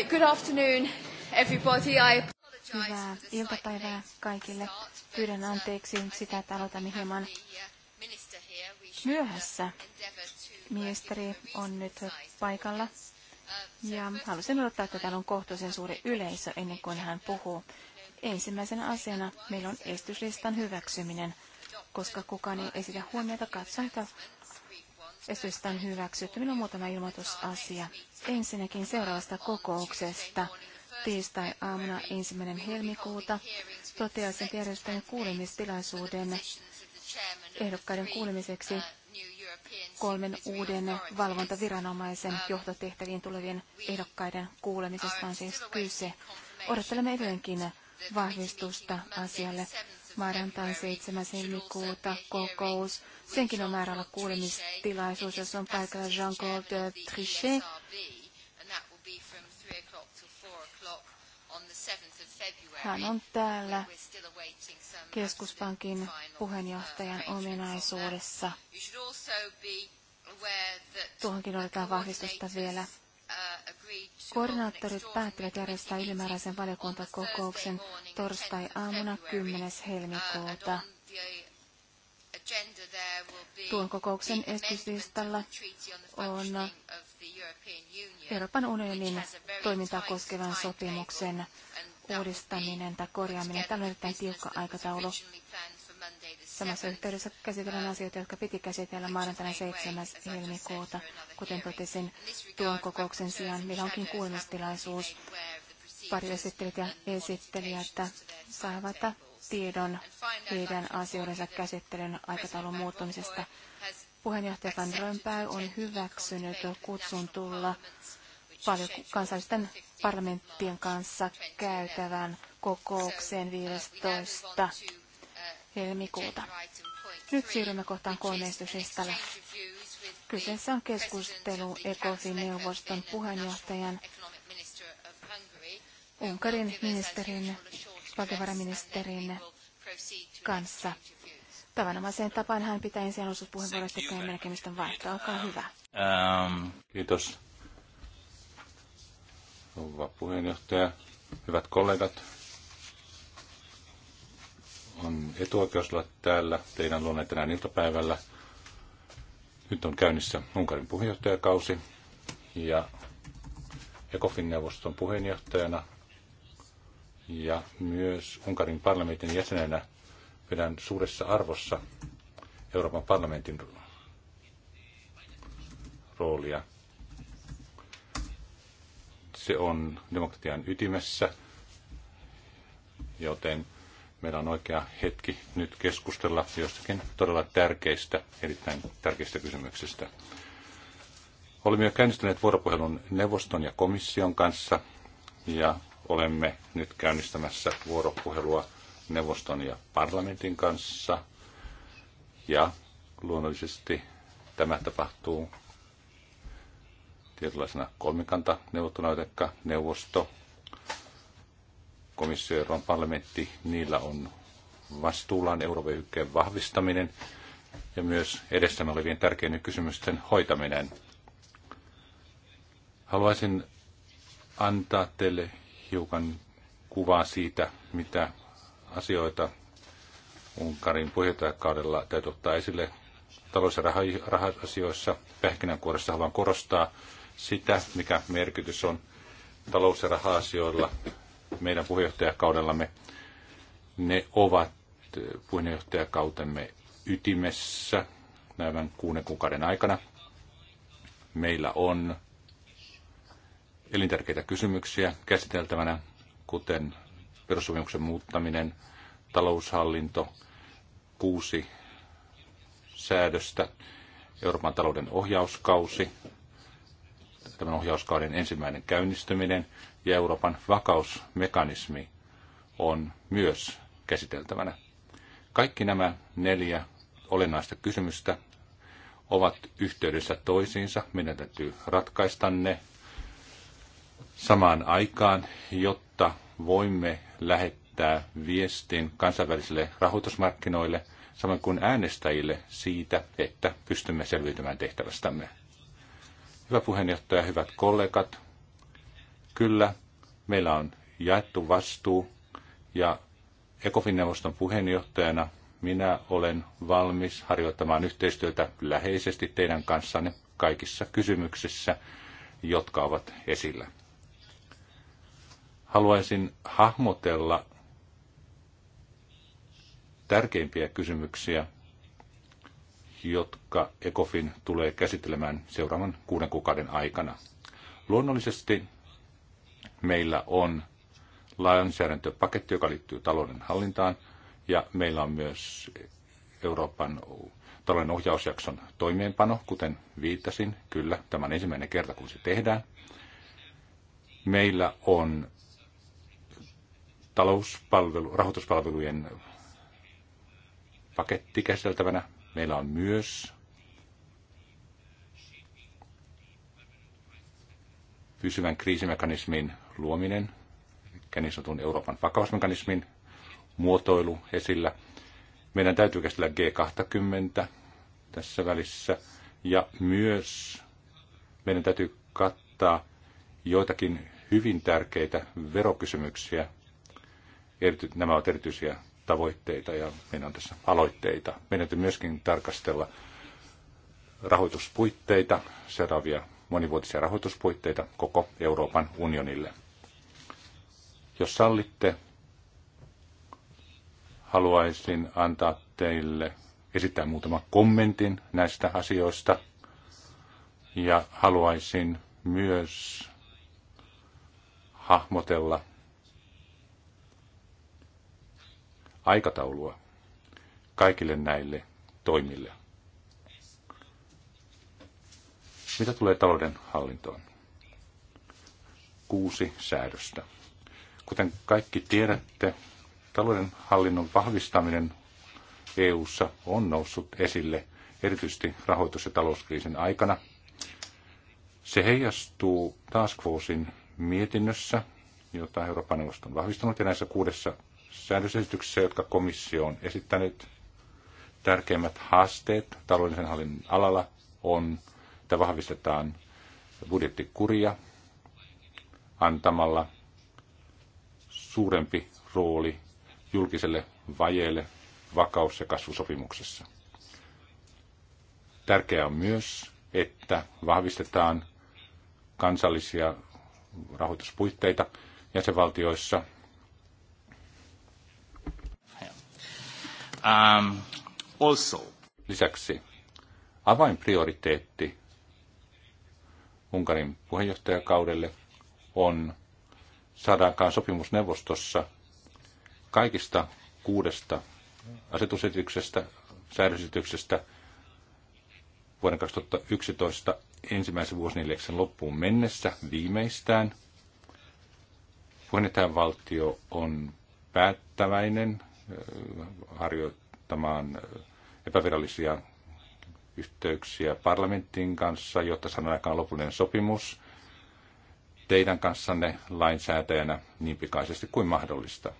good afternoon everybody. I Hyvää iltapäivää kaikille. Uh, Pyydän anteeksi sitä, että aloitamme uh, hieman uh, myöhässä. Ministeri on nyt paikalla ja halusin odottaa, että täällä on kohtuullisen suuri yleisö ennen kuin hän puhuu. Ensimmäisenä asiana meillä on estyslistan hyväksyminen. Koska kukaan ei esitä huomiota, katsoa, että Esitystä on hyväksytty. Minun muutama ilmoitusasia. Ensinnäkin seuraavasta kokouksesta tiistai-aamuna 1. helmikuuta toteaisin järjestäjän kuulemistilaisuuden ehdokkaiden kuulemiseksi kolmen uuden valvontaviranomaisen johtotehtäviin tulevien ehdokkaiden kuulemisesta on siis kyse. Odottelemme edelleenkin vahvistusta asialle maanantain 7. helmikuuta kokous. Senkin on määrä olla kuulemistilaisuus, jossa on paikalla Jean-Claude Trichet. Hän on täällä keskuspankin puheenjohtajan ominaisuudessa. Tuohonkin odotetaan vahvistusta vielä. Koordinaattorit päättivät järjestää ylimääräisen valiokuntakokouksen torstai-aamuna 10. helmikuuta. Tuon kokouksen esityslistalla on Euroopan unionin toimintaa koskevan sopimuksen uudistaminen tai korjaaminen. Tämä on erittäin tiukka aikataulu. Samassa yhteydessä käsitellään asioita, jotka piti käsitellä maanantaina 7. helmikuuta. Kuten totesin, tuon kokouksen sijaan meillä onkin kuulemistilaisuus. Pari esittelijät ja esittelijät saavat tiedon heidän asioidensa käsittelyn aikataulun muuttumisesta. Puheenjohtaja Van Römpää on hyväksynyt kutsun tulla paljon kansallisten parlamenttien kanssa käytävään kokoukseen 15 helmikuuta. Nyt siirrymme kohtaan kolmeistuslistalla. Kyseessä on keskustelu ECOFIN-neuvoston puheenjohtajan Unkarin ministerin, valtiovarainministerin kanssa. Tavanomaiseen tapaan hän pitää ensin alustuspuheenvuoroista käyn melkeimisten vaihto. Olkaa hyvä. Um, kiitos. Rouva puheenjohtaja, hyvät kollegat, on etuoikeus olla täällä teidän luonne tänään iltapäivällä. Nyt on käynnissä Unkarin puheenjohtajakausi ja ECOFIN neuvoston puheenjohtajana ja myös Unkarin parlamentin jäsenenä pidän suuressa arvossa Euroopan parlamentin roolia. Se on demokratian ytimessä, joten meillä on oikea hetki nyt keskustella jostakin todella tärkeistä, erittäin tärkeistä kysymyksistä. Olemme jo käynnistäneet vuoropuhelun neuvoston ja komission kanssa ja olemme nyt käynnistämässä vuoropuhelua neuvoston ja parlamentin kanssa. Ja luonnollisesti tämä tapahtuu tietynlaisena kolmikanta neuvotteluna, neuvosto, komissio ja Euroopan parlamentti, niillä on vastuullaan eurovyöhykkeen vahvistaminen ja myös edessämme olevien tärkeiden kysymysten hoitaminen. Haluaisin antaa teille hiukan kuvaa siitä, mitä asioita Unkarin puheenjohtajakaudella täytyy ottaa esille talous- ja raha-asioissa. Pähkinänkuoressa haluan korostaa sitä, mikä merkitys on talous- ja raha-asioilla meidän puheenjohtajakaudellamme, ne ovat puheenjohtajakautemme ytimessä näiden kuuden kuukauden aikana. Meillä on elintärkeitä kysymyksiä käsiteltävänä, kuten perussopimuksen muuttaminen, taloushallinto, kuusi säädöstä, Euroopan talouden ohjauskausi, tämän ohjauskauden ensimmäinen käynnistyminen ja Euroopan vakausmekanismi on myös käsiteltävänä. Kaikki nämä neljä olennaista kysymystä ovat yhteydessä toisiinsa. Meidän täytyy ratkaista ne samaan aikaan, jotta voimme lähettää viestin kansainvälisille rahoitusmarkkinoille, samoin kuin äänestäjille siitä, että pystymme selviytymään tehtävästämme. Hyvä puheenjohtaja, hyvät kollegat. Kyllä, meillä on jaettu vastuu ja ECOFIN-neuvoston puheenjohtajana minä olen valmis harjoittamaan yhteistyötä läheisesti teidän kanssanne kaikissa kysymyksissä, jotka ovat esillä. Haluaisin hahmotella tärkeimpiä kysymyksiä, jotka ECOFIN tulee käsittelemään seuraavan kuuden kuukauden aikana. Luonnollisesti meillä on lainsäädäntöpaketti, joka liittyy talouden hallintaan, ja meillä on myös Euroopan talouden ohjausjakson toimeenpano, kuten viittasin. Kyllä, tämä on ensimmäinen kerta, kun se tehdään. Meillä on talouspalvelu, rahoituspalvelujen paketti käsiteltävänä. Meillä on myös pysyvän kriisimekanismin luominen, eli niin sanotun Euroopan vakausmekanismin muotoilu esillä. Meidän täytyy käsitellä G20 tässä välissä ja myös meidän täytyy kattaa joitakin hyvin tärkeitä verokysymyksiä. Erity, nämä ovat erityisiä tavoitteita ja meillä on tässä aloitteita. Meidän täytyy myöskin tarkastella rahoituspuitteita, seuraavia monivuotisia rahoituspuitteita koko Euroopan unionille. Jos sallitte, haluaisin antaa teille esittää muutama kommentin näistä asioista. Ja haluaisin myös hahmotella aikataulua kaikille näille toimille. Mitä tulee talouden hallintoon? Kuusi säädöstä. Kuten kaikki tiedätte, talouden hallinnon vahvistaminen EU:ssa on noussut esille erityisesti rahoitus- ja talouskriisin aikana. Se heijastuu Task Forcein mietinnössä, jota Euroopan neuvosto on vahvistanut, ja näissä kuudessa säädösesityksessä, jotka komissio on esittänyt. Tärkeimmät haasteet taloudellisen hallinnon alalla on, että vahvistetaan budjettikuria antamalla suurempi rooli julkiselle vajeelle vakaus- ja kasvusopimuksessa. Tärkeää on myös, että vahvistetaan kansallisia rahoituspuitteita jäsenvaltioissa Um, also. Lisäksi avainprioriteetti Unkarin puheenjohtajakaudelle on saadaankaan sopimusneuvostossa kaikista kuudesta asetusesityksestä, säädösesityksestä vuoden 2011 ensimmäisen vuosineljäksen loppuun mennessä viimeistään. Puheenjohtajavaltio on päättäväinen harjoittamaan epävirallisia yhteyksiä parlamentin kanssa, jotta saadaan aikaan lopullinen sopimus teidän kanssanne lainsäätäjänä niin pikaisesti kuin mahdollista.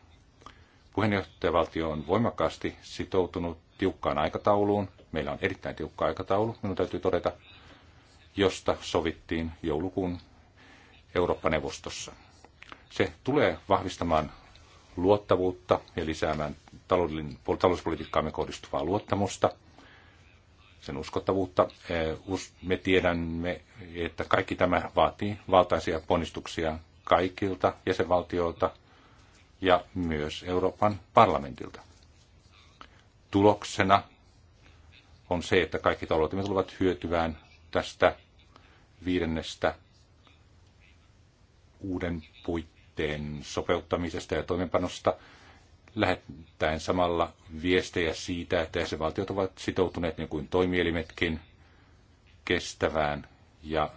Puheenjohtajavaltio on voimakkaasti sitoutunut tiukkaan aikatauluun. Meillä on erittäin tiukka aikataulu, minun täytyy todeta, josta sovittiin joulukuun Eurooppa-neuvostossa. Se tulee vahvistamaan luottavuutta ja lisäämään talouspolitiikkaamme kohdistuvaa luottamusta, sen uskottavuutta. Eh, me tiedämme, että kaikki tämä vaatii valtaisia ponnistuksia kaikilta jäsenvaltioilta ja myös Euroopan parlamentilta. Tuloksena on se, että kaikki taloutemme tulevat hyötyvään tästä viidennestä uuden puitteesta tavoitteen sopeuttamisesta ja toimeenpanosta, lähettäen samalla viestejä siitä, että jäsenvaltiot ovat sitoutuneet niin kuin toimielimetkin kestävään ja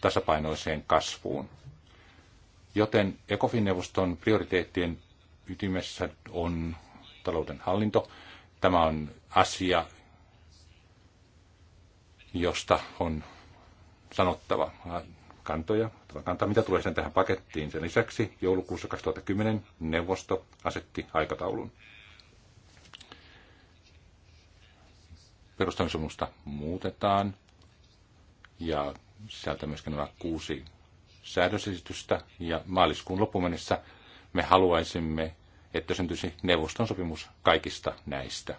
tasapainoiseen kasvuun. Joten ECOFIN-neuvoston prioriteettien ytimessä on talouden hallinto. Tämä on asia, josta on sanottava kantoja, kantaa, mitä tulee sen tähän pakettiin. Sen lisäksi joulukuussa 2010 neuvosto asetti aikataulun. Perustamisomusta muutetaan ja sieltä myöskin nämä kuusi säädösesitystä ja maaliskuun loppuun mennessä me haluaisimme, että syntyisi neuvoston sopimus kaikista näistä.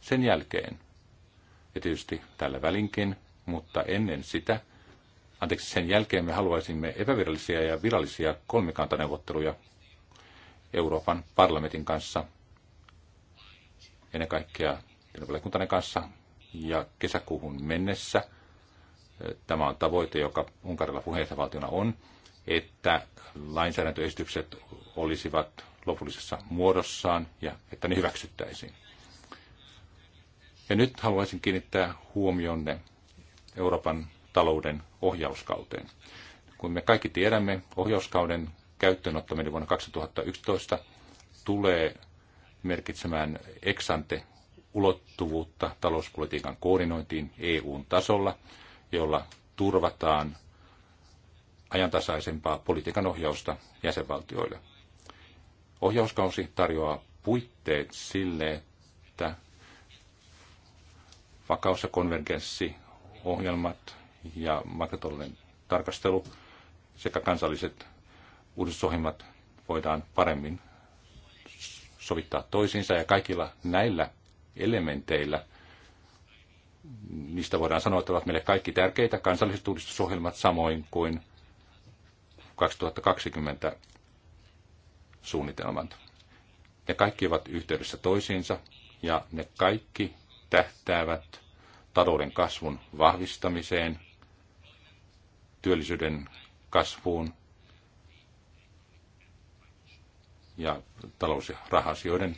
Sen jälkeen, ja tietysti tällä välinkin, mutta ennen sitä anteeksi, sen jälkeen me haluaisimme epävirallisia ja virallisia kolmikantaneuvotteluja Euroopan parlamentin kanssa, ennen kaikkea valiokuntanne kanssa, ja kesäkuuhun mennessä, eh, tämä on tavoite, joka Unkarilla puheenjohtajavaltiona on, että lainsäädäntöesitykset olisivat lopullisessa muodossaan ja että ne hyväksyttäisiin. Ja nyt haluaisin kiinnittää huomionne Euroopan talouden ohjauskauteen. Kun me kaikki tiedämme, ohjauskauden käyttöönottaminen vuonna 2011 tulee merkitsemään eksante ulottuvuutta talouspolitiikan koordinointiin EUn tasolla, jolla turvataan ajantasaisempaa politiikan ohjausta jäsenvaltioille. Ohjauskausi tarjoaa puitteet sille, että vakaus- ja konvergenssiohjelmat ja makrotalouden tarkastelu sekä kansalliset uudistusohjelmat voidaan paremmin sovittaa toisiinsa ja kaikilla näillä elementeillä niistä voidaan sanoa, että ovat meille kaikki tärkeitä kansalliset uudistusohjelmat samoin kuin 2020 suunnitelmat. Ne kaikki ovat yhteydessä toisiinsa ja ne kaikki tähtäävät talouden kasvun vahvistamiseen, työllisyyden kasvuun ja talous- ja rahasioiden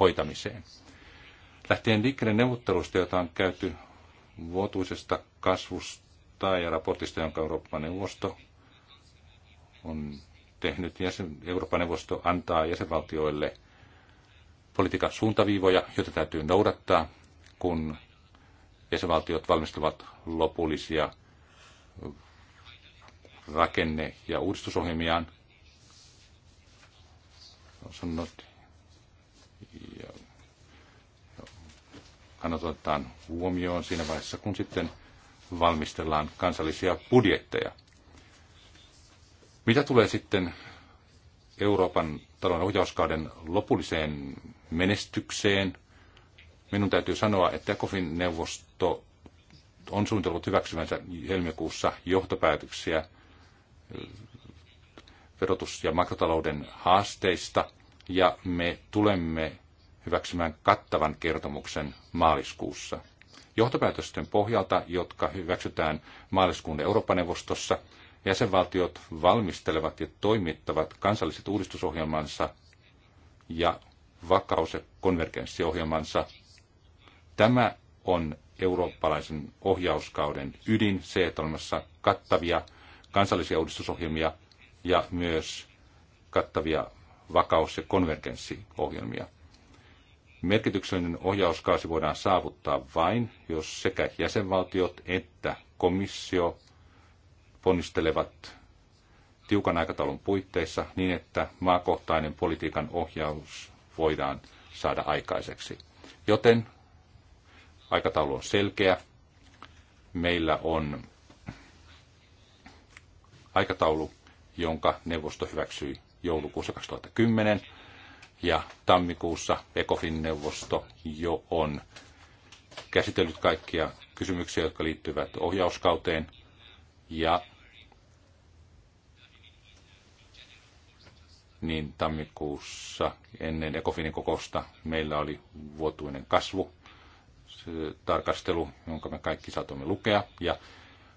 hoitamiseen. Lähtien liikkeelle neuvottelusta, jota on käyty vuotuisesta kasvusta ja raportista, jonka Euroopan neuvosto on tehnyt. Euroopan neuvosto antaa jäsenvaltioille politiikan suuntaviivoja, joita täytyy noudattaa, kun jäsenvaltiot valmistavat lopullisia rakenne- ja uudistusohjelmiaan. Sanot, ja, kannatotaan huomioon siinä vaiheessa, kun sitten valmistellaan kansallisia budjetteja. Mitä tulee sitten Euroopan talouden ohjauskauden lopulliseen menestykseen, minun täytyy sanoa, että ECOFIN neuvosto on suunnitellut hyväksymänsä helmikuussa johtopäätöksiä – verotus- ja makrotalouden haasteista, ja me tulemme hyväksymään kattavan kertomuksen maaliskuussa. Johtopäätösten pohjalta, jotka hyväksytään maaliskuun Eurooppa-neuvostossa, jäsenvaltiot valmistelevat ja toimittavat kansalliset uudistusohjelmansa ja vakaus- ja konvergenssiohjelmansa. Tämä on eurooppalaisen ohjauskauden ydin, se, että olemassa kattavia kansallisia uudistusohjelmia ja myös kattavia vakaus- ja konvergenssiohjelmia. Merkityksellinen ohjauskaasi voidaan saavuttaa vain, jos sekä jäsenvaltiot että komissio ponnistelevat tiukan aikataulun puitteissa niin, että maakohtainen politiikan ohjaus voidaan saada aikaiseksi. Joten aikataulu on selkeä. Meillä on aikataulu, jonka neuvosto hyväksyi joulukuussa 2010. Ja tammikuussa ECOFIN-neuvosto jo on käsitellyt kaikkia kysymyksiä, jotka liittyvät ohjauskauteen. Ja niin tammikuussa ennen ECOFINin kokousta meillä oli vuotuinen kasvu tarkastelu, jonka me kaikki saatoimme lukea. Ja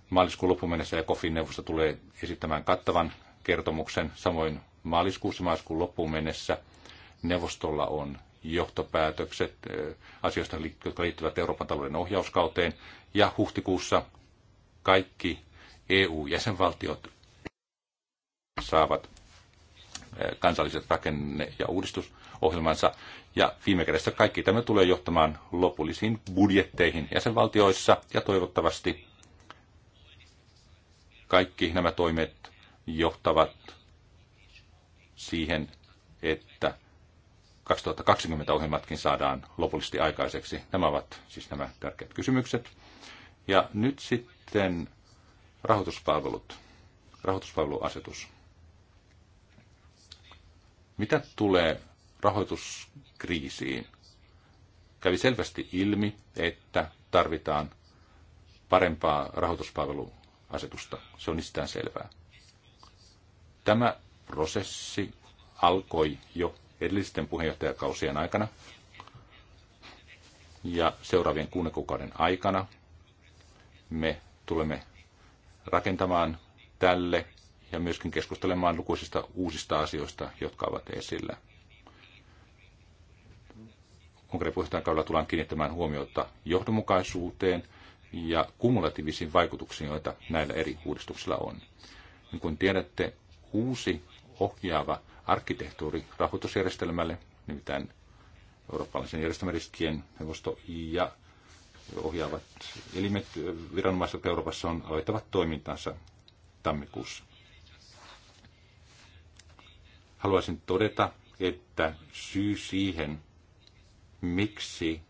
Maaliskuun loppuun mennessä ECOFIN neuvosto tulee esittämään kattavan kertomuksen. Samoin maaliskuussa maaliskuun loppuun mennessä neuvostolla on johtopäätökset asioista, jotka liittyvät Euroopan talouden ohjauskauteen. Ja huhtikuussa kaikki EU-jäsenvaltiot saavat kansalliset rakenne- ja uudistusohjelmansa. Ja viime kädessä kaikki tämä tulee johtamaan lopullisiin budjetteihin jäsenvaltioissa ja toivottavasti kaikki nämä toimet johtavat siihen, että 2020 ohjelmatkin saadaan lopullisesti aikaiseksi. Nämä ovat siis nämä tärkeät kysymykset. Ja nyt sitten rahoituspalvelut, rahoituspalveluasetus. Mitä tulee rahoituskriisiin? Kävi selvästi ilmi, että tarvitaan parempaa rahoituspalvelua asetusta. Se on itsestään selvää. Tämä prosessi alkoi jo edellisten puheenjohtajakausien aikana ja seuraavien kuuden kuukauden aikana me tulemme rakentamaan tälle ja myöskin keskustelemaan lukuisista uusista asioista, jotka ovat esillä. Unkarin kaudella tullaan kiinnittämään huomiota johdonmukaisuuteen – ja kumulatiivisiin vaikutuksiin, joita näillä eri uudistuksilla on. Niin kuin tiedätte, uusi ohjaava arkkitehtuuri rahoitusjärjestelmälle, nimittäin eurooppalaisen järjestelmäriskien neuvosto ja ohjaavat elimet viranomaiset Euroopassa on aloittavat toimintansa tammikuussa. Haluaisin todeta, että syy siihen, miksi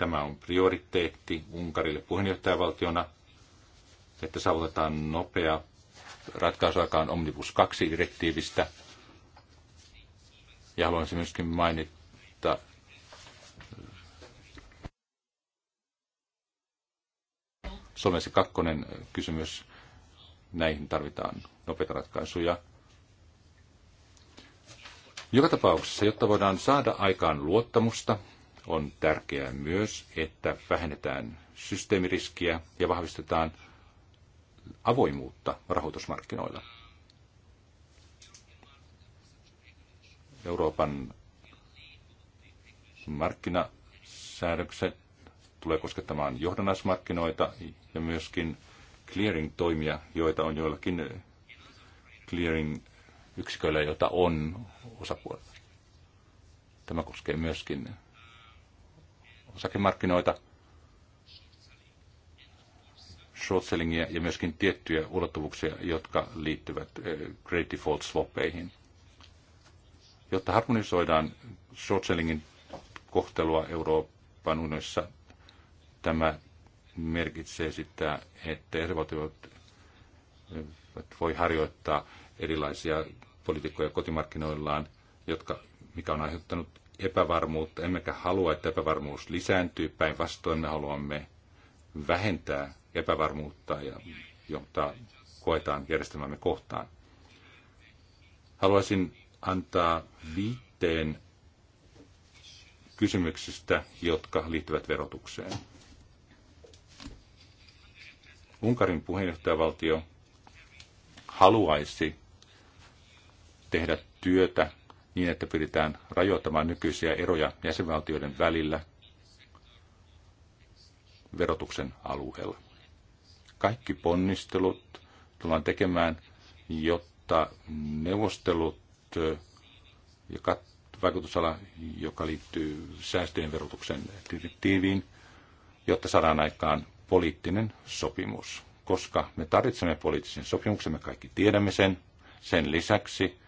Tämä on prioriteetti Unkarille puheenjohtajavaltiona, että saavutetaan nopea ratkaisuaikaan Omnibus 2-direktiivistä. Ja haluan myöskin mainita Suomen se kakkonen kysymys. Näihin tarvitaan nopeita ratkaisuja. Joka tapauksessa, jotta voidaan saada aikaan luottamusta on tärkeää myös, että vähennetään systeemiriskiä ja vahvistetaan avoimuutta rahoitusmarkkinoilla. Euroopan markkinasäädökset tulee koskettamaan johdannaismarkkinoita ja myöskin clearing-toimia, joita on joillakin clearing-yksiköillä, joita on osapuolella. Tämä koskee myöskin osakemarkkinoita, short-sellingia ja myöskin tiettyjä ulottuvuuksia, jotka liittyvät great eh, default swappeihin. Jotta harmonisoidaan short-sellingin kohtelua Euroopan unionissa, tämä merkitsee sitä, että jäsenvaltiot eh, voi harjoittaa erilaisia politiikkoja kotimarkkinoillaan, jotka, mikä on aiheuttanut epävarmuutta, emmekä halua, että epävarmuus lisääntyy. Päinvastoin me haluamme vähentää epävarmuutta, ja, jota koetaan järjestelmämme kohtaan. Haluaisin antaa viitteen kysymyksistä, jotka liittyvät verotukseen. Unkarin puheenjohtajavaltio haluaisi tehdä työtä niin, että pyritään rajoittamaan nykyisiä eroja jäsenvaltioiden välillä verotuksen alueella. Kaikki ponnistelut tullaan tekemään, jotta neuvostelut ja vaikutusala, joka liittyy säästöjen verotuksen direktiiviin, jotta saadaan aikaan poliittinen sopimus. Koska me tarvitsemme poliittisen sopimuksen, me kaikki tiedämme sen. Sen lisäksi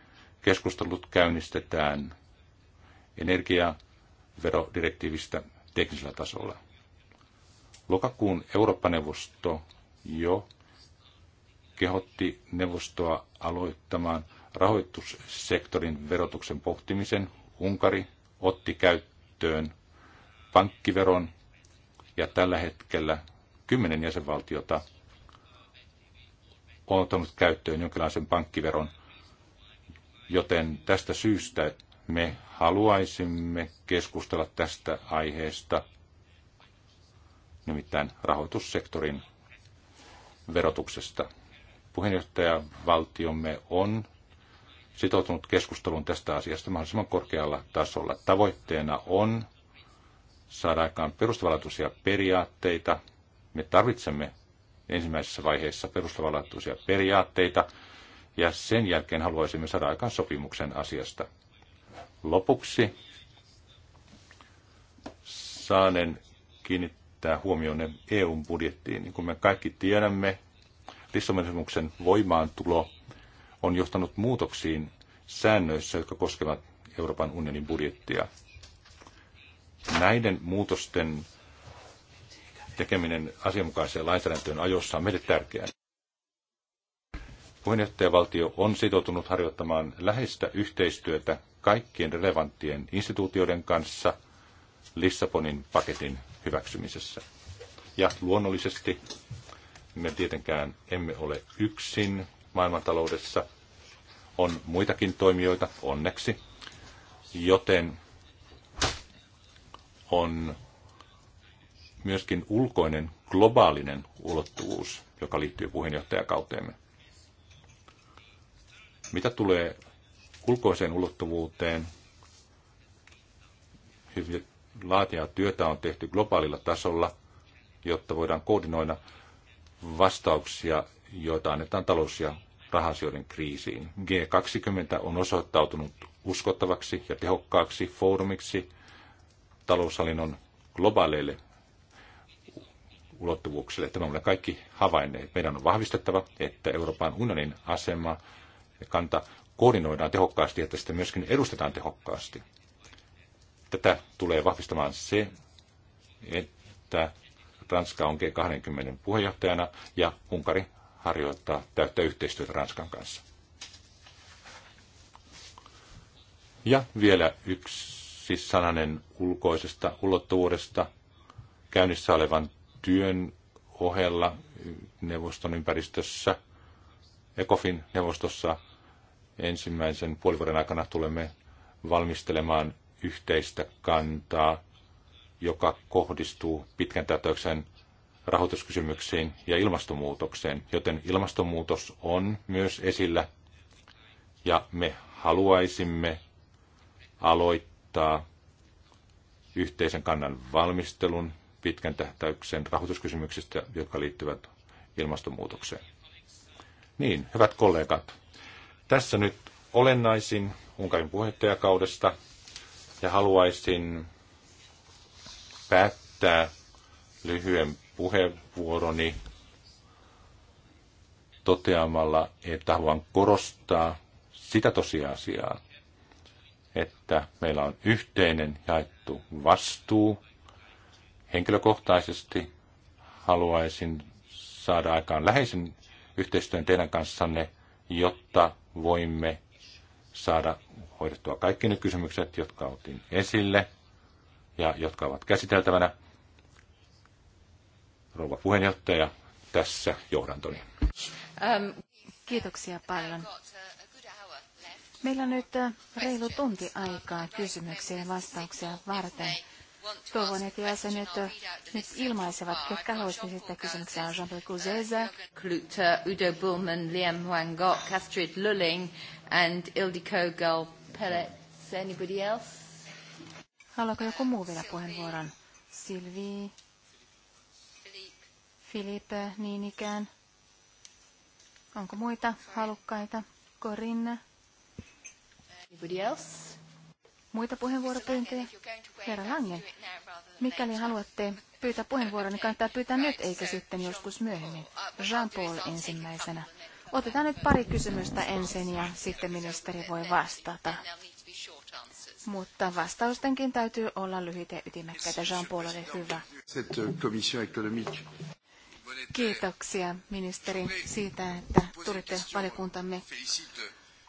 keskustelut käynnistetään energiaverodirektiivistä teknisellä tasolla. Lokakuun Eurooppa-neuvosto jo kehotti neuvostoa aloittamaan rahoitussektorin verotuksen pohtimisen. Unkari otti käyttöön pankkiveron ja tällä hetkellä kymmenen jäsenvaltiota on ottanut käyttöön jonkinlaisen pankkiveron – Joten tästä syystä me haluaisimme keskustella tästä aiheesta, nimittäin rahoitussektorin verotuksesta. Puheenjohtaja valtiomme on sitoutunut keskusteluun tästä asiasta mahdollisimman korkealla tasolla. Tavoitteena on saada aikaan perustavanlaatuisia periaatteita. Me tarvitsemme ensimmäisessä vaiheessa perustavanlaatuisia periaatteita, ja sen jälkeen haluaisimme saada aikaan sopimuksen asiasta. Lopuksi saanen kiinnittää huomioon EUn budjettiin. Niin kuin me kaikki tiedämme, Lissabonin voimaantulo on johtanut muutoksiin säännöissä, jotka koskevat Euroopan unionin budjettia. Näiden muutosten tekeminen asianmukaiseen lainsäädäntöön ajoissa on meille tärkeää. Puheenjohtajavaltio on sitoutunut harjoittamaan läheistä yhteistyötä kaikkien relevanttien instituutioiden kanssa Lissabonin paketin hyväksymisessä. Ja luonnollisesti me tietenkään emme ole yksin maailmantaloudessa. On muitakin toimijoita, onneksi, joten on myöskin ulkoinen globaalinen ulottuvuus, joka liittyy puheenjohtajakauteemme. Mitä tulee ulkoiseen ulottuvuuteen, hyvin laatia työtä on tehty globaalilla tasolla, jotta voidaan koordinoida vastauksia, joita annetaan talous- ja rahasioiden kriisiin. G20 on osoittautunut uskottavaksi ja tehokkaaksi foorumiksi taloushallinnon globaaleille ulottuvuuksille. Tämä olemme kaikki havainneet. Meidän on vahvistettava, että Euroopan unionin asema kanta koordinoidaan tehokkaasti, että sitä myöskin edustetaan tehokkaasti. Tätä tulee vahvistamaan se, että Ranska on G20 puheenjohtajana ja Unkari harjoittaa täyttä yhteistyötä Ranskan kanssa. Ja vielä yksi sananen ulkoisesta ulottuvuudesta käynnissä olevan työn ohella neuvoston ympäristössä, ECOFIN neuvostossa ensimmäisen puolivuoden aikana tulemme valmistelemaan yhteistä kantaa, joka kohdistuu pitkän tätöksen rahoituskysymyksiin ja ilmastonmuutokseen, joten ilmastonmuutos on myös esillä ja me haluaisimme aloittaa yhteisen kannan valmistelun pitkän tähtäyksen rahoituskysymyksistä, jotka liittyvät ilmastonmuutokseen. Niin, hyvät kollegat, tässä nyt olennaisin Unkarin puheenjohtajakaudesta ja haluaisin päättää lyhyen puheenvuoroni toteamalla, että haluan korostaa sitä tosiasiaa, että meillä on yhteinen jaettu vastuu. Henkilökohtaisesti haluaisin saada aikaan läheisen yhteistyön teidän kanssanne, jotta voimme saada hoidettua kaikki ne kysymykset, jotka otin esille ja jotka ovat käsiteltävänä. Rouva puheenjohtaja, tässä johdantoni. Ähm, kiitoksia paljon. Meillä on nyt reilu tunti aikaa kysymyksiä ja vastauksia varten. Toivon, että jäsenet nyt ilmaisevat, ketkä haluaisivat esittää kysymyksiä. Jean-Paul Kuzeza. Klute, Udo Bullman, Liam Wangok, Astrid Lulling and Ildiko Gal Pellets. Anybody else? Haluaako joku muu vielä puheenvuoron? Silvi, Filipe, niin ikään. Onko muita halukkaita? Corinne? Anybody else? Muita puheenvuoropyyntöjä? Herra Lange, mikäli haluatte pyytää puheenvuoron, niin kannattaa pyytää nyt eikä sitten joskus myöhemmin. Jean-Paul ensimmäisenä. Otetaan nyt pari kysymystä ensin ja sitten ministeri voi vastata. Mutta vastaustenkin täytyy olla lyhyitä ja ytimekkäitä. Jean-Paul, oli hyvä. Kiitoksia ministeri siitä, että tulitte valiokuntamme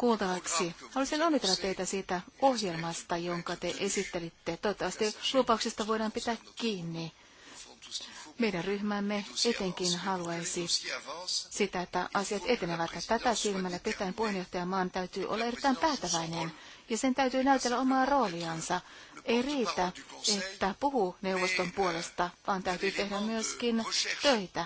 kuultavaksi. Haluaisin onnitella teitä siitä ohjelmasta, jonka te esittelitte. Toivottavasti lupauksesta voidaan pitää kiinni. Meidän ryhmämme etenkin haluaisi sitä, että asiat etenevät. Tätä silmällä pitäen maan täytyy olla erittäin päätäväinen ja sen täytyy näytellä omaa rooliansa. Ei riitä, että puhuu neuvoston puolesta, vaan täytyy tehdä myöskin töitä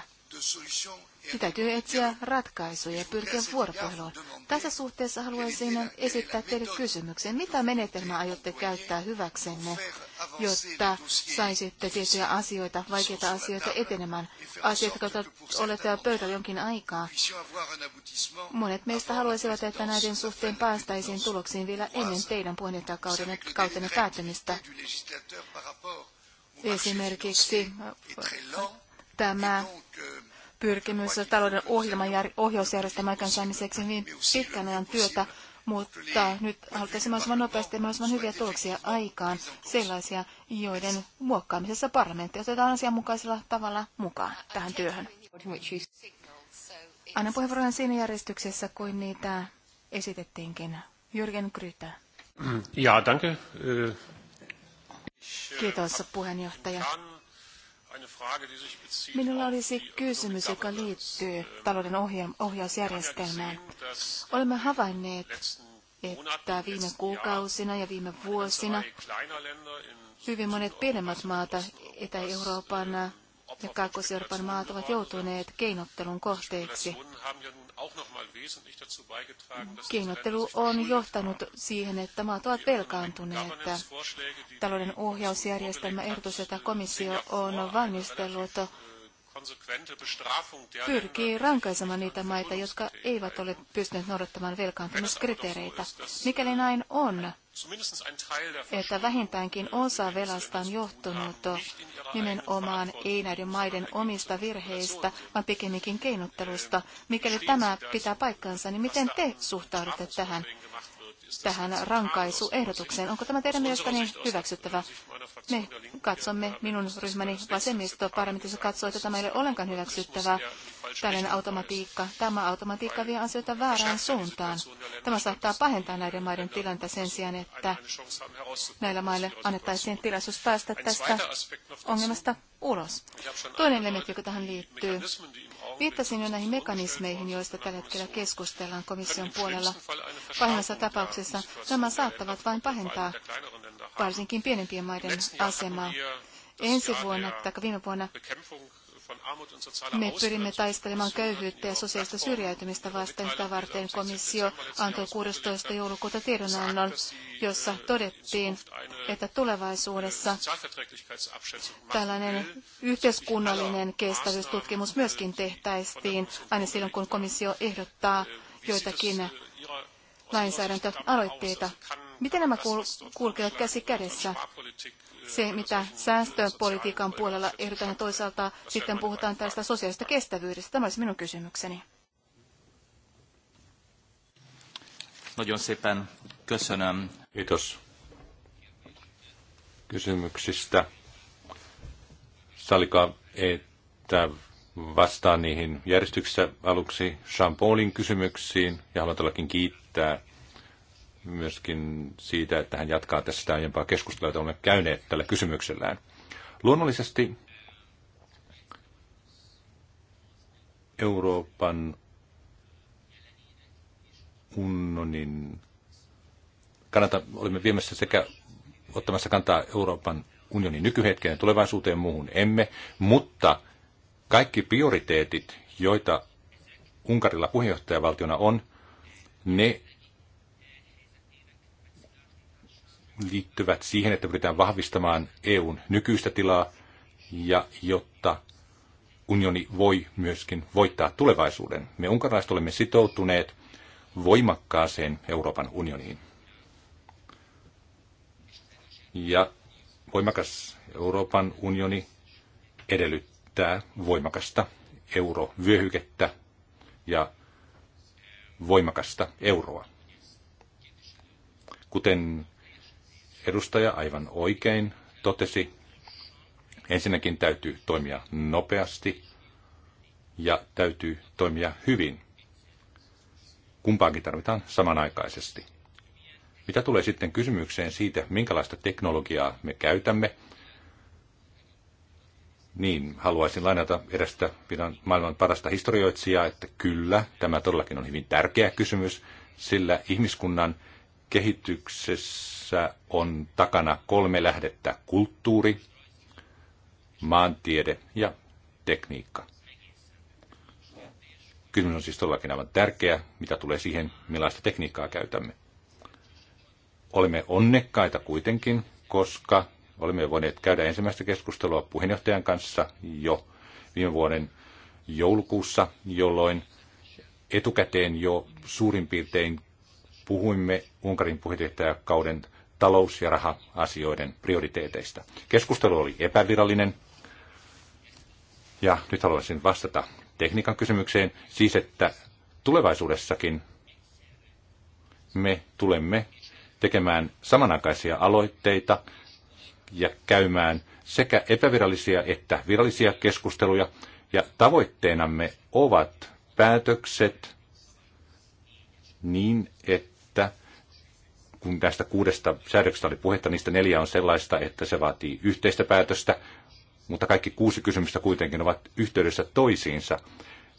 niin täytyy etsiä ratkaisuja ja pyrkiä vuoropuheluun. Tässä suhteessa haluaisin esittää teille kysymyksen. Mitä menetelmää aiotte käyttää hyväksenne, jotta saisitte tiettyjä asioita, vaikeita asioita etenemään? Asioita, jotka olette pöydällä jonkin aikaa. Monet meistä haluaisivat, että näiden suhteen päästäisiin tuloksiin vielä ennen teidän puheenjohtajakautenne päättämistä. Esimerkiksi tämä pyrkimys talouden ohjelman jär, ohjausjärjestelmän aikaansaamiseksi hyvin pitkän ajan työtä, mutta nyt haluttaisiin mahdollisimman nopeasti ja mahdollisimman hyviä tuloksia aikaan, sellaisia, joiden muokkaamisessa parlamentti otetaan asianmukaisella tavalla mukaan tähän työhön. Annan puheenvuoron siinä järjestyksessä, kuin niitä esitettiinkin. Jürgen Grytä. Ja, danke. Äh. Kiitos puheenjohtaja Minulla olisi kysymys, joka liittyy talouden ohjausjärjestelmään. Olemme havainneet, että viime kuukausina ja viime vuosina hyvin monet pienemmät maat, Etä-Euroopan ja Kaakkois-Euroopan maat ovat joutuneet keinottelun kohteeksi. Keinottelu on johtanut siihen, että maat ovat velkaantuneet. Talouden ohjausjärjestelmä ehdotus, jota äh, komissio on valmistellut, äh, pyrkii rankaisemaan niitä maita, jotka eivät ole pystyneet noudattamaan velkaantumiskriteereitä. Mikäli äh, näin on, että vähintäänkin osa velasta on johtunut nimenomaan ei näiden maiden omista virheistä, vaan pikemminkin keinottelusta. Äh, Mikäli tämä pitää paikkansa, niin miten te suhtaudutte tähän? tähän rankaisuehdotukseen. Onko tämä teidän mielestäni hyväksyttävä? Me katsomme, minun ryhmäni vasemmisto parlamentissa katsoo, että tämä ei ole ollenkaan hyväksyttävä. Tällainen automatiikka, tämä automatiikka vie asioita väärään suuntaan. Tämä saattaa pahentaa näiden maiden tilannetta sen sijaan, että näillä maille annettaisiin tilaisuus päästä tästä ongelmasta ulos. Toinen elementti, joka tähän liittyy, Viittasin jo näihin mekanismeihin, joista tällä hetkellä keskustellaan komission puolella. Pahimmassa tapauksessa nämä saattavat vain pahentaa varsinkin pienempien maiden asemaa. Ensi vuonna tai viime vuonna me pyrimme taistelemaan köyhyyttä ja sosiaalista um syrjäytymistä vastaan. Sitä varten komissio antoi 16. joulukuuta tiedonannon, jossa äh, todettiin, että tulevaisuudessa äh, tällainen yhteiskunnallinen kestävyystutkimus myöskin tehtäisiin aina silloin, kun komissio ehdottaa äh, joitakin lainsäädäntöaloitteita. Miten nämä kulkevat käsi kädessä? se, mitä säästöpolitiikan puolella ehdotan, ja toisaalta sitten puhutaan tästä sosiaalista kestävyydestä. Tämä olisi minun kysymykseni. Kiitos kysymyksistä. Salika, että vastaan niihin järjestyksessä aluksi Jean Paulin kysymyksiin ja haluan todellakin kiittää myöskin siitä, että hän jatkaa tässä sitä aiempaa keskustelua, jota olemme käyneet tällä kysymyksellään. Luonnollisesti Euroopan unionin kannata, olimme viemässä sekä ottamassa kantaa Euroopan unionin nykyhetkeen ja tulevaisuuteen muuhun emme, mutta kaikki prioriteetit, joita Unkarilla puheenjohtajavaltiona on, ne liittyvät siihen, että pyritään vahvistamaan EUn nykyistä tilaa ja jotta unioni voi myöskin voittaa tulevaisuuden. Me unkaraiset olemme sitoutuneet voimakkaaseen Euroopan unioniin. Ja voimakas Euroopan unioni edellyttää voimakasta eurovyöhykettä ja voimakasta euroa. Kuten edustaja aivan oikein totesi, ensinnäkin täytyy toimia nopeasti ja täytyy toimia hyvin. Kumpaankin tarvitaan samanaikaisesti. Mitä tulee sitten kysymykseen siitä, minkälaista teknologiaa me käytämme, niin haluaisin lainata erästä maailman parasta historioitsijaa, että kyllä, tämä todellakin on hyvin tärkeä kysymys, sillä ihmiskunnan kehityksessä on takana kolme lähdettä, kulttuuri, maantiede ja tekniikka. Kysymys on siis todellakin aivan tärkeä, mitä tulee siihen, millaista tekniikkaa käytämme. Olemme onnekkaita kuitenkin, koska olemme voineet käydä ensimmäistä keskustelua puheenjohtajan kanssa jo viime vuoden joulukuussa, jolloin etukäteen jo suurin piirtein puhuimme Unkarin puheenjohtajakauden talous- ja raha-asioiden prioriteeteista. Keskustelu oli epävirallinen, ja nyt haluaisin vastata tekniikan kysymykseen, siis että tulevaisuudessakin me tulemme tekemään samanaikaisia aloitteita ja käymään sekä epävirallisia että virallisia keskusteluja, ja tavoitteenamme ovat päätökset niin, että kun tästä kuudesta säädöksestä oli puhetta, niistä neljä on sellaista, että se vaatii yhteistä päätöstä, mutta kaikki kuusi kysymystä kuitenkin ovat yhteydessä toisiinsa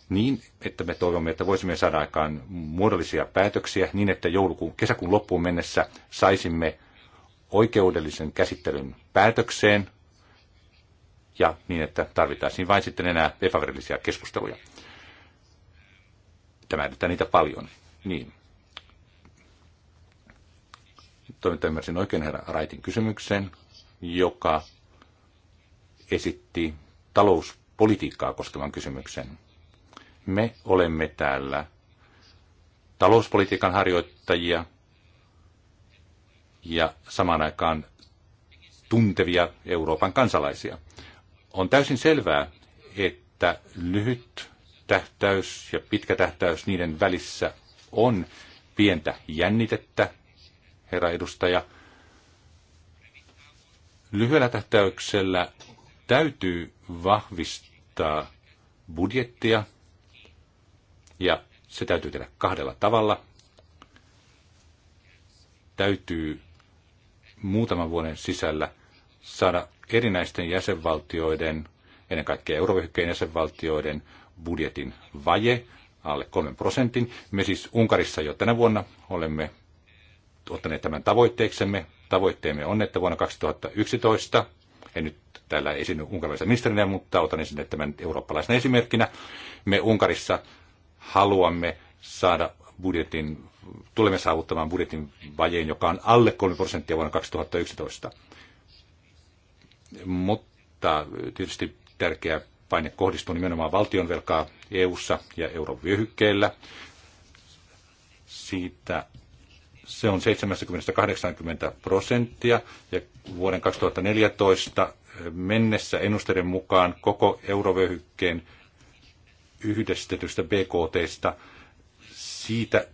niin, että me toivomme, että voisimme saada aikaan muodollisia päätöksiä niin, että joulukuun, kesäkuun loppuun mennessä saisimme oikeudellisen käsittelyn päätökseen ja niin, että tarvittaisiin vain sitten enää epävirallisia keskusteluja. Tämä edetään niitä paljon. Niin toiminta ymmärsin oikein herra Raitin kysymyksen, joka esitti talouspolitiikkaa koskevan kysymyksen. Me olemme täällä talouspolitiikan harjoittajia ja samaan aikaan tuntevia Euroopan kansalaisia. On täysin selvää, että lyhyt tähtäys ja pitkä tähtäys niiden välissä on pientä jännitettä herra edustaja. Lyhyellä tähtäyksellä täytyy vahvistaa budjettia, ja se täytyy tehdä kahdella tavalla. Täytyy muutaman vuoden sisällä saada erinäisten jäsenvaltioiden, ennen kaikkea Euroopan jäsenvaltioiden, budjetin vaje alle 3 prosentin. Me siis Unkarissa jo tänä vuonna olemme ottaneet tämän tavoitteeksemme. Tavoitteemme on, että vuonna 2011, en nyt täällä esiinny unkarilaisena ministerinä, mutta otan esille tämän eurooppalaisena esimerkkinä, me Unkarissa haluamme saada budjetin, tulemme saavuttamaan budjetin vajeen, joka on alle 3 prosenttia vuonna 2011. Mutta tietysti tärkeä paine kohdistuu nimenomaan valtionvelkaa EU-ssa ja eurovyöhykkeellä. Siitä se on 70-80 prosenttia ja vuoden 2014 eh, mennessä ennusteiden mukaan koko eurovyöhykkeen yhdistetystä BKTstä siitä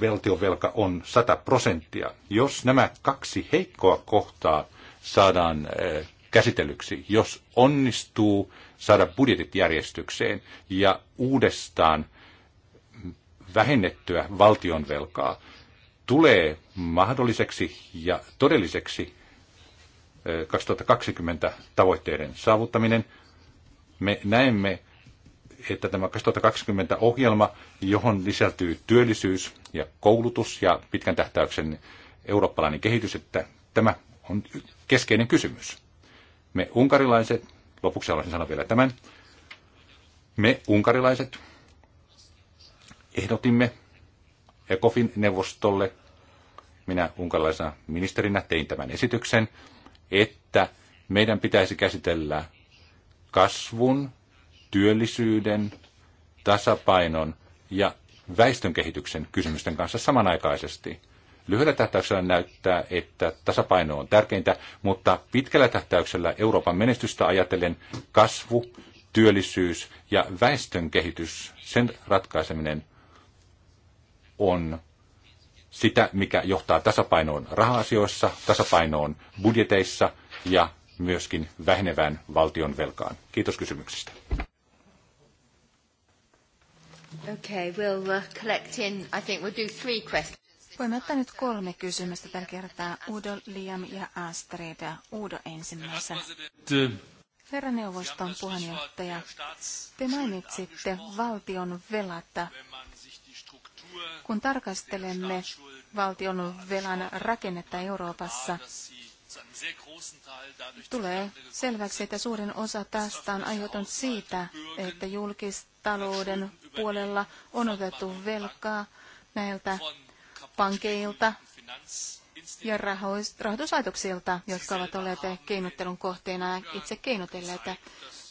valtiovelka on 100 prosenttia. Jos nämä kaksi heikkoa kohtaa saadaan eh, käsitellyksi, jos onnistuu saada budjetit järjestykseen ja uudestaan vähennettyä valtionvelkaa. velkaa, tulee mahdolliseksi ja todelliseksi 2020 tavoitteiden saavuttaminen. Me näemme, että tämä 2020 ohjelma, johon lisältyy työllisyys ja koulutus ja pitkän tähtäyksen eurooppalainen kehitys, että tämä on keskeinen kysymys. Me unkarilaiset, lopuksi haluaisin sanoa vielä tämän, me unkarilaiset ehdotimme ECOFIN neuvostolle. Minä unkalaisena ministerinä tein tämän esityksen, että meidän pitäisi käsitellä kasvun, työllisyyden, tasapainon ja väestönkehityksen kysymysten kanssa samanaikaisesti. Lyhyellä tähtäyksellä näyttää, että tasapaino on tärkeintä, mutta pitkällä tähtäyksellä Euroopan menestystä ajatellen kasvu, työllisyys ja väestönkehitys, sen ratkaiseminen on sitä, mikä johtaa tasapainoon raha-asioissa, tasapainoon budjeteissa ja myöskin vähenevään valtion velkaan. Kiitos kysymyksistä. Okay, we'll uh, collect in, I think we'll do three questions. Voimme ottaa nyt kolme kysymystä tällä kertaa. Udo, Liam ja Astrid. Udo ensimmäisenä. neuvoston puheenjohtaja, te mainitsitte valtion velat kun tarkastelemme valtion velan rakennetta Euroopassa, tulee selväksi, että suurin osa tästä on aiheutunut siitä, että julkistalouden puolella on otettu velkaa näiltä pankeilta ja rahoituslaitoksilta, jotka ovat olleet keinottelun kohteena ja itse keinotelleet.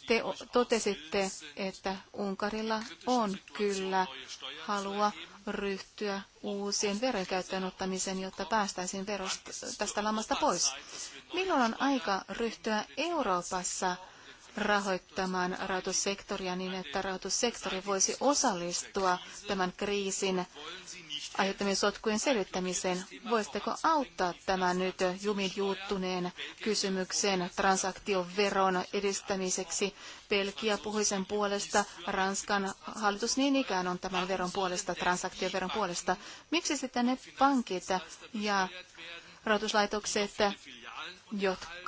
Te totesitte, että Unkarilla on kyllä halua ryhtyä uusien verenkäyttöön ottamiseen, jotta päästäisiin verosta, tästä lamasta pois? Milloin on aika ryhtyä Euroopassa rahoittamaan rahoitussektoria niin, että rahoitussektori voisi osallistua tämän kriisin aiheuttamien sotkujen selvittämiseen. Voisitteko auttaa tämän nyt jumin juuttuneen kysymyksen transaktioveron edistämiseksi? Pelkiä puhui sen puolesta, Ranskan hallitus niin ikään on tämän veron puolesta, transaktioveron puolesta. Miksi sitten ne pankit ja rahoituslaitokset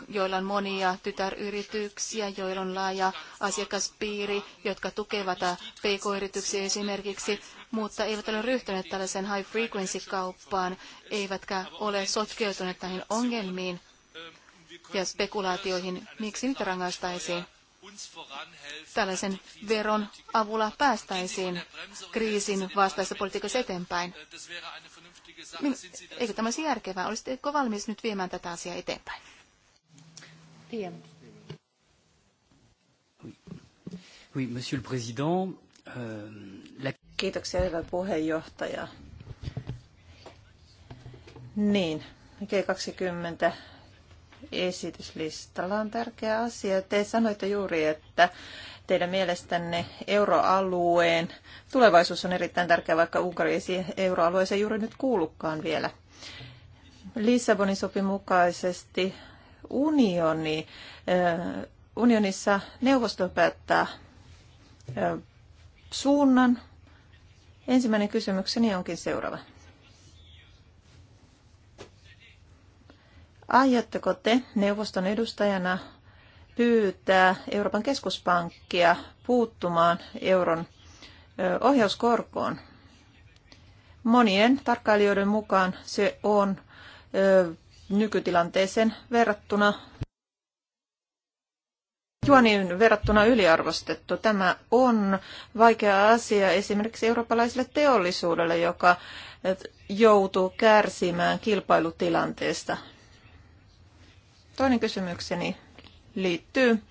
joilla on monia tytäryrityksiä, joilla on laaja asiakaspiiri, jotka tukevat pk-yrityksiä esimerkiksi, mutta eivät ole ryhtyneet tällaiseen high frequency-kauppaan, eivätkä ole sotkeutuneet näihin ongelmiin ja spekulaatioihin, miksi niitä rangaistaisiin. Tällaisen veron avulla päästäisiin kriisin vastaisessa politiikassa eteenpäin. Eikö tämä olisi järkevää? Olisitko valmis nyt viemään tätä asiaa eteenpäin? Oui, monsieur le président. Euh, Kiitoksia, hyvä puheenjohtaja. Niin, G20 esityslistalla on tärkeä asia. Te sanoitte juuri, että teidän mielestänne euroalueen tulevaisuus on erittäin tärkeä, vaikka Unkari ei euroalueeseen juuri nyt kuulukaan vielä. Lissabonin mukaisesti unioni, unionissa neuvosto päättää suunnan. Ensimmäinen kysymykseni onkin seuraava. Aiotteko te neuvoston edustajana pyytää Euroopan keskuspankkia puuttumaan euron ohjauskorkoon. Monien tarkkailijoiden mukaan se on nykytilanteeseen verrattuna Juonin verrattuna yliarvostettu. Tämä on vaikea asia esimerkiksi eurooppalaiselle teollisuudelle, joka joutuu kärsimään kilpailutilanteesta. Toinen kysymykseni liittyy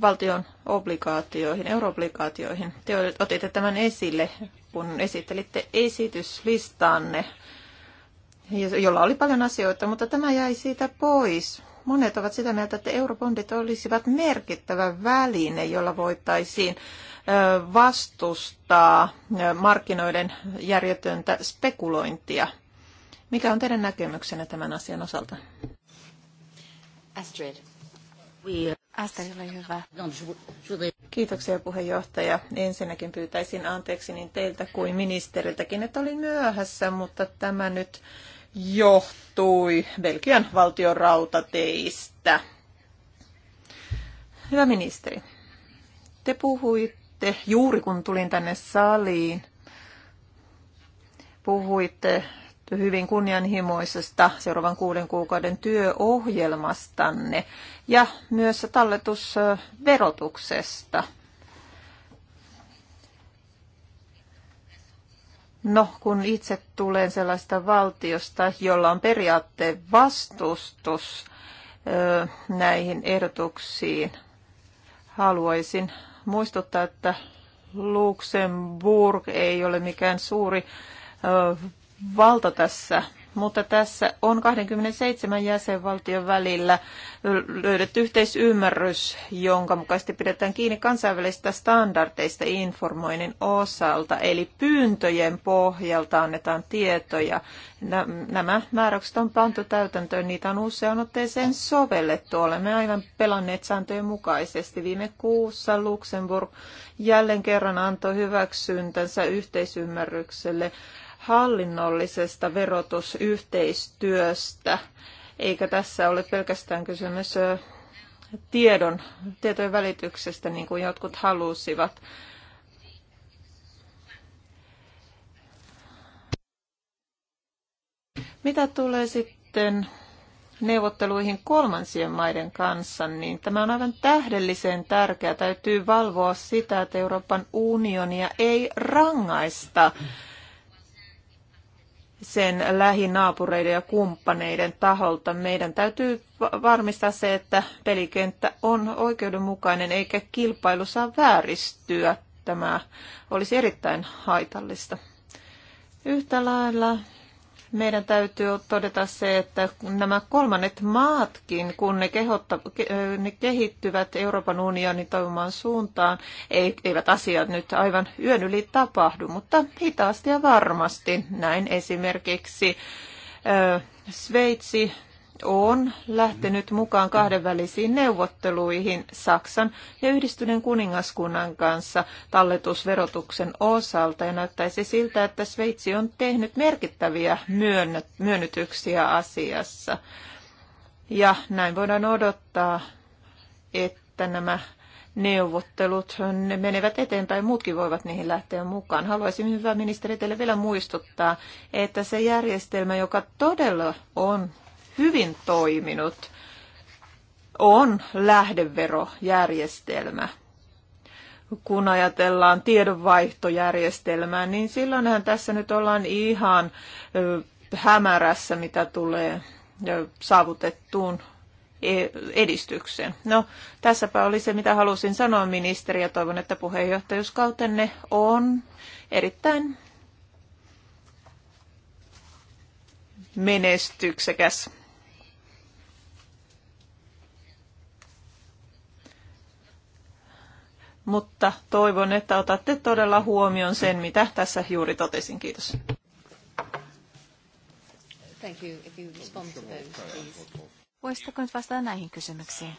valtion obligaatioihin, euroobligaatioihin. Te otitte tämän esille, kun esittelitte esityslistaanne, jolla oli paljon asioita, mutta tämä jäi siitä pois. Monet ovat sitä mieltä, että eurobondit olisivat merkittävä väline, jolla voitaisiin vastustaa markkinoiden järjetöntä spekulointia. Mikä on teidän näkemyksenne tämän asian osalta? Astrid. Astrid, e hyvä. Kiitoksia puheenjohtaja. Ensinnäkin pyytäisin anteeksi niin teiltä kuin ministeriltäkin, että olin myöhässä, mutta tämä nyt johtui Belgian valtion rautateistä. Hyvä ministeri, te puhuitte juuri kun tulin tänne saliin, puhuitte hyvin kunnianhimoisesta seuraavan kuuden kuukauden työohjelmastanne ja myös talletusverotuksesta. No, kun itse tulen sellaista valtiosta, jolla on periaatteen vastustus näihin ehdotuksiin, haluaisin muistuttaa, että Luxemburg ei ole mikään suuri valta tässä, mutta tässä on 27 jäsenvaltion välillä löydetty yhteisymmärrys, jonka mukaisesti pidetään kiinni kansainvälisistä standardeista informoinnin osalta, eli pyyntöjen pohjalta annetaan tietoja. Nämä määräykset on pantu täytäntöön, niitä on usean otteeseen sovellettu. Olemme aivan pelanneet sääntöjen mukaisesti. Viime kuussa Luxemburg jälleen kerran antoi hyväksyntänsä yhteisymmärrykselle hallinnollisesta verotusyhteistyöstä, eikä tässä ole pelkästään kysymys tiedon, tietojen välityksestä, niin kuin jotkut halusivat. Mitä tulee sitten neuvotteluihin kolmansien maiden kanssa, niin tämä on aivan tähdellisen tärkeää. Täytyy valvoa sitä, että Euroopan unionia ei rangaista sen lähinaapureiden ja kumppaneiden taholta. Meidän täytyy varmistaa se, että pelikenttä on oikeudenmukainen eikä kilpailu saa vääristyä. Tämä olisi erittäin haitallista. Yhtä lailla meidän täytyy todeta se, että nämä kolmannet maatkin, kun ne, kehotta, ne kehittyvät Euroopan unionin toimimaan suuntaan, eivät asiat nyt aivan yön yli tapahdu, mutta hitaasti ja varmasti. Näin esimerkiksi Sveitsi on lähtenyt mukaan kahdenvälisiin neuvotteluihin Saksan ja yhdistyneen kuningaskunnan kanssa talletusverotuksen osalta ja näyttäisi siltä, että Sveitsi on tehnyt merkittäviä myönnytyksiä asiassa. Ja näin voidaan odottaa, että nämä neuvottelut ne menevät eteenpäin, muutkin voivat niihin lähteä mukaan. Haluaisin, hyvä ministeri, teille vielä muistuttaa, että se järjestelmä, joka todella on hyvin toiminut, on lähdeverojärjestelmä. Kun ajatellaan tiedonvaihtojärjestelmää, niin silloinhan tässä nyt ollaan ihan hämärässä, mitä tulee saavutettuun e, edistykseen. No, tässäpä oli se, mitä halusin sanoa ministeri, ja toivon, että puheenjohtajuuskautenne on erittäin menestyksekäs. mutta toivon, että otatte todella huomioon sen, mitä tässä juuri totesin. Kiitos. Thank you. If you respond to those, nyt vastata näihin kysymyksiin?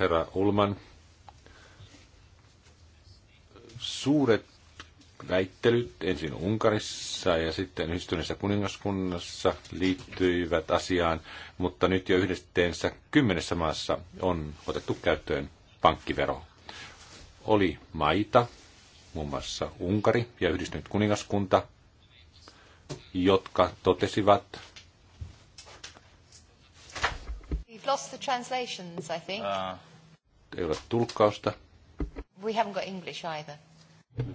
Herra Ulman, suuret väittelyt ensin Unkarissa ja sitten yhdistyneessä kuningaskunnassa liittyivät asiaan, mutta nyt jo yhdisteensä kymmenessä maassa on otettu käyttöön pankkivero. Oli maita, muun muassa Unkari ja yhdistynyt kuningaskunta, jotka totesivat, We've lost the translations, I think. Uh. Ei ole tulkkausta. We haven't got English either.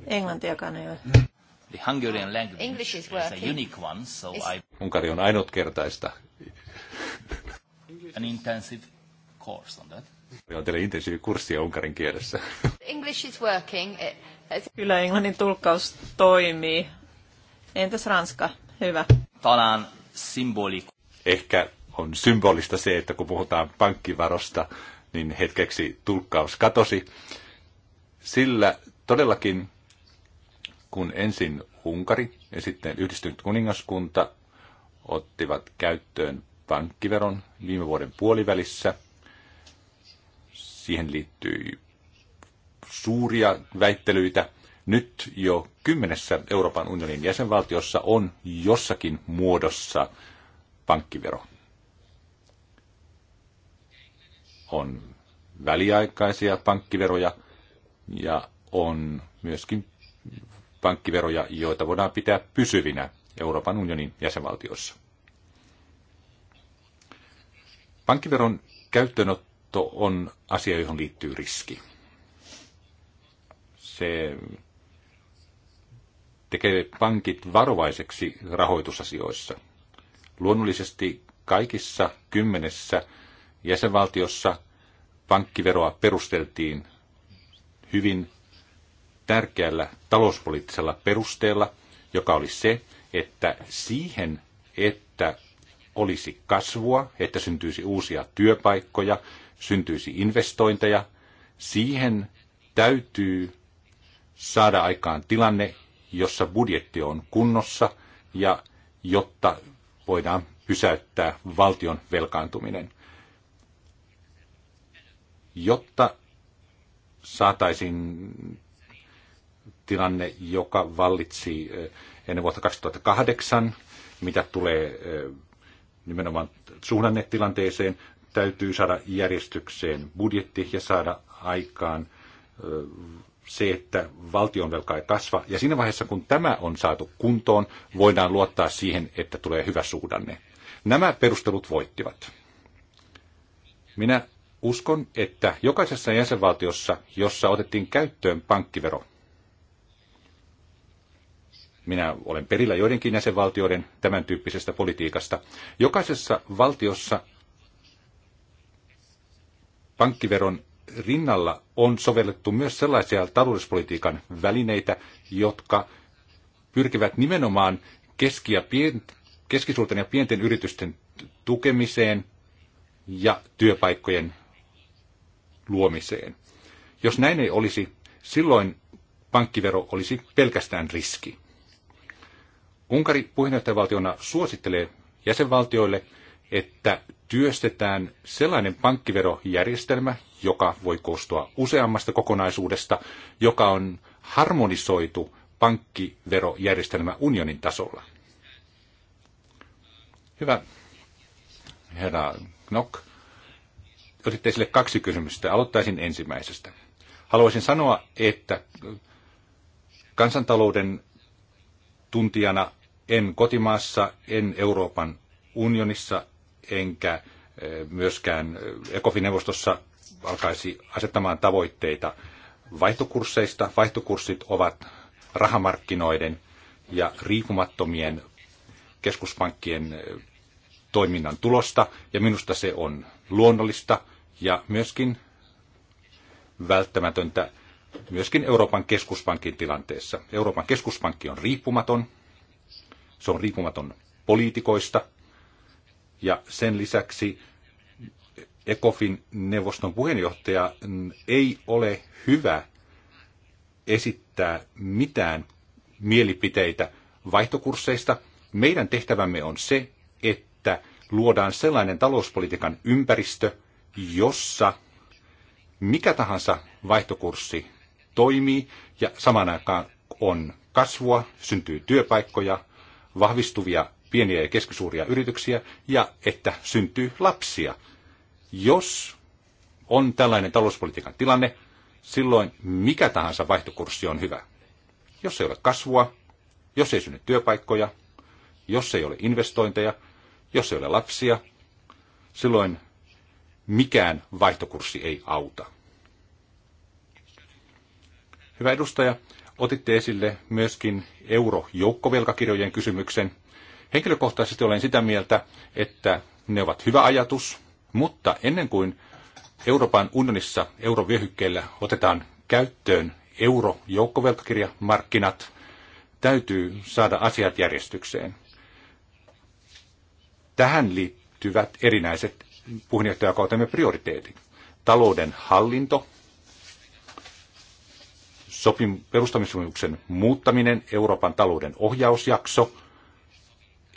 Englantiakaan ei ole. The Hungarian language ah, English is, working. is a unique one, so is... I... Unkari on ainutkertaista. An intensive course on that. Meillä on teille intensiivikurssia unkarin kielessä. English is working. Kyllä englannin tulkkaus toimii. Entäs ranska? Hyvä. Talan symboli. Ehkä on symbolista se, että kun puhutaan pankkivarosta, niin hetkeksi tulkkaus katosi. Sillä Todellakin, kun ensin Unkari ja sitten yhdistynyt kuningaskunta ottivat käyttöön pankkiveron viime vuoden puolivälissä, siihen liittyi suuria väittelyitä. Nyt jo kymmenessä Euroopan unionin jäsenvaltiossa on jossakin muodossa pankkivero. On väliaikaisia pankkiveroja ja on myöskin pankkiveroja, joita voidaan pitää pysyvinä Euroopan unionin jäsenvaltioissa. Pankkiveron käyttöönotto on asia, johon liittyy riski. Se tekee pankit varovaiseksi rahoitusasioissa. Luonnollisesti kaikissa kymmenessä jäsenvaltiossa pankkiveroa perusteltiin hyvin tärkeällä talouspoliittisella perusteella, joka oli se, että siihen, että olisi kasvua, että syntyisi uusia työpaikkoja, syntyisi investointeja, siihen täytyy saada aikaan tilanne, jossa budjetti on kunnossa ja jotta voidaan pysäyttää valtion velkaantuminen. Jotta saataisiin tilanne, joka vallitsi ennen vuotta 2008, mitä tulee nimenomaan suhdannetilanteeseen, täytyy saada järjestykseen budjetti ja saada aikaan se, että valtionvelka ei kasva. Ja siinä vaiheessa, kun tämä on saatu kuntoon, voidaan luottaa siihen, että tulee hyvä suhdanne. Nämä perustelut voittivat. Minä uskon, että jokaisessa jäsenvaltiossa, jossa otettiin käyttöön pankkivero, minä olen perillä joidenkin jäsenvaltioiden tämän tyyppisestä politiikasta. Jokaisessa valtiossa pankkiveron rinnalla on sovellettu myös sellaisia talouspolitiikan välineitä, jotka pyrkivät nimenomaan keski- ja pien, keskisuurten ja pienten yritysten tukemiseen ja työpaikkojen luomiseen. Jos näin ei olisi, silloin pankkivero olisi pelkästään riski. Unkari puheenjohtajavaltiona suosittelee jäsenvaltioille, että työstetään sellainen pankkiverojärjestelmä, joka voi koostua useammasta kokonaisuudesta, joka on harmonisoitu pankkiverojärjestelmä unionin tasolla. Hyvä herra Knock. Otitte esille kaksi kysymystä. Aloittaisin ensimmäisestä. Haluaisin sanoa, että kansantalouden tuntijana en kotimaassa, en Euroopan unionissa, enkä eh, myöskään eh, ECOFI-neuvostossa alkaisi asettamaan tavoitteita vaihtokursseista. Vaihtokurssit ovat rahamarkkinoiden ja riippumattomien keskuspankkien eh, toiminnan tulosta, ja minusta se on luonnollista ja myöskin välttämätöntä myöskin Euroopan keskuspankin tilanteessa. Euroopan keskuspankki on riippumaton, se on riippumaton poliitikoista ja sen lisäksi ECOFin neuvoston puheenjohtaja ei ole hyvä esittää mitään mielipiteitä vaihtokursseista. Meidän tehtävämme on se, että luodaan sellainen talouspolitiikan ympäristö, jossa mikä tahansa vaihtokurssi toimii ja samaan aikaan on kasvua, syntyy työpaikkoja, vahvistuvia pieniä ja keskisuuria yrityksiä ja että syntyy lapsia. Jos on tällainen talouspolitiikan tilanne, silloin mikä tahansa vaihtokurssi on hyvä. Jos ei ole kasvua, jos ei synny työpaikkoja, jos ei ole investointeja, jos ei ole lapsia, silloin mikään vaihtokurssi ei auta. Hyvä edustaja, otitte esille myöskin eurojoukkovelkakirjojen kysymyksen. Henkilökohtaisesti olen sitä mieltä, että ne ovat hyvä ajatus, mutta ennen kuin Euroopan unionissa eurovyöhykkeellä otetaan käyttöön eurojoukkovelkakirjamarkkinat, täytyy saada asiat järjestykseen. Tähän liittyvät erinäiset puheenjohtajakautemme prioriteetit. Talouden hallinto, sopim- perustamissopimuksen muuttaminen, Euroopan talouden ohjausjakso,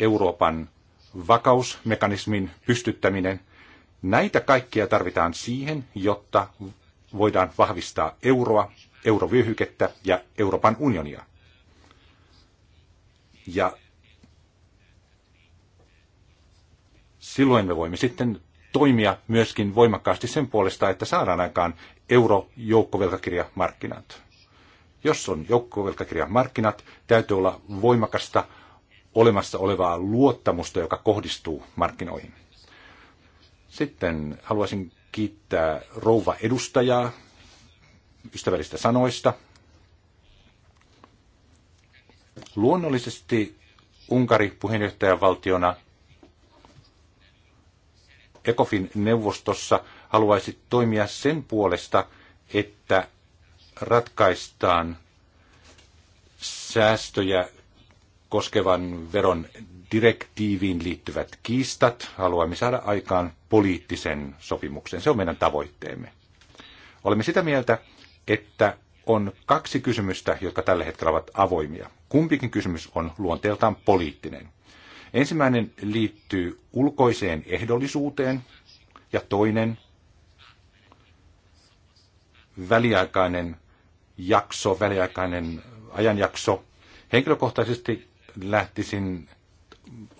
Euroopan vakausmekanismin pystyttäminen. Näitä kaikkia tarvitaan siihen, jotta voidaan vahvistaa euroa, eurovyöhykettä ja Euroopan unionia. Ja silloin me voimme sitten toimia myöskin voimakkaasti sen puolesta, että saadaan aikaan eurojoukkovelkakirjamarkkinat. Jos on joukkovelkakirjan markkinat, täytyy olla voimakasta olemassa olevaa luottamusta, joka kohdistuu markkinoihin. Sitten haluaisin kiittää rouva edustajaa ystävällistä sanoista. Luonnollisesti Unkari puheenjohtajavaltiona ECOFIN neuvostossa haluaisi toimia sen puolesta, että ratkaistaan säästöjä koskevan veron direktiiviin liittyvät kiistat. Haluamme saada aikaan poliittisen sopimuksen. Se on meidän tavoitteemme. Olemme sitä mieltä, että on kaksi kysymystä, jotka tällä hetkellä ovat avoimia. Kumpikin kysymys on luonteeltaan poliittinen. Ensimmäinen liittyy ulkoiseen ehdollisuuteen ja toinen väliaikainen jakso, väliaikainen ajanjakso. Henkilökohtaisesti lähtisin,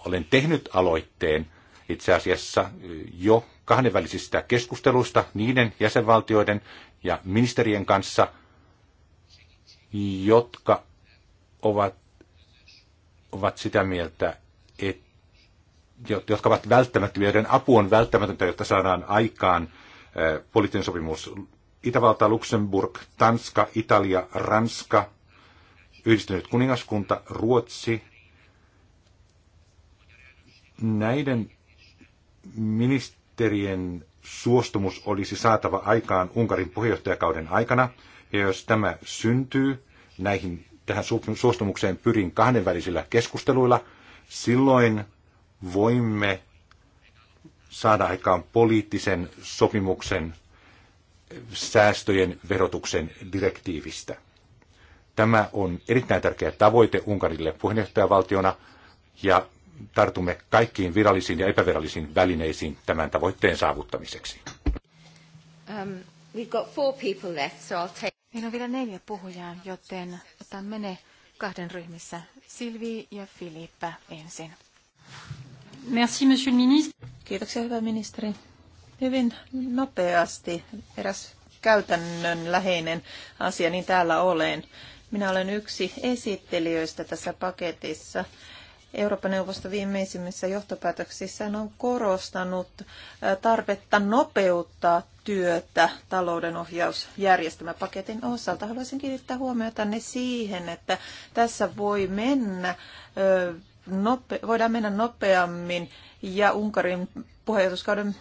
olen tehnyt aloitteen itse asiassa jo kahdenvälisistä keskusteluista niiden jäsenvaltioiden ja ministerien kanssa, jotka ovat, ovat sitä mieltä, että, jotka ovat välttämättömiä, joiden apu on välttämätöntä, jotta saadaan aikaan poliittinen sopimus Itävalta, Luxemburg, Tanska, Italia, Ranska, Yhdistynyt kuningaskunta, Ruotsi. Näiden ministerien suostumus olisi saatava aikaan Unkarin puheenjohtajakauden aikana, ja jos tämä syntyy, näihin, tähän suostumukseen pyrin kahdenvälisillä keskusteluilla, silloin voimme saada aikaan poliittisen sopimuksen säästöjen verotuksen direktiivistä. Tämä on erittäin tärkeä tavoite Unkarille puheenjohtajavaltiona ja tartumme kaikkiin virallisiin ja epävirallisiin välineisiin tämän tavoitteen saavuttamiseksi. Um, we've got four people left, so I'll take... Meillä on vielä neljä puhujaa, joten otamme ne kahden ryhmissä. Silvi ja Filippa ensin. Merci, monsieur le ministre. Kiitoksia, hyvä ministeri hyvin nopeasti eräs käytännön läheinen asia, niin täällä olen. Minä olen yksi esittelijöistä tässä paketissa. Euroopan neuvosto viimeisimmissä johtopäätöksissä on korostanut tarvetta nopeuttaa työtä talouden ohjausjärjestelmäpaketin osalta. Haluaisin kiinnittää huomiota ne siihen, että tässä voi mennä nope, voidaan mennä nopeammin ja Unkarin puheenjohtajuuskauden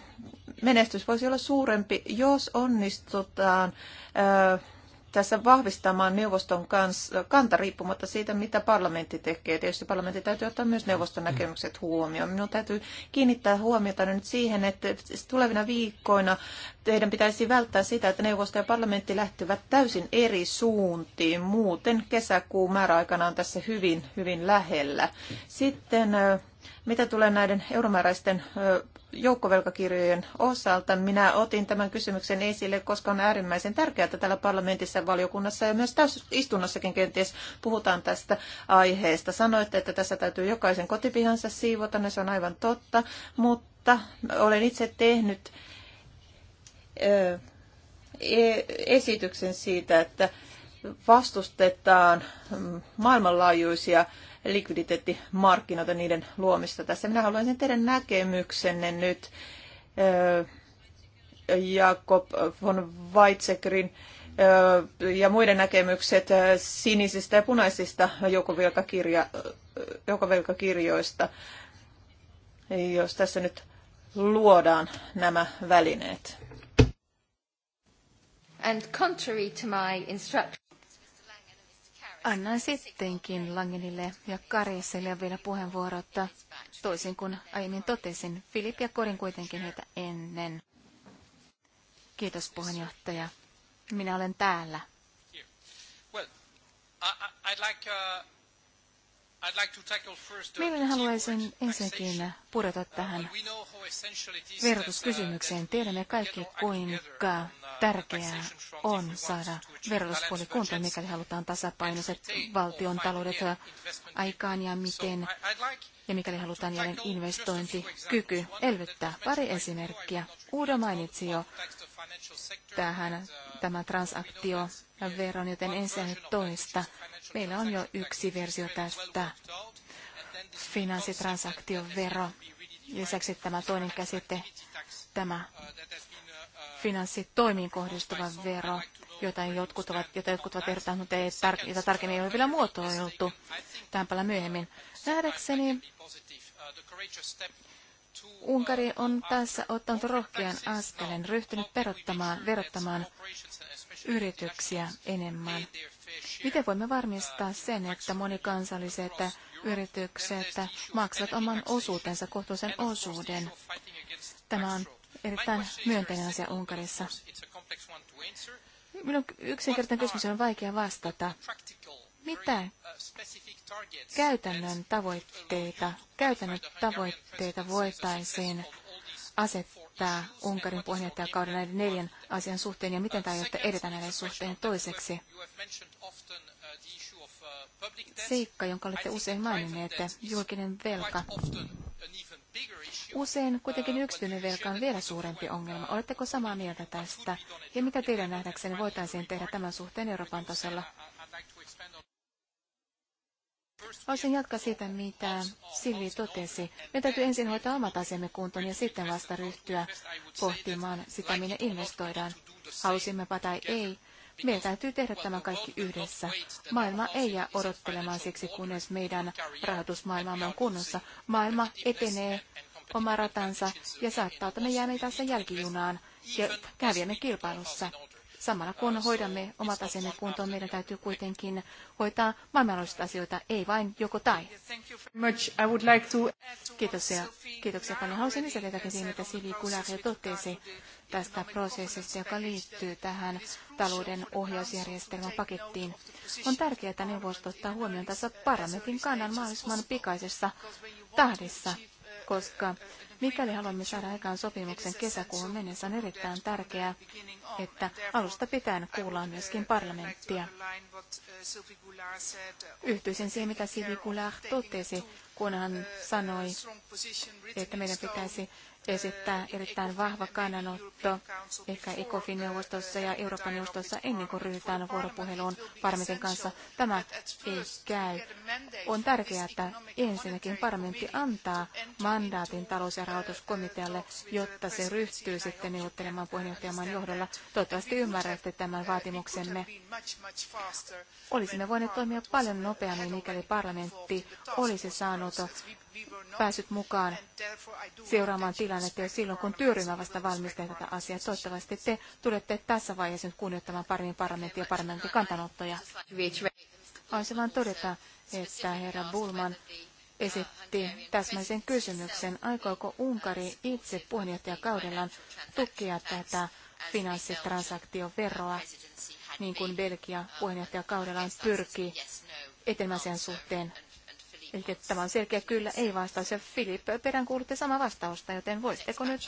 menestys voisi olla suurempi, jos onnistutaan äh, tässä vahvistamaan neuvoston kanssa, kanta riippumatta siitä, mitä parlamentti tekee. Tietysti parlamentti täytyy ottaa myös neuvoston näkemykset huomioon. Minun täytyy kiinnittää huomiota nyt siihen, että tulevina viikkoina teidän pitäisi välttää sitä, että neuvosto ja parlamentti lähtevät täysin eri suuntiin. Muuten kesäkuun määräaikana on tässä hyvin, hyvin lähellä. Sitten mitä tulee näiden euromääräisten joukkovelkakirjojen osalta, minä otin tämän kysymyksen esille, koska on äärimmäisen tärkeää, että täällä parlamentissa, valiokunnassa ja myös täysistunnossakin kenties puhutaan tästä aiheesta. Sanoitte, että tässä täytyy jokaisen kotipihansa siivota, no se on aivan totta, mutta olen itse tehnyt e, esityksen siitä, että vastustetaan mm, maailmanlaajuisia likviditeettimarkkinoita, niiden luomista tässä. Minä haluaisin teidän näkemyksenne nyt Jakob von Weizsäckerin ja muiden näkemykset sinisistä ja punaisista joukovelkakirjoista, jos tässä nyt luodaan nämä välineet. And contrary to my instruction... Annan sittenkin Langenille ja Kariselle vielä puheenvuorotta. toisin kuin aiemmin totesin. Filip ja Korin kuitenkin heitä ennen. Kiitos puheenjohtaja. Minä olen täällä. Well, I, I'd like, uh... Minä haluaisin ensinnäkin pureta uh, tähän uh, verotuskysymykseen. Tiedämme kaikki, kuinka uh, tärkeää on saada verotuspuoli kuntoon, mikäli halutaan tasapainoiset valtion taloudet aikaan ja miten ja mikäli halutaan jälleen investointikyky elvyttää. Pari esimerkkiä. Uudo mainitsi jo tähän tämä transaktioveron, joten en sen toista. Meillä on jo yksi versio tästä finanssitransaktiovero. Lisäksi tämä toinen käsite, tämä finanssitoimiin kohdistuva vero, jota jotkut ovat, jota jotkut ovat ehdottaneet, mutta ei tar- jota tarkemmin ei ole vielä muotoiltu. Tämän myöhemmin. Nähdäkseni Unkari on tässä ottanut rohkean askelen, ryhtynyt perottamaan, verottamaan yrityksiä enemmän. Miten voimme varmistaa sen, että monikansalliset yritykset maksavat oman osuutensa, kohtuullisen osuuden? Tämä on erittäin myönteinen asia Unkarissa. Minun yksinkertainen kysymys on vaikea vastata. Mitä käytännön tavoitteita, käytännön tavoitteita voitaisiin asettaa Unkarin puheenjohtajakauden näiden neljän asian suhteen ja miten aiotte edetä näiden suhteen toiseksi? Uh, uh, Seikka, jonka olette usein maininneet, julkinen velka. Usein uh, kuitenkin yksityinen velka on vielä suurempi ongelma. Oletteko samaa mieltä tästä? Ja mitä teidän nähdäksenne voitaisiin tehdä tämän suhteen Euroopan tasolla? Haluaisin jatkaa siitä, mitä Silvi totesi. Meidän täytyy ensin hoitaa omat asiamme kuntoon ja sitten vasta ryhtyä pohtimaan sitä, minne investoidaan. Halusimmepa tai ei, meidän täytyy tehdä tämä kaikki yhdessä. Maailma ei jää odottelemaan siksi, kunnes meidän rahoitusmaailmamme on kunnossa. Maailma etenee oma ratansa ja saattaa, että me jäämme tässä jälkijunaan ja käviemme kilpailussa. Samalla kun hoidamme omat asiamme kuntoon, meidän täytyy kuitenkin hoitaa maailmanlaajuisia asioita, ei vain joko tai. ja Kiitoksia paljon. Haluaisin lisätä jotakin siihen, mitä Sivi Kulari totesi tästä prosessista, joka liittyy tähän talouden ohjausjärjestelmän pakettiin. On tärkeää, että neuvosto ottaa huomioon tässä parlamentin kannan mahdollisimman pikaisessa tahdissa, koska Mikäli haluamme saada aikaan sopimuksen kesäkuun mennessä, on erittäin tärkeää, että alusta pitäen kuullaan myöskin parlamenttia. Yhtyisin siihen, mitä Sylvie Goulart totesi, kun hän sanoi, että meidän pitäisi esittää erittäin vahva kannanotto ehkä ECOFIN neuvostossa ja Euroopan neuvostossa ennen kuin ryhdytään vuoropuheluun parlamentin kanssa. Tämä ei käy. On tärkeää, että ensinnäkin parlamentti antaa mandaatin talous- ja rahoituskomitealle, jotta se ryhtyy sitten neuvottelemaan puheenjohtajamaan johdolla. Toivottavasti ymmärrätte tämän vaatimuksemme. Olisimme voineet toimia paljon nopeammin, mikäli parlamentti olisi saanut päässyt mukaan seuraamaan tilannetta jo silloin, kun työryhmä vasta valmistelee tätä asiaa. Toivottavasti te tulette tässä vaiheessa nyt kunnioittamaan paremmin parlamentin ja parlamentin kantanottoja. Haluaisin vain todeta, että herra Bulman esitti täsmäisen kysymyksen, aikooko Unkari itse puheenjohtajakaudellaan tukea tätä finanssitransaktioveroa, niin kuin Belgia puheenjohtajakaudellaan pyrkii etenemään sen suhteen. Eli tämä on selkeä kyllä, ei vastaus. Ja Filip, peräänkuulutte sama vastausta, joten voisitteko nyt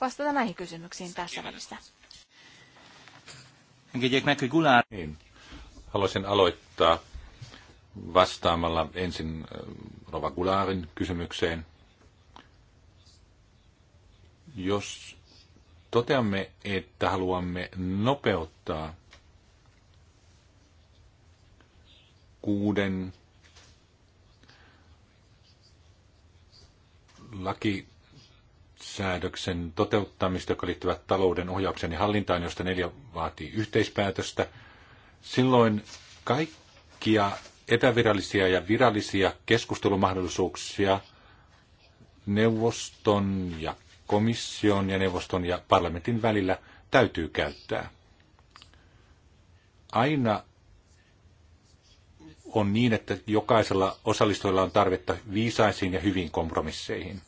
vastata näihin kysymyksiin tässä välissä? Niin. Haluaisin aloittaa vastaamalla ensin Rova Gularin kysymykseen. Jos toteamme, että haluamme nopeuttaa kuuden lakisäädöksen toteuttamista, joka liittyvät talouden ohjaukseen ja hallintaan, josta neljä vaatii yhteispäätöstä. Silloin kaikkia epävirallisia ja virallisia keskustelumahdollisuuksia neuvoston ja komission ja neuvoston ja parlamentin välillä täytyy käyttää. Aina on niin, että jokaisella osallistujalla on tarvetta viisaisiin ja hyviin kompromisseihin.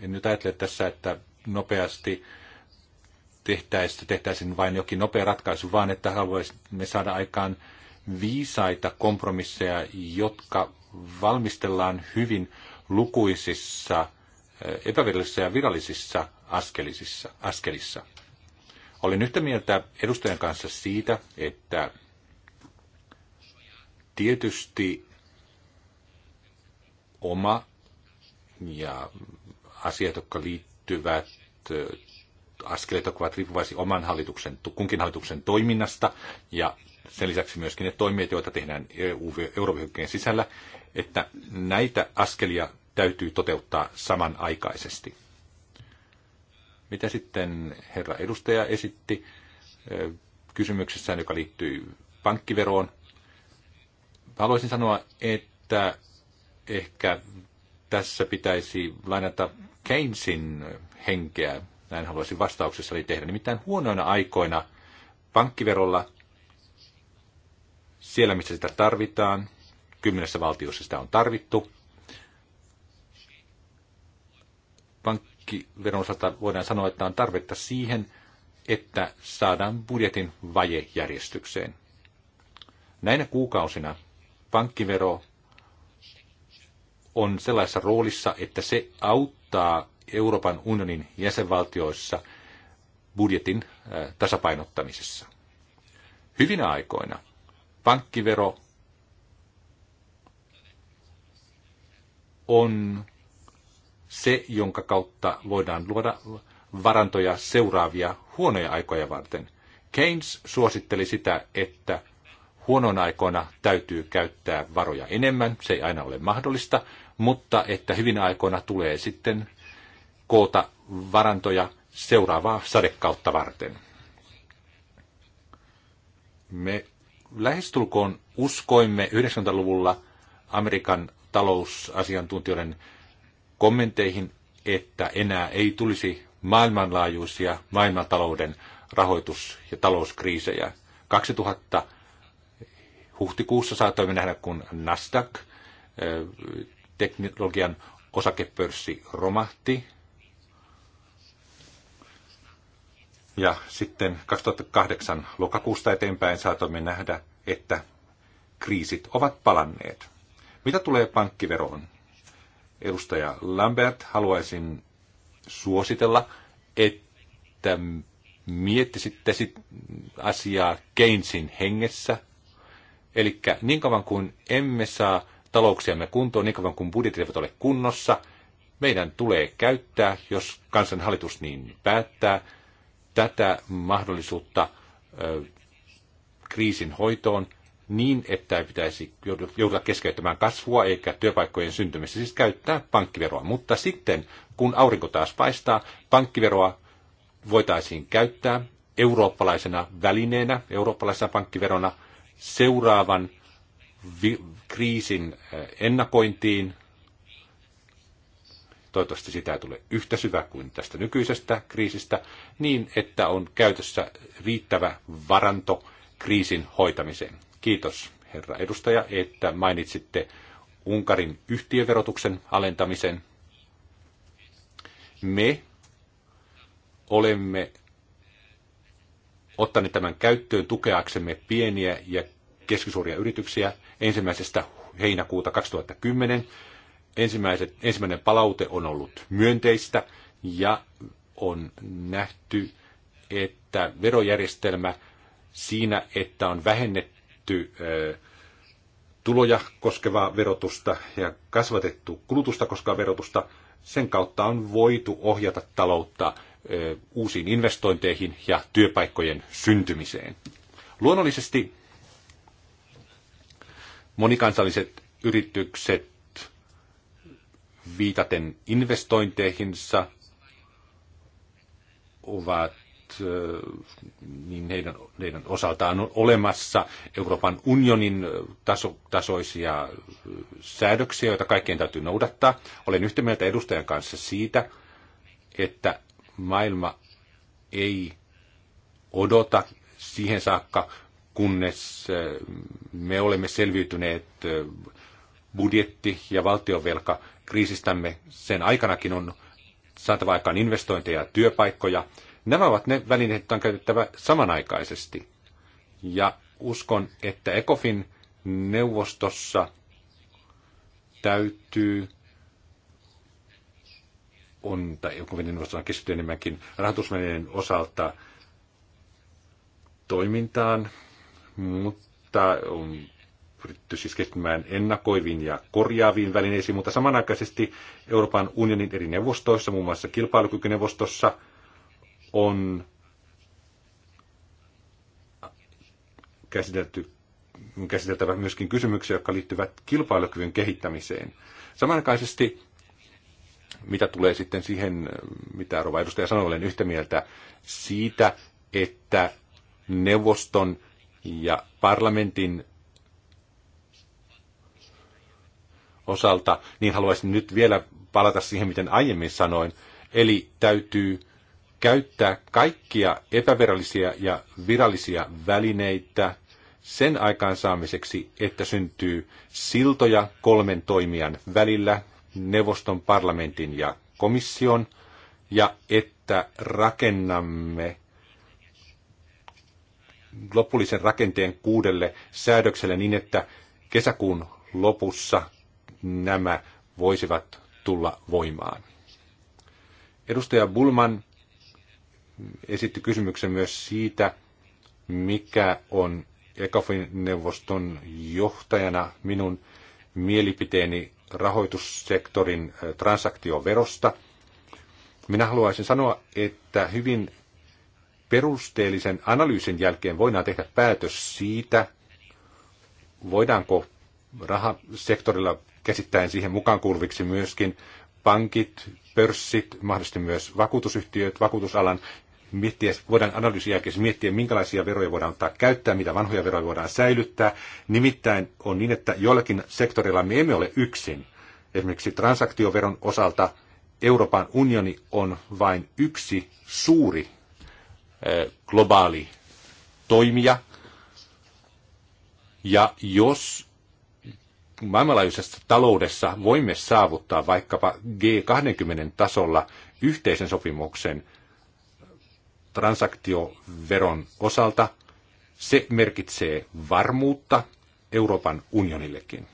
En nyt ajattele tässä, että nopeasti tehtäisiin, tehtäisiin vain jokin nopea ratkaisu, vaan että haluaisimme saada aikaan viisaita kompromisseja, jotka valmistellaan hyvin lukuisissa epävirallisissa ja virallisissa askelisissa, askelissa. Olen yhtä mieltä edustajan kanssa siitä, että tietysti oma ja asiat, jotka liittyvät äh, askeleet, jotka ovat riippuvaisia oman hallituksen, kunkin hallituksen toiminnasta ja sen lisäksi myöskin ne toimijat, joita tehdään EU, eurovyöhykkeen sisällä, että näitä askelia täytyy toteuttaa samanaikaisesti. Mitä sitten herra edustaja esitti kysymyksessään, joka liittyy pankkiveroon? Haluaisin sanoa, että ehkä tässä pitäisi lainata Keynesin henkeä, näin haluaisin vastauksessani tehdä. Nimittäin huonoina aikoina pankkiverolla siellä, missä sitä tarvitaan, kymmenessä valtiossa sitä on tarvittu, pankkiveron osalta voidaan sanoa, että on tarvetta siihen, että saadaan budjetin vaje järjestykseen. Näinä kuukausina pankkivero on sellaisessa roolissa, että se auttaa Euroopan unionin jäsenvaltioissa budjetin tasapainottamisessa. Hyvinä aikoina pankkivero on se, jonka kautta voidaan luoda varantoja seuraavia huonoja aikoja varten. Keynes suositteli sitä, että huonoina aikoina täytyy käyttää varoja enemmän, se ei aina ole mahdollista, mutta että hyvin aikoina tulee sitten koota varantoja seuraavaa sadekautta varten. Me lähestulkoon uskoimme 90-luvulla Amerikan talousasiantuntijoiden kommenteihin, että enää ei tulisi maailmanlaajuisia maailmantalouden rahoitus- ja talouskriisejä. 2000 huhtikuussa saatoimme nähdä, kun Nasdaq, teknologian osakepörssi, romahti. Ja sitten 2008 lokakuusta eteenpäin saatoimme nähdä, että kriisit ovat palanneet. Mitä tulee pankkiveroon? edustaja Lambert, haluaisin suositella, että miettisitte sit asiaa Keynesin hengessä. Eli niin kauan kuin emme saa talouksiamme kuntoon, niin kauan kuin budjetit eivät ole kunnossa, meidän tulee käyttää, jos kansanhallitus niin päättää, tätä mahdollisuutta ö, kriisin hoitoon niin, että ei pitäisi joutua keskeyttämään kasvua eikä työpaikkojen syntymistä, siis käyttää pankkiveroa. Mutta sitten, kun aurinko taas paistaa, pankkiveroa voitaisiin käyttää eurooppalaisena välineenä, eurooppalaisena pankkiverona seuraavan vi- kriisin eh, ennakointiin. Toivottavasti sitä ei tule yhtä syvä kuin tästä nykyisestä kriisistä, niin että on käytössä riittävä varanto kriisin hoitamiseen. Kiitos, herra edustaja, että mainitsitte Unkarin yhtiöverotuksen alentamisen. Me olemme ottaneet tämän käyttöön tukeaksemme pieniä ja keskisuuria yrityksiä ensimmäisestä heinäkuuta 2010. Ensimmäiset, ensimmäinen palaute on ollut myönteistä ja on nähty, että verojärjestelmä siinä, että on vähennetty kevennetty tuloja koskevaa verotusta ja kasvatettu kulutusta koskevaa verotusta. Sen kautta on voitu ohjata taloutta uusiin investointeihin ja työpaikkojen syntymiseen. Luonnollisesti monikansalliset yritykset viitaten investointeihinsa ovat niin heidän, heidän osaltaan on olemassa Euroopan unionin taso, tasoisia säädöksiä, joita kaikkien täytyy noudattaa. Olen yhtä mieltä edustajan kanssa siitä, että maailma ei odota siihen saakka, kunnes me olemme selviytyneet budjetti- ja valtionvelka kriisistämme. Sen aikanakin on saatava aikaan investointeja ja työpaikkoja. Nämä ovat ne välineet, jotka on käytettävä samanaikaisesti. Ja uskon, että ECOFIN neuvostossa täytyy on, tai ECOFIN neuvostossa on keskitytty enemmänkin rahoitusvälineiden osalta toimintaan, mutta on pyritty siis keskittymään ennakoiviin ja korjaaviin välineisiin, mutta samanaikaisesti Euroopan unionin eri neuvostoissa, muun muassa kilpailukykyneuvostossa – on käsitelty, käsiteltävä myöskin kysymyksiä, jotka liittyvät kilpailukyvyn kehittämiseen. Samanaikaisesti, mitä tulee sitten siihen, mitä Rova edustaja sanoi, olen yhtä mieltä siitä, että neuvoston ja parlamentin osalta, niin haluaisin nyt vielä palata siihen, miten aiemmin sanoin. Eli täytyy käyttää kaikkia epävirallisia ja virallisia välineitä sen aikaansaamiseksi, että syntyy siltoja kolmen toimijan välillä, neuvoston, parlamentin ja komission, ja että rakennamme lopullisen rakenteen kuudelle säädökselle niin, että kesäkuun lopussa nämä voisivat tulla voimaan. Edustaja Bulman esitti kysymyksen myös siitä, mikä on ECOFIN neuvoston johtajana minun mielipiteeni rahoitussektorin transaktioverosta. Minä haluaisin sanoa, että hyvin perusteellisen analyysin jälkeen voidaan tehdä päätös siitä, voidaanko rahasektorilla käsittäen siihen mukaan kuuluviksi myöskin pankit, pörssit, mahdollisesti myös vakuutusyhtiöt, vakuutusalan miettiä, voidaan analyysin jälkeen miettiä, minkälaisia veroja voidaan ottaa käyttää, mitä vanhoja veroja voidaan säilyttää. Nimittäin on niin, että joillakin sektoreilla me emme ole yksin. Esimerkiksi transaktioveron osalta Euroopan unioni on vain yksi suuri globaali toimija. Ja jos maailmanlaajuisessa taloudessa voimme saavuttaa vaikkapa G20 tasolla yhteisen sopimuksen, transaktioveron osalta, se merkitsee varmuutta Euroopan unionillekin.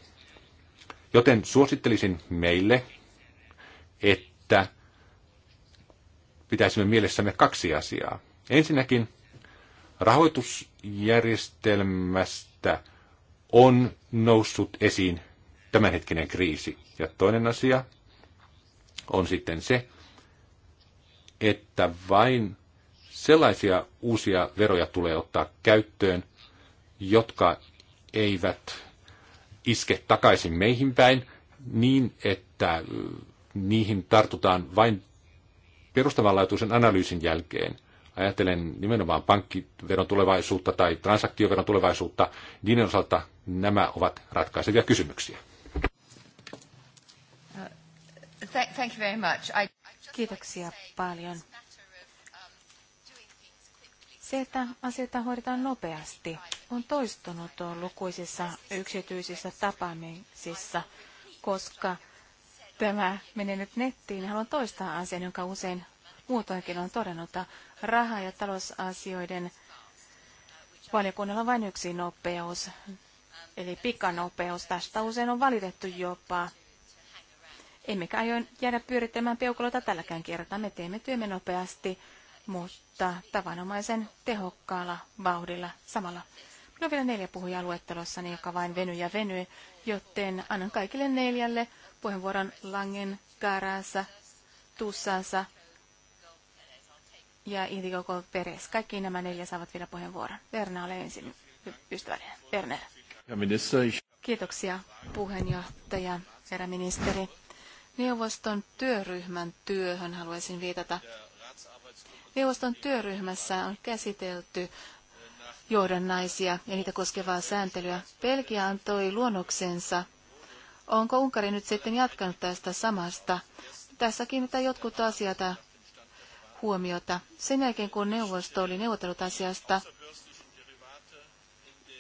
Joten suosittelisin meille, että pitäisimme mielessämme kaksi asiaa. Ensinnäkin rahoitusjärjestelmästä on noussut esiin tämänhetkinen kriisi. Ja toinen asia on sitten se, että vain sellaisia uusia veroja tulee ottaa käyttöön, jotka eivät iske takaisin meihin päin niin, että niihin tartutaan vain perustavanlaatuisen analyysin jälkeen. Ajattelen nimenomaan pankkiveron tulevaisuutta tai transaktioveron tulevaisuutta. Niiden osalta nämä ovat ratkaisevia kysymyksiä. Uh, Kiitoksia paljon. Se, että asioita hoidetaan nopeasti, on toistunut lukuisissa yksityisissä tapaamisissa, koska tämä menee nyt nettiin. haluan toistaa asian, jonka usein muutoinkin on todennut, että raha- ja talousasioiden valiokunnalla on vain yksi nopeus, eli pikanopeus. Tästä usein on valitettu jopa. Emmekä aio jäädä pyörittämään peukaloita tälläkään kertaa. Me teemme työmme nopeasti mutta tavanomaisen tehokkaalla vauhdilla samalla. Minulla on vielä neljä puhujaa niin joka vain venyy ja venyy, joten annan kaikille neljälle puheenvuoron Langen, Kaaraansa, Tussansa ja Indigo Peres. Kaikki nämä neljä saavat vielä puheenvuoron. Verna, ole ensin ystävällinen. Werner. Kiitoksia puheenjohtaja, herra ministeri. Neuvoston työryhmän työhön haluaisin viitata. Neuvoston työryhmässä on käsitelty johdannaisia ja niitä koskevaa sääntelyä. Belgia antoi luonnoksensa. Onko Unkari nyt sitten jatkanut tästä samasta? Tässä kiinnittää jotkut asiat huomiota. Sen jälkeen, kun neuvosto oli neuvotellut asiasta,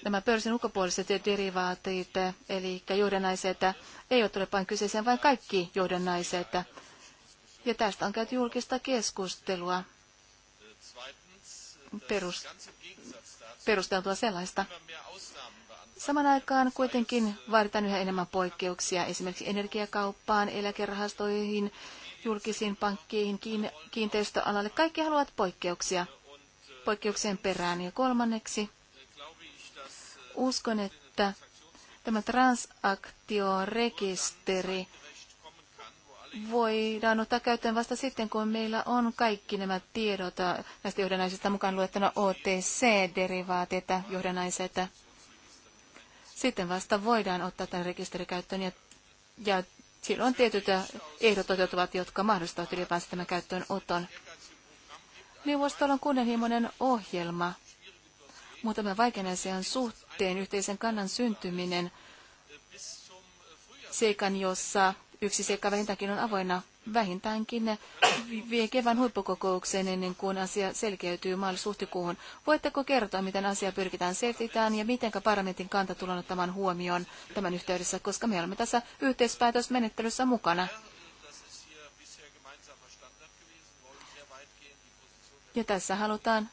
nämä pörssin ulkopuoliset derivaatit, eli johdannaiset, ei ole vain kyseeseen, vaan kaikki johdannaiset. Ja tästä on käyty julkista keskustelua perus, perusteltua sellaista. Saman aikaan kuitenkin vaaditaan yhä enemmän poikkeuksia esimerkiksi energiakauppaan, eläkerahastoihin, julkisiin pankkiin, kiinteistöalalle. Kaikki haluavat poikkeuksia poikkeuksien perään. Ja kolmanneksi uskon, että tämä transaktiorekisteri voidaan ottaa käyttöön vasta sitten, kun meillä on kaikki nämä tiedot näistä johdannaisista mukaan luettuna OTC-derivaatit ja Sitten vasta voidaan ottaa tämän rekisterikäyttöön ja, ja silloin tietyt ehdot toteutuvat, jotka mahdollistavat ylipäänsä tämän oton. Neuvostolla on kunnianhimoinen ohjelma. Muutaman vaikean asian suhteen yhteisen kannan syntyminen seikan, jossa Yksi seikka vähintäänkin on avoinna vähintäänkin vie kevään huippukokoukseen ennen kuin asia selkeytyy maalis-huhtikuuhun. Voitteko kertoa, miten asia pyrkitään selvitään ja miten parlamentin kanta tullaan ottamaan huomioon tämän yhteydessä, koska me olemme tässä yhteispäätösmenettelyssä mukana? Ja tässä halutaan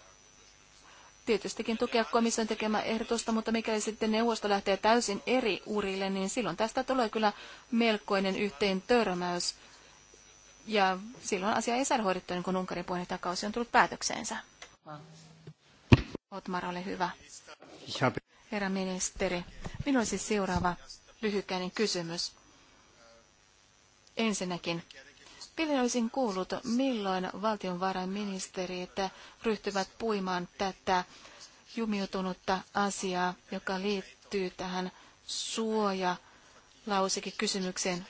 tietystikin tukea komission tekemää ehdotusta, mutta mikäli sitten neuvosto lähtee täysin eri urille, niin silloin tästä tulee kyllä melkoinen yhteen törmäys. Ja silloin asia ei saada hoidettua, niin kun Unkarin puheenjohtajakausi on tullut päätökseensä. Otmar, ole hyvä. Herra ministeri, minulla olisi seuraava lyhykäinen kysymys. Ensinnäkin, Mielin olisin kuullut, milloin valtionvarainministeriöt ryhtyvät puimaan tätä jumiutunutta asiaa, joka liittyy tähän suoja kysymykseen,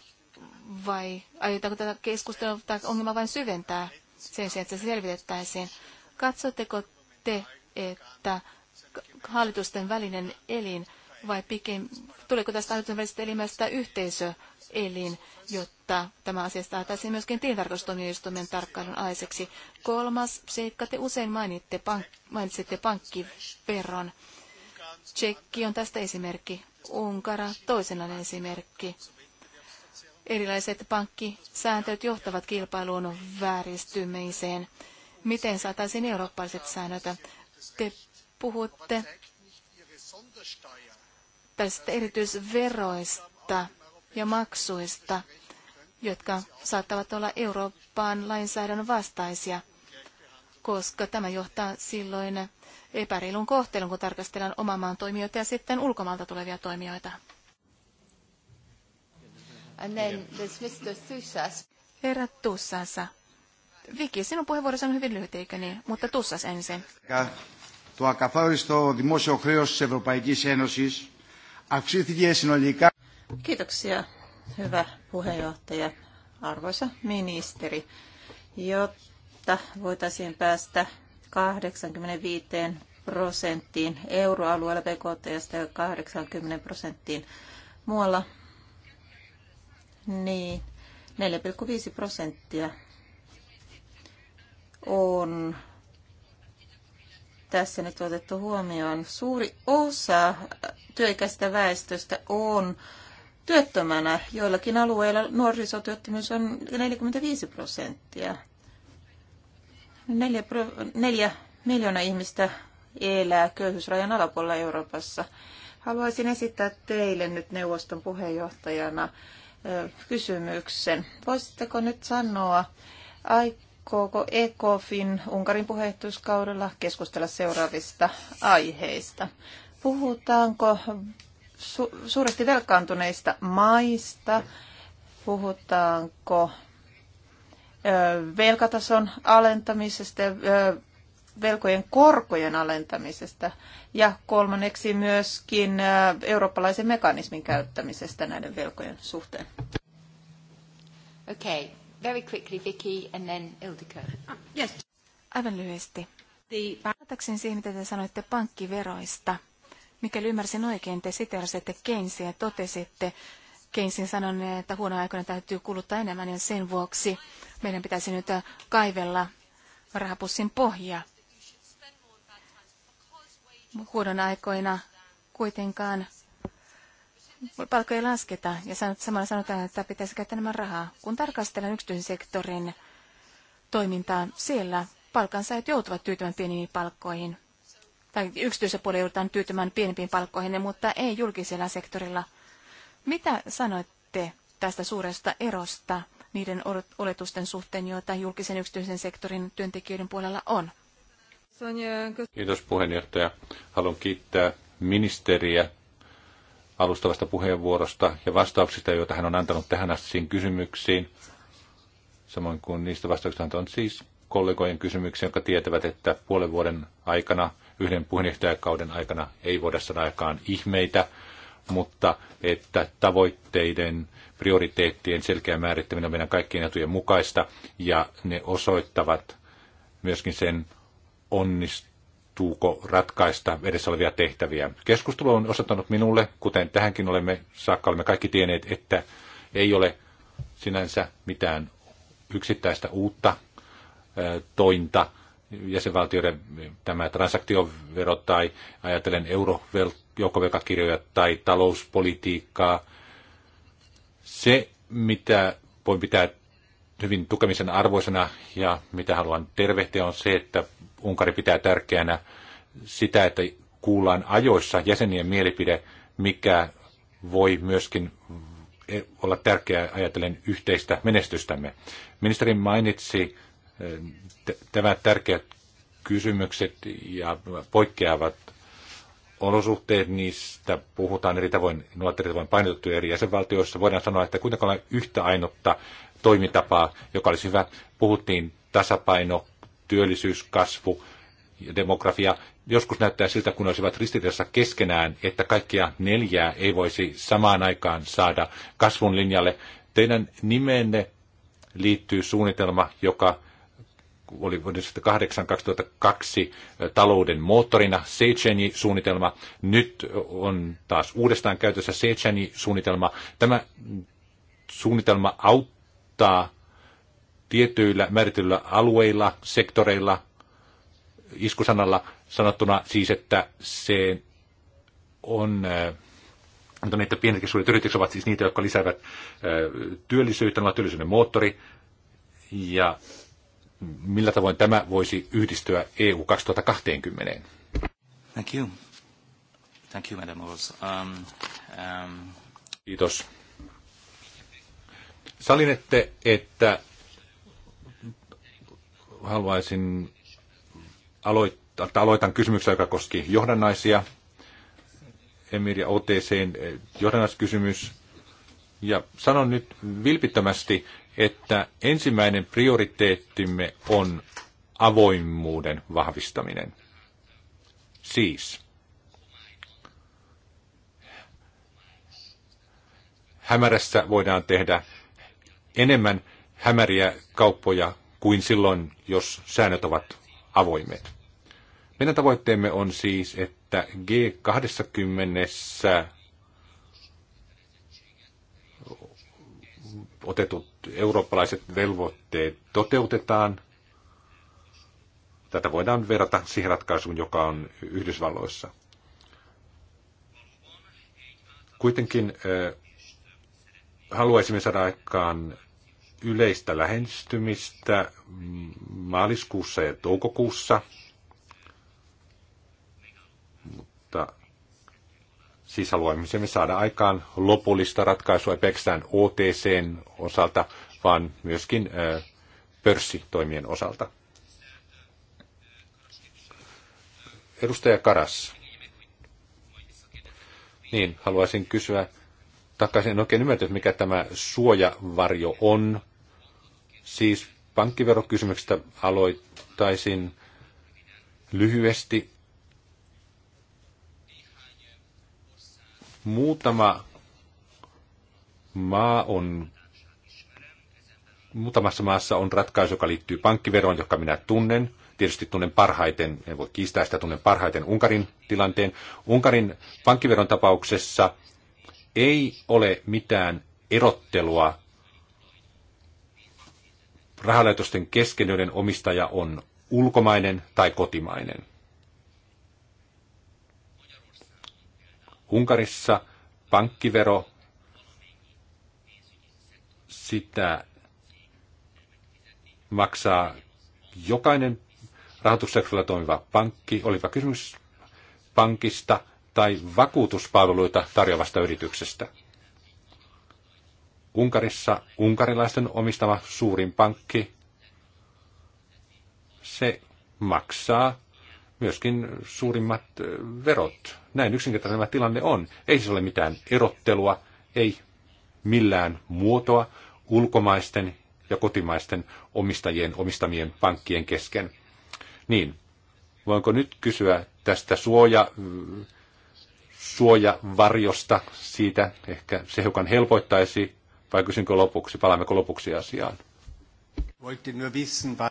vai aiotaanko tätä keskustelua tai ongelmaa vain syventää sen sijaan, että se selvitettäisiin? Katsotteko te, että hallitusten välinen elin vai pikin, tuliko tästä hallitusten elimestä yhteisöelin, jotta tämä asia saataisiin myöskin tilintarkastustuomioistuimen tarkkailun aiseksi. Kolmas seikka, te usein mainitte, pank, mainitsitte pankkiveron. Tsekki on tästä esimerkki, Unkara toisena esimerkki. Erilaiset pankkisääntöt johtavat kilpailuun vääristymiseen. Miten saataisiin eurooppalaiset säännöt? Te puhutte tästä erityisveroista ja maksuista, jotka saattavat olla Euroopan lainsäädännön vastaisia, koska tämä johtaa silloin epäreilun kohtelun, kun tarkastellaan oman maan toimijoita ja sitten ulkomaalta tulevia toimijoita. And then Herra Tussasa. Viki, sinun puheenvuorosi on hyvin lyhyt, eikö niin? Mutta Tussas ensin. Το ακαθόριστο δημόσιο χρέος της αυξήθηκε συνολικά. Kiitoksia, hyvä puheenjohtaja, arvoisa ministeri. Jotta voitaisiin päästä 85 prosenttiin euroalueella BKT ja 80 prosenttiin muualla, niin 4,5 prosenttia on tässä nyt otettu huomioon. Suuri osa työikäistä väestöstä on työttömänä. Joillakin alueilla nuorisotyöttömyys on 45 prosenttia. Neljä, neljä miljoonaa ihmistä elää köyhyysrajan alapuolella Euroopassa. Haluaisin esittää teille nyt neuvoston puheenjohtajana kysymyksen. Voisitteko nyt sanoa, aikooko ECOFIN Unkarin puheenjohtajuuskaudella keskustella seuraavista aiheista? Puhutaanko su- suuresti velkaantuneista maista? Puhutaanko ö, velkatason alentamisesta ja velkojen korkojen alentamisesta ja kolmanneksi myöskin eurooppalaisen mekanismin käyttämisestä näiden velkojen suhteen. Okay. Very quickly, Vicky, and then Ildiko. Ah, yes. Aivan lyhyesti. Päätäksin siihen, mitä te sanoitte pankkiveroista. Mikäli ymmärsin oikein, te siterasitte Keynesiä ja totesitte Keynesin sanoneen, että huono aikoina täytyy kuluttaa enemmän ja niin sen vuoksi meidän pitäisi nyt kaivella rahapussin pohja. Huonon aikoina kuitenkaan palkkoja lasketa ja samalla sanotaan, että pitäisi käyttää enemmän rahaa. Kun tarkastellaan yksityisen sektorin toimintaa, siellä palkansaajat joutuvat tyytymään pieniin palkkoihin. Tai yksityisellä puolella joudutaan tyytymään pienempiin palkkoihin, mutta ei julkisella sektorilla. Mitä sanoitte tästä suuresta erosta niiden oletusten suhteen, joita julkisen yksityisen sektorin työntekijöiden puolella on? Kiitos puheenjohtaja. Haluan kiittää ministeriä alustavasta puheenvuorosta ja vastauksista, joita hän on antanut tähän asti kysymyksiin. Samoin kuin niistä vastauksista on siis kollegojen kysymyksiä, jotka tietävät, että puolen vuoden aikana, yhden puheenjohtajakauden aikana ei voida saada aikaan ihmeitä, mutta että tavoitteiden, prioriteettien selkeä määrittäminen on meidän kaikkien etujen mukaista ja ne osoittavat myöskin sen onnistumisen onnistuuko ratkaista edessä olevia tehtäviä. Keskustelu on osoittanut minulle, kuten tähänkin olemme saakka olemme kaikki tienneet, että ei ole sinänsä mitään yksittäistä uutta tointa jäsenvaltioiden tämä transaktiovero tai ajatellen eurojoukkovelkakirjoja tai talouspolitiikkaa. Se, mitä voin pitää hyvin tukemisen arvoisena ja mitä haluan tervehtiä on se, että Unkari pitää tärkeänä sitä, että kuullaan ajoissa jäsenien mielipide, mikä voi myöskin e, olla tärkeää ajatellen yhteistä menestystämme. Ministeri mainitsi e, tämä tärkeät kysymykset ja poikkeavat olosuhteet, niistä puhutaan eri tavoin, nuo eri tavoin painotettu eri jäsenvaltioissa. Voidaan sanoa, että kuitenkaan yhtä ainutta toimintapaa, joka olisi hyvä. Puhuttiin tasapaino, työllisyys, kasvu, demografia. Joskus näyttää siltä, kun olisivat ristiriidassa keskenään, että kaikkia neljää ei voisi samaan aikaan saada kasvun linjalle. Teidän nimenne liittyy suunnitelma, joka oli vuoden 2008-2002 talouden moottorina, Seicheni-suunnitelma. Nyt on taas uudestaan käytössä Seicheni-suunnitelma. Tämä suunnitelma auttaa auttaa tietyillä määritellyillä alueilla, sektoreilla, iskusanalla sanottuna siis, että se on mutta äh, niitä pienet ja suuret yritykset ovat siis niitä, jotka lisäävät äh, työllisyyttä, ovat työllisyyden moottori. Ja millä tavoin tämä voisi yhdistyä EU 2020? Thank you. Thank you, Madam um, um... Kiitos. Salinette, että haluaisin aloittaa, aloitan kysymyksen, joka koski johdannaisia. Emir ja OTC eh, johdannaiskysymys. Ja sanon nyt vilpittömästi, että ensimmäinen prioriteettimme on avoimuuden vahvistaminen. Siis hämärässä voidaan tehdä enemmän hämäriä kauppoja kuin silloin, jos säännöt ovat avoimet. Meidän tavoitteemme on siis, että G20 otetut eurooppalaiset velvoitteet toteutetaan. Tätä voidaan verrata siihen ratkaisuun, joka on Yhdysvalloissa. Kuitenkin haluaisimme saada aikaan yleistä lähestymistä maaliskuussa ja toukokuussa, mutta siis haluaisimme saada aikaan lopullista ratkaisua ei pelkästään OTCn osalta, vaan myöskin pörssitoimien osalta. Edustaja Karas. Niin, haluaisin kysyä takaisin. En oikein ymmärtänyt, mikä tämä suojavarjo on. Siis pankkiverokysymyksestä aloittaisin lyhyesti. Muutama maa on, muutamassa maassa on ratkaisu, joka liittyy pankkiveroon, joka minä tunnen. Tietysti tunnen parhaiten, en voi kiistää sitä, tunnen parhaiten Unkarin tilanteen. Unkarin pankkiveron tapauksessa ei ole mitään erottelua rahalaitosten kesken, joiden omistaja on ulkomainen tai kotimainen. Unkarissa pankkivero, sitä maksaa jokainen rahoitussektorilla toimiva pankki, olipa kysymys pankista tai vakuutuspalveluita tarjoavasta yrityksestä. Unkarissa unkarilaisten omistama suurin pankki, se maksaa myöskin suurimmat verot. Näin yksinkertaisesti tilanne on. Ei siis ole mitään erottelua, ei millään muotoa ulkomaisten ja kotimaisten omistajien omistamien pankkien kesken. Niin, voinko nyt kysyä tästä suoja, suojavarjosta siitä, ehkä se hiukan helpoittaisi vai kysynkö lopuksi, palaammeko lopuksi asiaan?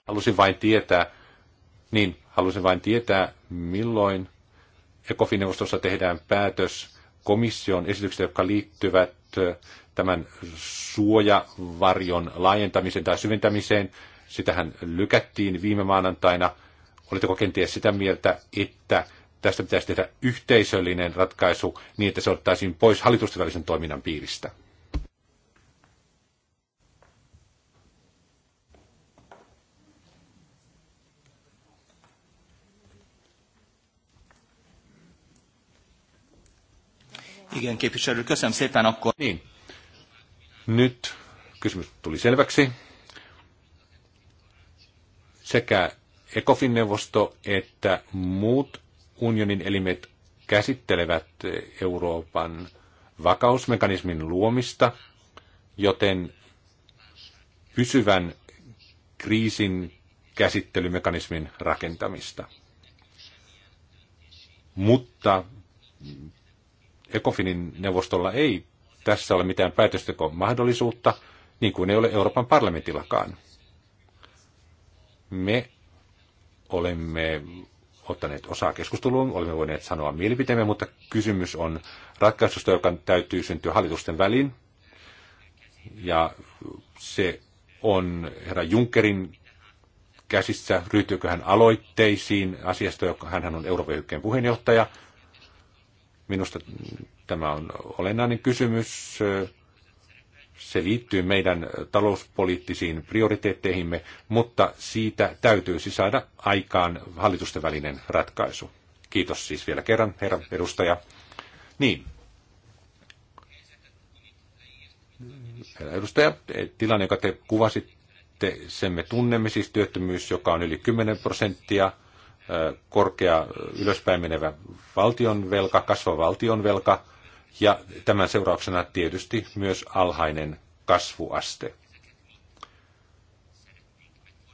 Halusin vain tietää, niin, halusin vain tietää, milloin ECOFIN-neuvostossa tehdään päätös komission esityksistä, jotka liittyvät tämän suojavarjon laajentamiseen tai syventämiseen. Sitähän lykättiin viime maanantaina. Oletteko kenties sitä mieltä, että tästä pitäisi tehdä yhteisöllinen ratkaisu niin, että se ottaisiin pois hallitusten välisen toiminnan piiristä? Igen, képviselő, köszönöm szépen akkor. Niin. Nyt kysymys tuli selväksi. Sekä ECOFIN neuvosto että muut unionin elimet käsittelevät Euroopan vakausmekanismin luomista, joten pysyvän kriisin käsittelymekanismin rakentamista. Mutta Ekofinin neuvostolla ei tässä ole mitään päätöstekon mahdollisuutta, niin kuin ei ole Euroopan parlamentillakaan. Me olemme ottaneet osaa keskusteluun, olemme voineet sanoa mielipiteemme, mutta kysymys on ratkaisusta, joka täytyy syntyä hallitusten väliin. Ja se on herra Junckerin käsissä, ryhtyykö hän aloitteisiin asiasta, joka hän on Euroopan puheenjohtaja, Minusta tämä on olennainen kysymys. Se liittyy meidän talouspoliittisiin prioriteetteihimme, mutta siitä täytyisi saada aikaan hallitusten välinen ratkaisu. Kiitos siis vielä kerran, herra edustaja. Niin. Herra edustaja, tilanne, joka te kuvasitte, sen me tunnemme, siis työttömyys, joka on yli 10 prosenttia – korkea ylöspäin menevä valtionvelka, kasva valtionvelka ja tämän seurauksena tietysti myös alhainen kasvuaste.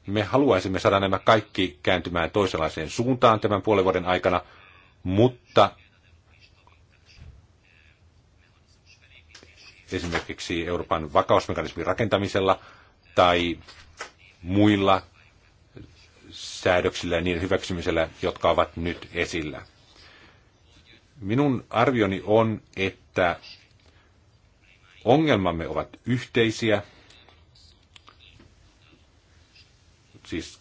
Me haluaisimme saada nämä kaikki kääntymään toisenlaiseen suuntaan tämän puolen vuoden aikana, mutta esimerkiksi Euroopan vakausmekanismin rakentamisella tai muilla säädöksillä ja niiden hyväksymisellä, jotka ovat nyt esillä. Minun arvioni on, että ongelmamme ovat yhteisiä, siis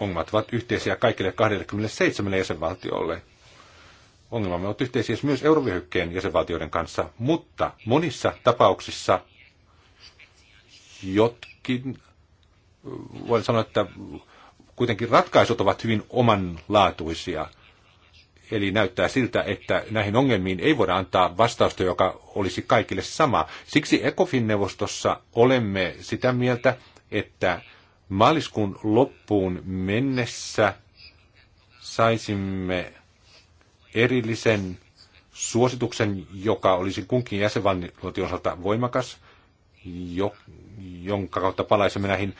ongelmat ovat yhteisiä kaikille 27 jäsenvaltiolle. Ongelmamme ovat yhteisiä siis myös eurovyöhykkeen jäsenvaltioiden kanssa, mutta monissa tapauksissa jotkin, voin sanoa, että kuitenkin ratkaisut ovat hyvin omanlaatuisia. Eli näyttää siltä, että näihin ongelmiin ei voida antaa vastausta, joka olisi kaikille sama. Siksi ECOFIN-neuvostossa olemme sitä mieltä, että maaliskuun loppuun mennessä saisimme erillisen suosituksen, joka olisi kunkin jäsenvaltion osalta voimakas, jo, jonka kautta palaisimme näihin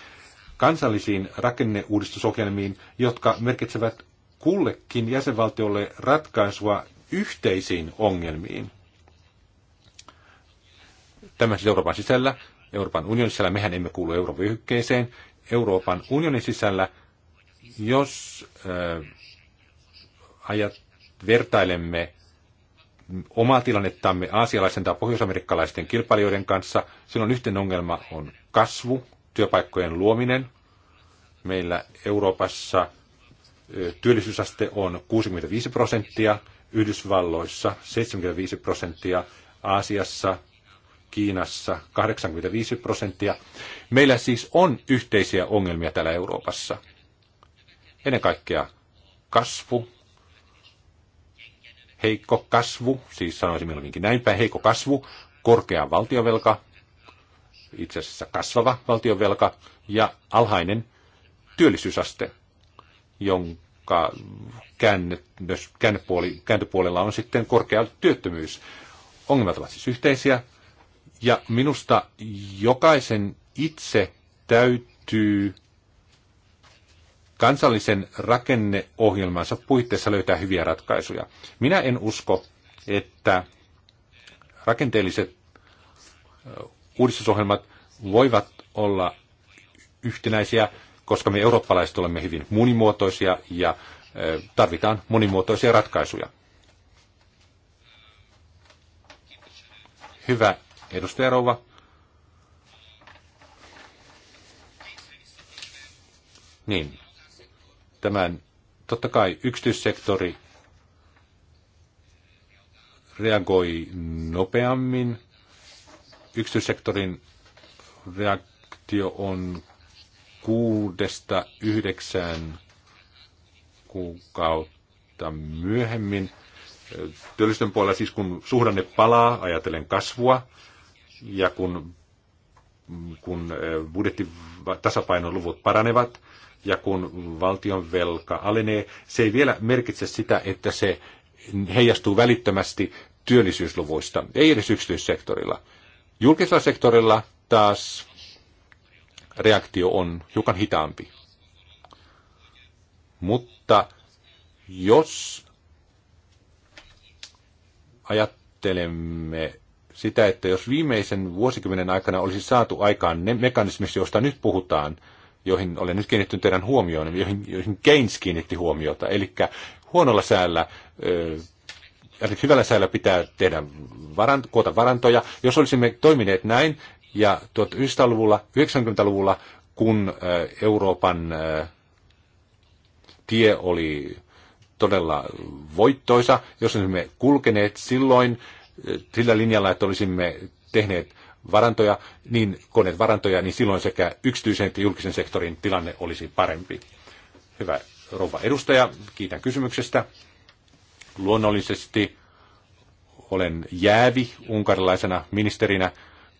kansallisiin rakenneuudistusohjelmiin, jotka merkitsevät kullekin jäsenvaltiolle ratkaisua yhteisiin ongelmiin. Tämä siis Euroopan sisällä, Euroopan unionin sisällä, mehän emme kuulu Euroopan Euroopan unionin sisällä, jos äh, ajat, vertailemme omaa tilannettamme aasialaisten tai pohjoisamerikkalaisten kilpailijoiden kanssa, silloin yhteen ongelma on kasvu, työpaikkojen luominen. Meillä Euroopassa työllisyysaste on 65 prosenttia, Yhdysvalloissa 75 prosenttia, Aasiassa, Kiinassa 85 prosenttia. Meillä siis on yhteisiä ongelmia täällä Euroopassa. Ennen kaikkea kasvu, heikko kasvu, siis sanoisin mieluumminkin näinpäin, heikko kasvu, korkea valtiovelka, itse asiassa kasvava valtionvelka ja alhainen työllisyysaste, jonka kääntöpuolella on sitten korkea työttömyys. Ongelmat ovat siis yhteisiä, ja minusta jokaisen itse täytyy kansallisen rakenneohjelmansa puitteissa löytää hyviä ratkaisuja. Minä en usko, että rakenteelliset uudistusohjelmat voivat olla yhtenäisiä, koska me eurooppalaiset olemme hyvin monimuotoisia ja e, tarvitaan monimuotoisia ratkaisuja. Hyvä edustaja Rouva. Niin. Tämän totta kai yksityissektori reagoi nopeammin Yksityissektorin reaktio on kuudesta yhdeksään kuukautta myöhemmin. Työllisten puolella siis kun suhdanne palaa, ajatellen kasvua, ja kun, kun äh, budjettitasapainoluvut paranevat, ja kun valtion velka alenee, se ei vielä merkitse sitä, että se heijastuu välittömästi työllisyysluvuista, ei edes yksityissektorilla. Julkisella sektorilla taas reaktio on hiukan hitaampi. Mutta jos ajattelemme sitä, että jos viimeisen vuosikymmenen aikana olisi saatu aikaan ne mekanismit, joista nyt puhutaan, joihin olen nyt kiinnittynyt teidän huomioon, joihin, joihin Keynes kiinnitti huomiota, eli huonolla säällä ö, Eli hyvällä säällä pitää tehdä varant, koota varantoja. Jos olisimme toimineet näin, ja 1900-luvulla, 90-luvulla, kun äh, Euroopan äh, tie oli todella voittoisa, jos olisimme kulkeneet silloin äh, sillä linjalla, että olisimme tehneet varantoja, niin koneet varantoja, niin silloin sekä yksityisen että julkisen sektorin tilanne olisi parempi. Hyvä rouva edustaja, kiitän kysymyksestä. Luonnollisesti olen jäävi unkarilaisena ministerinä,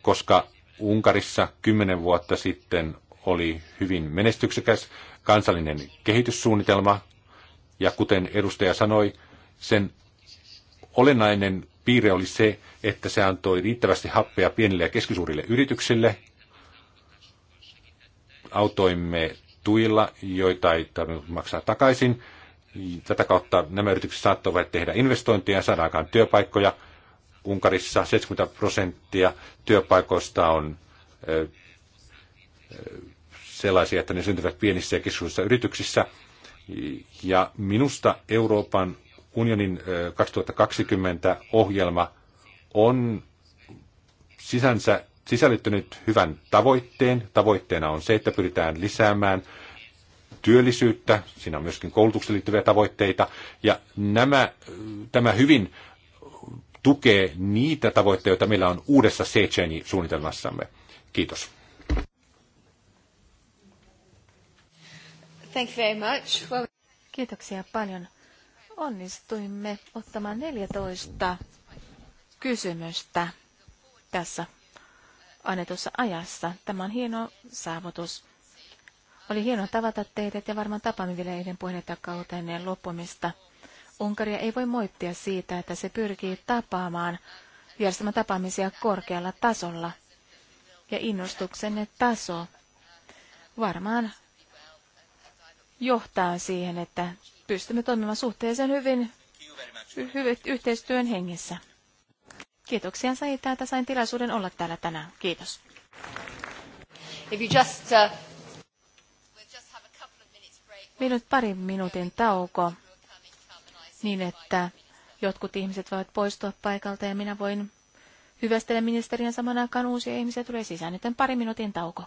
koska Unkarissa kymmenen vuotta sitten oli hyvin menestyksekäs kansallinen kehityssuunnitelma, ja kuten edustaja sanoi, sen olennainen piirre oli se, että se antoi riittävästi happea pienille ja keskisuurille yrityksille. Autoimme tuilla, joita ei tarvinnut maksaa takaisin, Tätä kautta nämä yritykset saattavat tehdä investointeja, saada aikaan työpaikkoja. Unkarissa 70 prosenttia työpaikoista on sellaisia, että ne syntyvät pienissä ja keskuisissa yrityksissä. Ja minusta Euroopan unionin 2020 ohjelma on sisänsä sisällyttänyt hyvän tavoitteen. Tavoitteena on se, että pyritään lisäämään työllisyyttä, siinä on myöskin koulutukseen liittyviä tavoitteita, ja nämä, tämä hyvin tukee niitä tavoitteita, joita meillä on uudessa Seychelles-suunnitelmassamme. Kiitos. Thank you very much. Well... Kiitoksia paljon. Onnistuimme ottamaan 14 kysymystä tässä annetussa ajassa. Tämä on hieno saavutus. Oli hienoa tavata teidät ja varmaan tapaamme vielä ennen loppumista. Unkaria ei voi moittia siitä, että se pyrkii tapaamaan järjestämään tapaamisia korkealla tasolla. Ja innostuksenne taso varmaan johtaa siihen, että pystymme toimimaan suhteeseen hyvin hy- yhteistyön hengessä. Kiitoksia siitä, että sain tilaisuuden olla täällä tänään. Kiitos. If you just, uh... Meillä on parin minuutin tauko niin, että jotkut ihmiset voivat poistua paikalta ja minä voin hyvästellä ministeriön saman aikaan uusia ihmisiä tulee sisään. Nyt on pari minuutin tauko.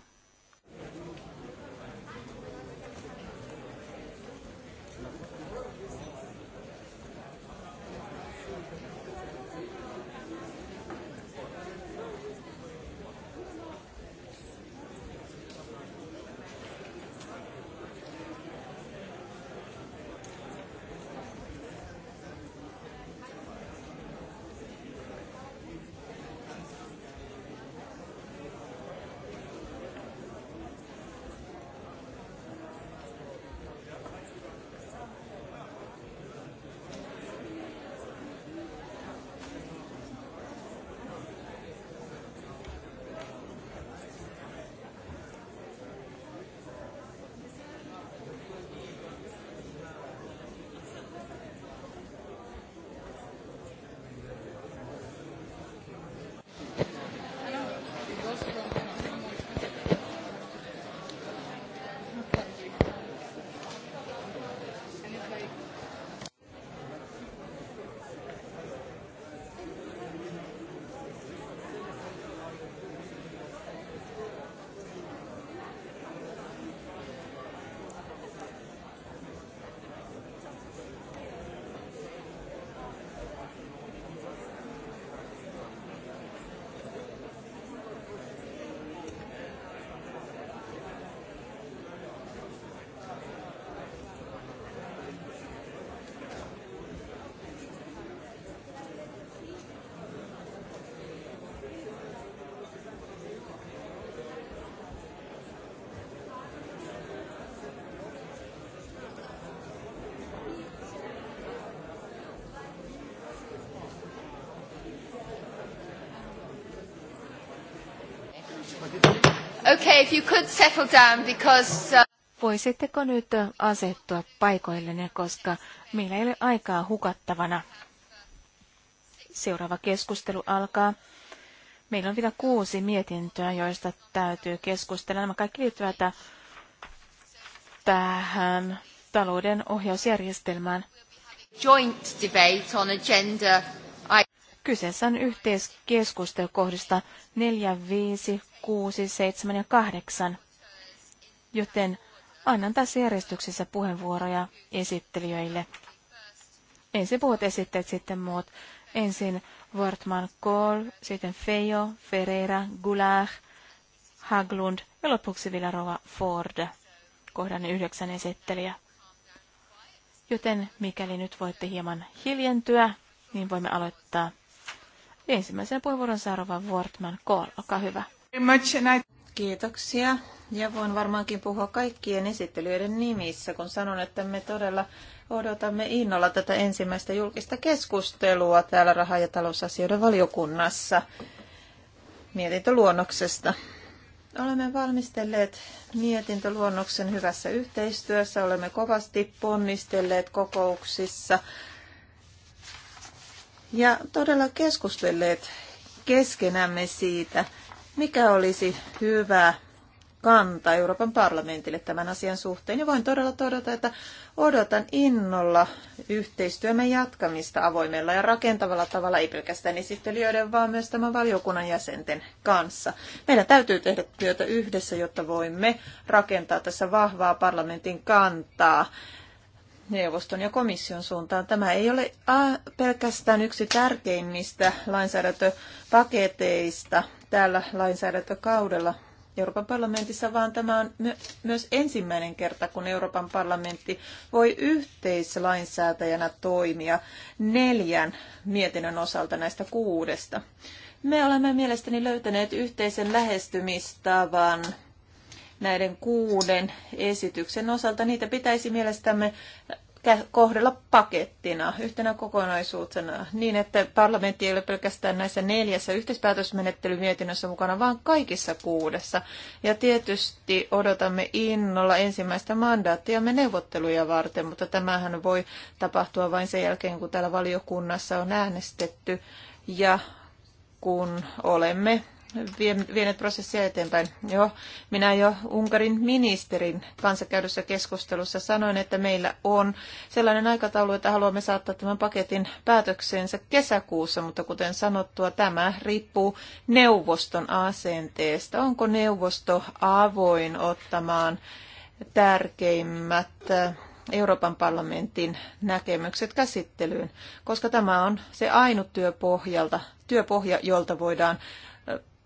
if you could settle down because... Uh... Voisitteko nyt asettua paikoillenne, koska meillä ei ole aikaa hukattavana. Seuraava keskustelu alkaa. Meillä on vielä kuusi mietintöä, joista täytyy keskustella. Nämä kaikki liittyvät tähän talouden ohjausjärjestelmään. Joint debate on agenda. Kyseessä on yhteiskeskustelu kohdista 4, 5, 6, 7 ja 8, joten annan tässä järjestyksessä puheenvuoroja esittelijöille. Ensin puhut esitteet, sitten muut. Ensin Wortman Kohl, sitten Fejo, Ferreira, Gulag, Haglund ja lopuksi vielä Rova Ford, kohdan yhdeksän esittelijä. Joten mikäli nyt voitte hieman hiljentyä, niin voimme aloittaa. Ensimmäisen puheenvuoron saa Rova Wortman Kohl, olkaa hyvä. Kiitoksia. Ja voin varmaankin puhua kaikkien esittelyiden nimissä, kun sanon, että me todella odotamme innolla tätä ensimmäistä julkista keskustelua täällä raha- ja talousasioiden valiokunnassa mietintöluonnoksesta. Olemme valmistelleet mietintöluonnoksen hyvässä yhteistyössä. Olemme kovasti ponnistelleet kokouksissa ja todella keskustelleet keskenämme siitä, mikä olisi hyvä kanta Euroopan parlamentille tämän asian suhteen. Ja voin todella todeta, että odotan innolla yhteistyömme jatkamista avoimella ja rakentavalla tavalla, ei pelkästään esittelijöiden, vaan myös tämän valiokunnan jäsenten kanssa. Meidän täytyy tehdä työtä yhdessä, jotta voimme rakentaa tässä vahvaa parlamentin kantaa neuvoston ja komission suuntaan. Tämä ei ole pelkästään yksi tärkeimmistä lainsäädäntöpaketeista tällä lainsäädäntökaudella Euroopan parlamentissa, vaan tämä on myös ensimmäinen kerta, kun Euroopan parlamentti voi yhteislainsäätäjänä toimia neljän mietinnön osalta näistä kuudesta. Me olemme mielestäni löytäneet yhteisen lähestymistavan näiden kuuden esityksen osalta. Niitä pitäisi mielestämme kohdella pakettina, yhtenä kokonaisuutena, niin että parlamentti ei ole pelkästään näissä neljässä yhteispäätösmenettelymietinnössä mukana, vaan kaikissa kuudessa. Ja tietysti odotamme innolla ensimmäistä me neuvotteluja varten, mutta tämähän voi tapahtua vain sen jälkeen, kun täällä valiokunnassa on äänestetty ja kun olemme Vieneet prosessia eteenpäin. Joo, minä jo Unkarin ministerin kanssa käydyssä keskustelussa sanoin, että meillä on sellainen aikataulu, että haluamme saattaa tämän paketin päätökseensä kesäkuussa, mutta kuten sanottua, tämä riippuu neuvoston asenteesta. Onko neuvosto avoin ottamaan tärkeimmät eh, Euroopan parlamentin näkemykset käsittelyyn, koska tämä on se ainut työpohjalta, työpohja, jolta voidaan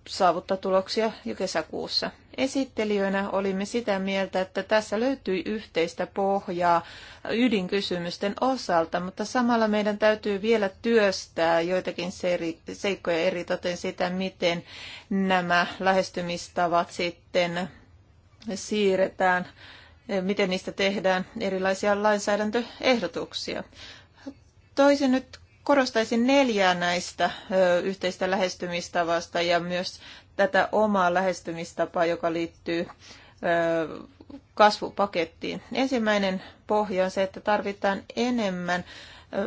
saavuttaa tuloksia jo kesäkuussa. Esittelijöinä olimme sitä mieltä, että tässä löytyi yhteistä pohjaa ydinkysymysten osalta, mutta samalla meidän täytyy vielä työstää joitakin seikkoja eri toten sitä, miten nämä lähestymistavat sitten siirretään, miten niistä tehdään erilaisia lainsäädäntöehdotuksia. Toisin nyt korostaisin neljää näistä yhteistä lähestymistavasta ja myös tätä omaa lähestymistapaa, joka liittyy kasvupakettiin. Ensimmäinen pohja on se, että tarvitaan enemmän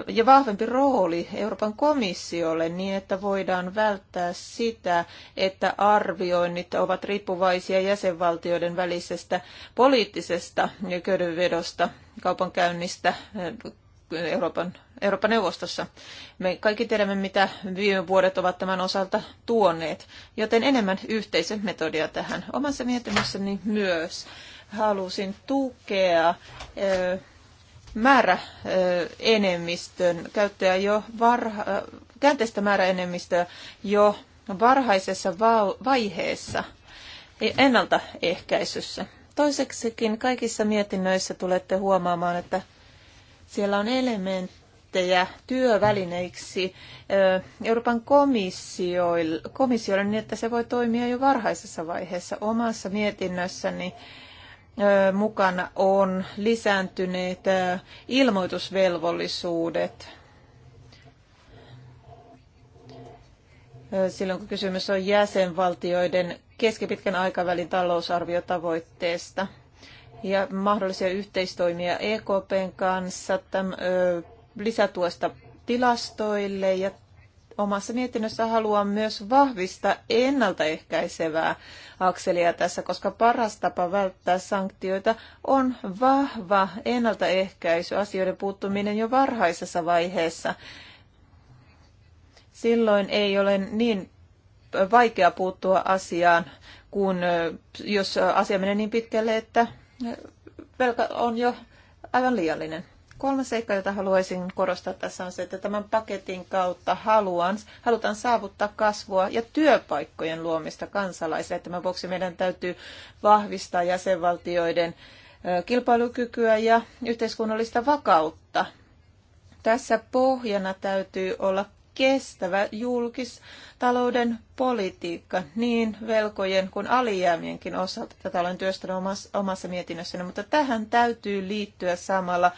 ja vahvempi rooli Euroopan komissiolle niin, että voidaan välttää sitä, että arvioinnit ovat riippuvaisia jäsenvaltioiden välisestä poliittisesta köydenvedosta, kaupankäynnistä, Euroopan, Euroopan neuvostossa. Me kaikki tiedämme, mitä viime vuodet ovat tämän osalta tuoneet, joten enemmän yhteisen metodia tähän. Omassa mietinnössäni myös halusin tukea määrä enemmistön käyttäjä jo varha, käänteistä määräenemmistöä jo varhaisessa vaiheessa e, ennaltaehkäisyssä. Toiseksikin kaikissa mietinnöissä tulette huomaamaan, että siellä on elementtejä työvälineiksi Euroopan komissioille niin, että se voi toimia jo varhaisessa vaiheessa. Omassa mietinnössäni mukana on lisääntyneet ilmoitusvelvollisuudet silloin, kun kysymys on jäsenvaltioiden keskipitkän aikavälin talousarviotavoitteesta – ja mahdollisia yhteistoimia EKPn kanssa täm, ö, lisätuosta tilastoille ja omassa mietinnössä haluan myös vahvistaa ennaltaehkäisevää akselia tässä, koska paras tapa välttää sanktioita on vahva ennaltaehkäisy, asioiden puuttuminen jo varhaisessa vaiheessa. Silloin ei ole niin vaikea puuttua asiaan, kun jos asia menee niin pitkälle, että velka on jo aivan liiallinen. Kolmas seikka, jota haluaisin korostaa tässä on se, että tämän paketin kautta haluan, halutaan saavuttaa kasvua ja työpaikkojen luomista kansalaisille. Tämän vuoksi meidän täytyy vahvistaa jäsenvaltioiden kilpailukykyä ja yhteiskunnallista vakautta. Tässä pohjana täytyy olla kestävä julkistalouden politiikka niin velkojen kuin alijäämienkin osalta. Tätä olen työstänyt omassa mietinnössäni, mutta tähän täytyy liittyä samalla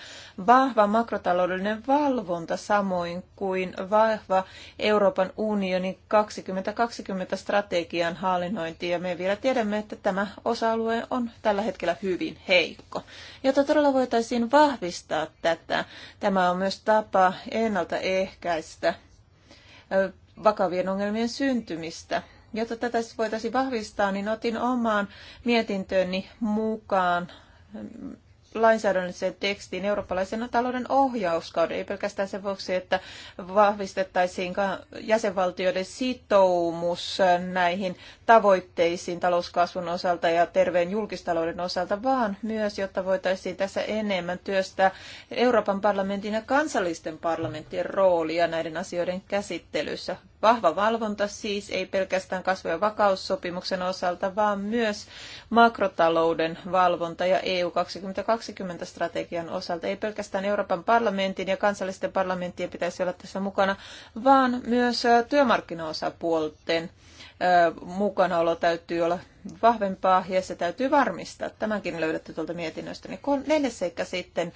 vahva makrotaloudellinen valvonta samoin kuin vahva Euroopan unionin 2020-strategian hallinnointi. Ja me vielä tiedämme, että tämä osa-alue on tällä hetkellä hyvin heikko. Jotta todella voitaisiin vahvistaa tätä, tämä on myös tapa ennaltaehkäistä vakavien ongelmien syntymistä. Jotta tätä siis voitaisiin vahvistaa, niin otin omaan mietintööni mukaan lainsäädännölliseen tekstiin eurooppalaisen talouden ohjauskauden, ei pelkästään sen vuoksi, että vahvistettaisiin jäsenvaltioiden sitoumus näihin tavoitteisiin talouskasvun osalta ja terveen julkistalouden osalta, vaan myös, jotta voitaisiin tässä enemmän työstää Euroopan parlamentin ja kansallisten parlamenttien roolia näiden asioiden käsittelyssä. Vahva valvonta siis ei pelkästään kasvu- ja vakaussopimuksen osalta, vaan myös makrotalouden valvonta ja EU 2020-strategian osalta. Ei pelkästään Euroopan parlamentin ja kansallisten parlamenttien pitäisi olla tässä mukana, vaan myös työmarkkinaosapuolten mukanaolo täytyy olla vahvempaa ja se täytyy varmistaa. Tämäkin löydätte tuolta mietinnöstä. Niin neljäs seikka sitten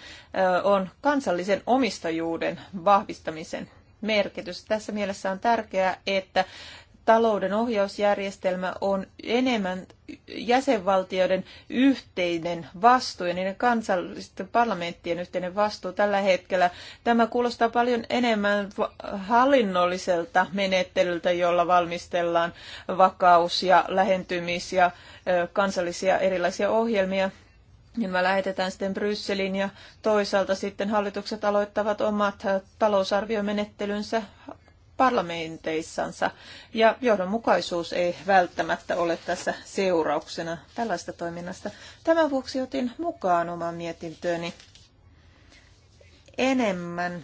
on kansallisen omistajuuden vahvistamisen merkitys. Tässä mielessä on tärkeää, että talouden ohjausjärjestelmä on enemmän jäsenvaltioiden yhteinen vastuu ja niiden kansallisten parlamenttien yhteinen vastuu tällä hetkellä. Tämä kuulostaa paljon enemmän hallinnolliselta menettelyltä, jolla valmistellaan vakaus- ja lähentymis- ja kansallisia erilaisia ohjelmia Nämä lähetetään sitten Brysseliin ja toisaalta sitten hallitukset aloittavat omat äh, talousarviomenettelynsä parlamenteissansa. Ja johdonmukaisuus ei välttämättä ole tässä seurauksena tällaista toiminnasta. Tämän vuoksi otin mukaan oman mietintööni enemmän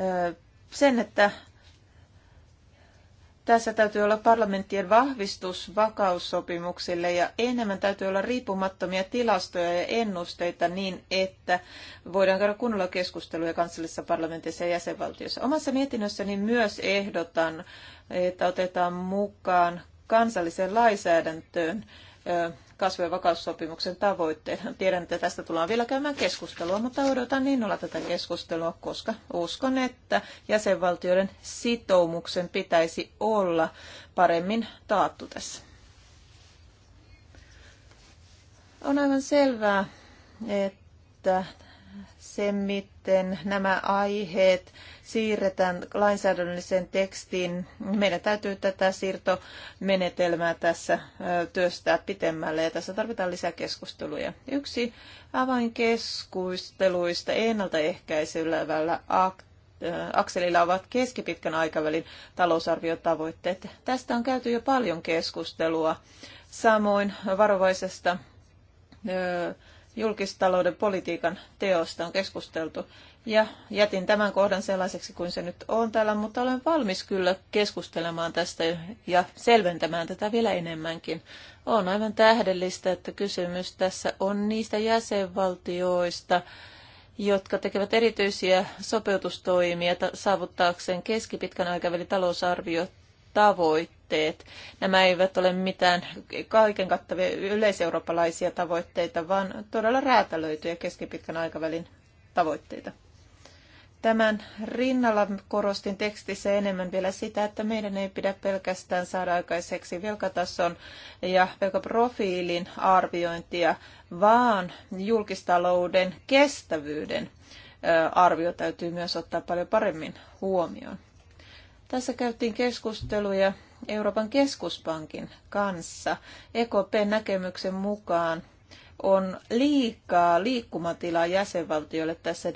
äh, sen, että tässä täytyy olla parlamenttien vahvistus vakaussopimuksille ja enemmän täytyy olla riippumattomia tilastoja ja ennusteita niin, että voidaan käydä kunnolla keskusteluja kansallisissa parlamenteissa ja jäsenvaltioissa. Omassa mietinnössäni myös ehdotan, että otetaan mukaan kansalliseen lainsäädäntöön kasvu- ja vakaussopimuksen tavoitteet. Tiedän, että tästä tullaan vielä käymään keskustelua, mutta odotan niin, olla tätä keskustelua, koska uskon, että jäsenvaltioiden sitoumuksen pitäisi olla paremmin taattu tässä. On aivan selvää, että miten nämä aiheet siirretään lainsäädännölliseen tekstiin. Meidän täytyy tätä siirtomenetelmää tässä työstää pitemmälle ja tässä tarvitaan lisää keskusteluja. Yksi avainkeskusteluista ennaltaehkäisevällä aktiivisuudella akselilla ovat keskipitkän aikavälin talousarviotavoitteet. Tästä on käyty jo paljon keskustelua. Samoin varovaisesta julkistalouden politiikan teosta on keskusteltu. Ja jätin tämän kohdan sellaiseksi kuin se nyt on täällä, mutta olen valmis kyllä keskustelemaan tästä ja selventämään tätä vielä enemmänkin. On aivan tähdellistä, että kysymys tässä on niistä jäsenvaltioista, jotka tekevät erityisiä sopeutustoimia saavuttaakseen keskipitkän aikavälin talousarviot tavoitteet. Nämä eivät ole mitään kaiken kattavia yleiseurooppalaisia tavoitteita, vaan todella räätälöityjä keskipitkän aikavälin tavoitteita. Tämän rinnalla korostin tekstissä enemmän vielä sitä, että meidän ei pidä pelkästään saada aikaiseksi velkatason ja velkaprofiilin arviointia, vaan julkistalouden kestävyyden arvio täytyy myös ottaa paljon paremmin huomioon. Tässä käytiin keskusteluja Euroopan keskuspankin kanssa. EKP-näkemyksen mukaan on liikaa liikkumatilaa jäsenvaltioille tässä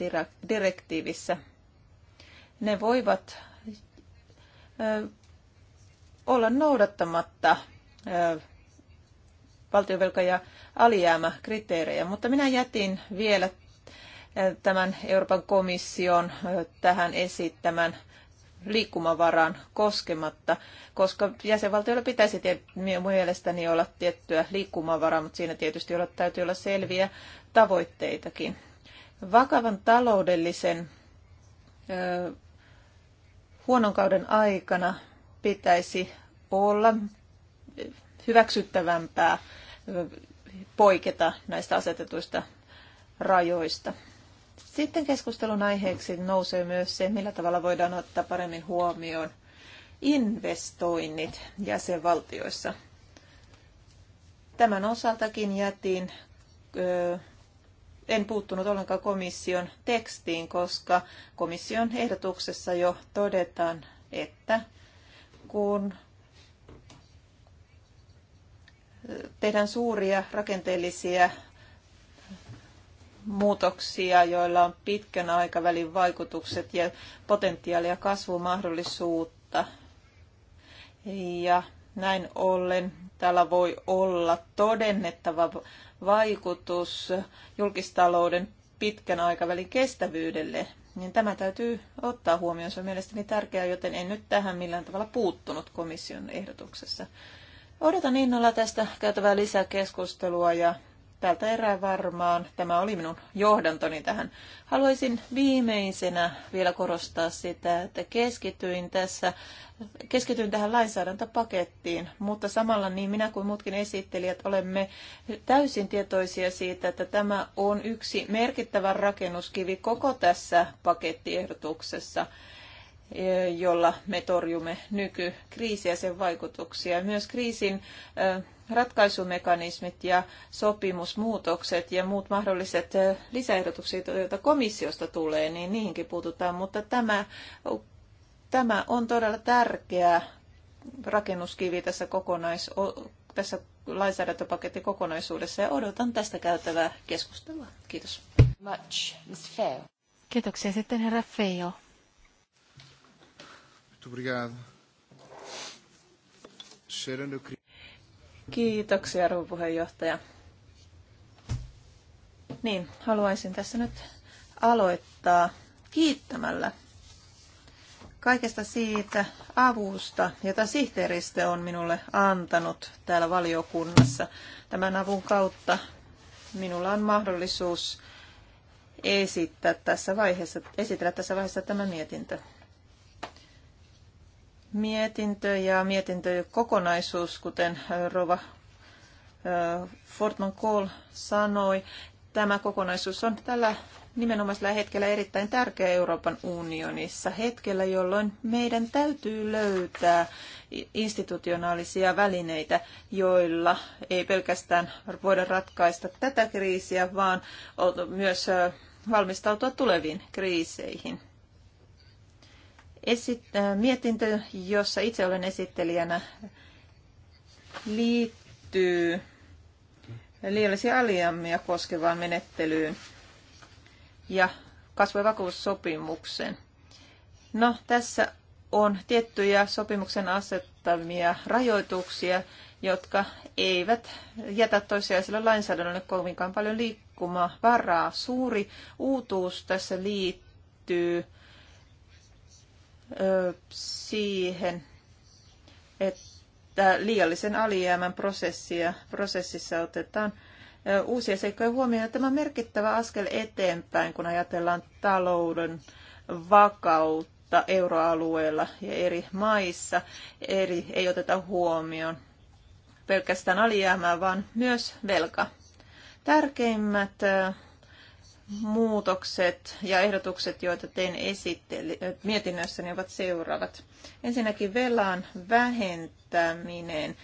direktiivissä. Ne voivat olla noudattamatta valtiovelka- ja alijäämäkriteerejä, mutta minä jätin vielä tämän Euroopan komission tähän esittämän liikkumavaran koskematta, koska jäsenvaltioilla pitäisi mielestäni olla tiettyä liikkumavaraa, mutta siinä tietysti olla, täytyy olla selviä tavoitteitakin. Vakavan taloudellisen ö, huonon kauden aikana pitäisi olla hyväksyttävämpää poiketa näistä asetetuista rajoista. Sitten keskustelun aiheeksi nousee myös se, millä tavalla voidaan ottaa paremmin huomioon investoinnit jäsenvaltioissa. Tämän osaltakin jätin, en puuttunut ollenkaan komission tekstiin, koska komission ehdotuksessa jo todetaan, että kun tehdään suuria rakenteellisia muutoksia, joilla on pitkän aikavälin vaikutukset ja potentiaalia kasvumahdollisuutta. Ja näin ollen tällä voi olla todennettava vaikutus julkistalouden pitkän aikavälin kestävyydelle, niin tämä täytyy ottaa huomioon. Se on mielestäni tärkeää, joten en nyt tähän millään tavalla puuttunut komission ehdotuksessa. Odotan innolla tästä käytävää keskustelua ja tältä erää varmaan tämä oli minun johdantoni tähän. Haluaisin viimeisenä vielä korostaa sitä, että keskityin, tässä, keskityin tähän lainsäädäntöpakettiin, mutta samalla niin minä kuin muutkin esittelijät olemme täysin tietoisia siitä, että tämä on yksi merkittävä rakennuskivi koko tässä pakettiehdotuksessa e, jolla me torjumme nykykriisiä sen vaikutuksia. Myös kriisin e, ratkaisumekanismit ja sopimusmuutokset ja muut mahdolliset lisäehdotukset, joita komissiosta tulee, niin niihinkin puututaan. Mutta tämä, tämä on todella tärkeä rakennuskivi tässä, kokonais, tässä lainsäädäntöpakettikokonaisuudessa ja odotan tästä käytävää keskustelua. Kiitos. Much, Ms. Feo. Kiitoksia sitten herra Feo. Muito obrigado. Sharon, o Kiitoksia, rouva puheenjohtaja. Niin, haluaisin tässä nyt aloittaa kiittämällä kaikesta siitä avusta, jota sihteeristö on minulle antanut täällä valiokunnassa. Tämän avun kautta minulla on mahdollisuus esittää tässä vaiheessa, esitellä tässä vaiheessa tämä mietintö mietintö ja mietintökokonaisuus, kokonaisuus, kuten äh, Rova äh, Fortman Cole sanoi, tämä kokonaisuus on tällä nimenomaisella hetkellä erittäin tärkeä Euroopan unionissa, hetkellä, jolloin meidän täytyy löytää institutionaalisia välineitä, joilla ei pelkästään voida ratkaista tätä kriisiä, vaan myös äh, valmistautua tuleviin kriiseihin esit- äh, mietintö, jossa itse olen esittelijänä, liittyy liiallisia alijäämiä koskevaan menettelyyn ja kasvuvakuussopimukseen. No, tässä on tiettyjä sopimuksen asettamia rajoituksia, jotka eivät jätä toisiaiselle lainsäädännölle kovinkaan paljon liikkumavaraa. Suuri uutuus tässä liittyy siihen, että liiallisen alijäämän prosessia, prosessissa otetaan uusia seikkoja huomioon. Tämä on merkittävä askel eteenpäin, kun ajatellaan talouden vakautta euroalueella ja eri maissa. Eri ei oteta huomioon pelkästään alijäämää, vaan myös velka. Tärkeimmät muutokset ja ehdotukset, joita tein esitteli, mietinnössäni, ovat seuraavat. Ensinnäkin velan vähentäminen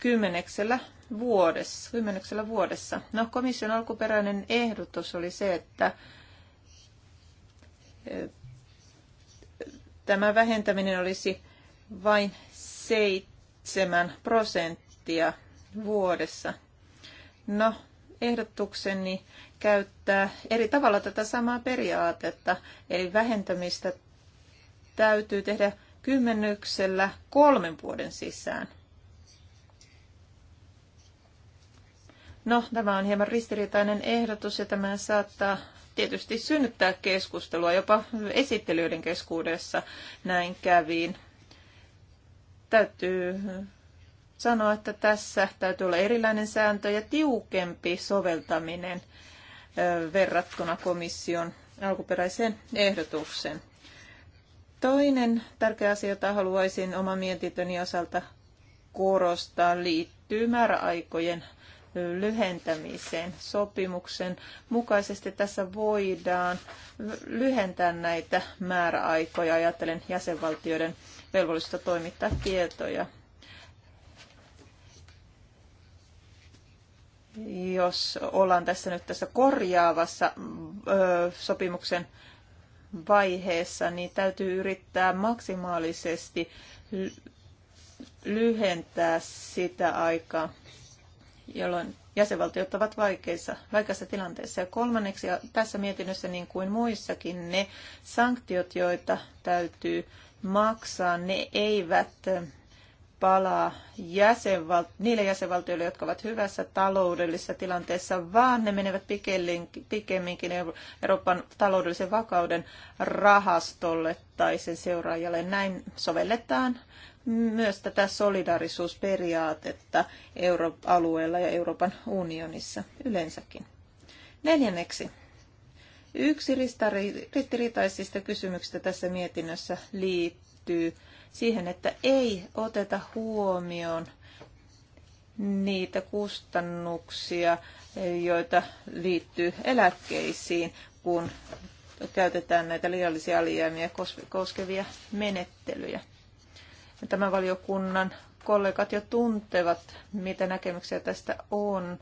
kymmeneksellä vuodessa. Kymmeneksellä vuodessa. No, komission alkuperäinen ehdotus oli se, että tämä vähentäminen olisi vain 7 prosenttia vuodessa. No, ehdotukseni käyttää eri tavalla tätä samaa periaatetta, eli vähentämistä täytyy tehdä kymmennyksellä kolmen vuoden sisään. No, tämä on hieman ristiriitainen ehdotus ja tämä saattaa tietysti synnyttää keskustelua, jopa esittelyiden keskuudessa näin käviin. Täytyy sanoa, että tässä täytyy olla erilainen sääntö ja tiukempi soveltaminen – verrattuna komission alkuperäiseen ehdotukseen. Toinen tärkeä asia, jota haluaisin oman mietintöni osalta korostaa, liittyy määräaikojen lyhentämiseen. Sopimuksen mukaisesti tässä voidaan lyhentää näitä määräaikoja, ajatellen jäsenvaltioiden velvollisuutta toimittaa tietoja jos ollaan tässä nyt tässä korjaavassa sopimuksen vaiheessa, niin täytyy yrittää maksimaalisesti lyhentää sitä aikaa, jolloin jäsenvaltiot ovat vaikeissa, vaikeassa tilanteessa. Ja kolmanneksi ja tässä mietinnössä niin kuin muissakin ne sanktiot, joita täytyy maksaa, ne eivät palaa jäsenval- niille jäsenvaltioille, jotka ovat hyvässä taloudellisessa tilanteessa, vaan ne menevät pikemminkin Euroopan taloudellisen vakauden rahastolle tai sen seuraajalle. Näin sovelletaan myös tätä solidarisuusperiaatetta euroalueella ja Euroopan unionissa yleensäkin. Neljänneksi. Yksi ristiriitaisista kysymyksistä tässä mietinnössä liittyy siihen, että ei oteta huomioon niitä kustannuksia, joita liittyy eläkkeisiin, kun käytetään näitä liiallisia alijäämiä koskevia menettelyjä. Tämän valiokunnan kollegat jo tuntevat, mitä näkemyksiä tästä on.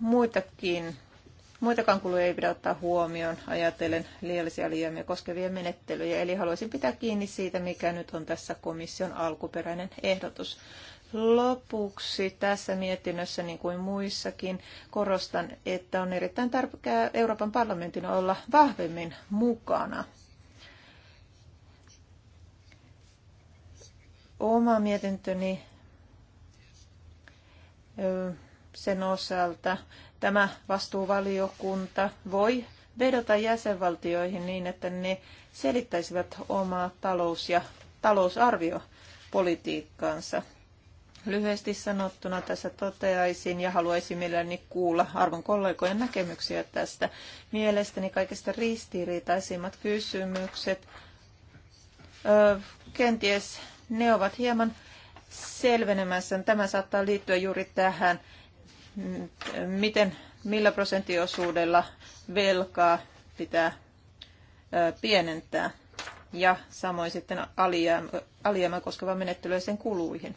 Muitakin Muitakaan kuluja ei pidä ottaa huomioon ajatellen liiallisia alijäämiä koskevia menettelyjä, eli haluaisin pitää kiinni siitä, mikä nyt on tässä komission alkuperäinen ehdotus. Lopuksi tässä mietinnössä, niin kuin muissakin, korostan, että on erittäin tärkeää Euroopan parlamentin olla vahvemmin mukana. Oma mietintöni sen osalta tämä vastuuvaliokunta voi vedota jäsenvaltioihin niin, että ne selittäisivät omaa talous- ja talousarviopolitiikkaansa. Lyhyesti sanottuna tässä toteaisin ja haluaisin mielelläni kuulla arvon kollegojen näkemyksiä tästä. Mielestäni kaikista ristiriitaisimmat kysymykset, ö, kenties ne ovat hieman selvenemässä. Tämä saattaa liittyä juuri tähän miten, millä prosenttiosuudella velkaa pitää pienentää ja samoin sitten alijäämä, koskeva menettely sen kuluihin.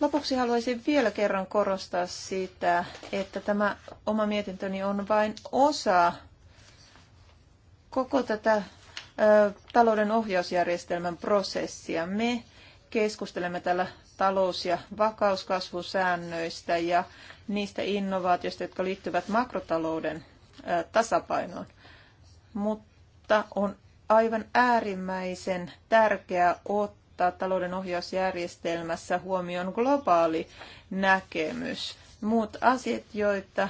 Lopuksi haluaisin vielä kerran korostaa sitä, että tämä oma mietintöni on vain osa koko tätä talouden ohjausjärjestelmän prosessia. Me keskustelemme täällä talous- ja vakauskasvusäännöistä ja niistä innovaatioista, jotka liittyvät makrotalouden tasapainoon. Mutta on aivan äärimmäisen tärkeää ottaa talouden ohjausjärjestelmässä huomioon globaali näkemys. Muut asiat, joita,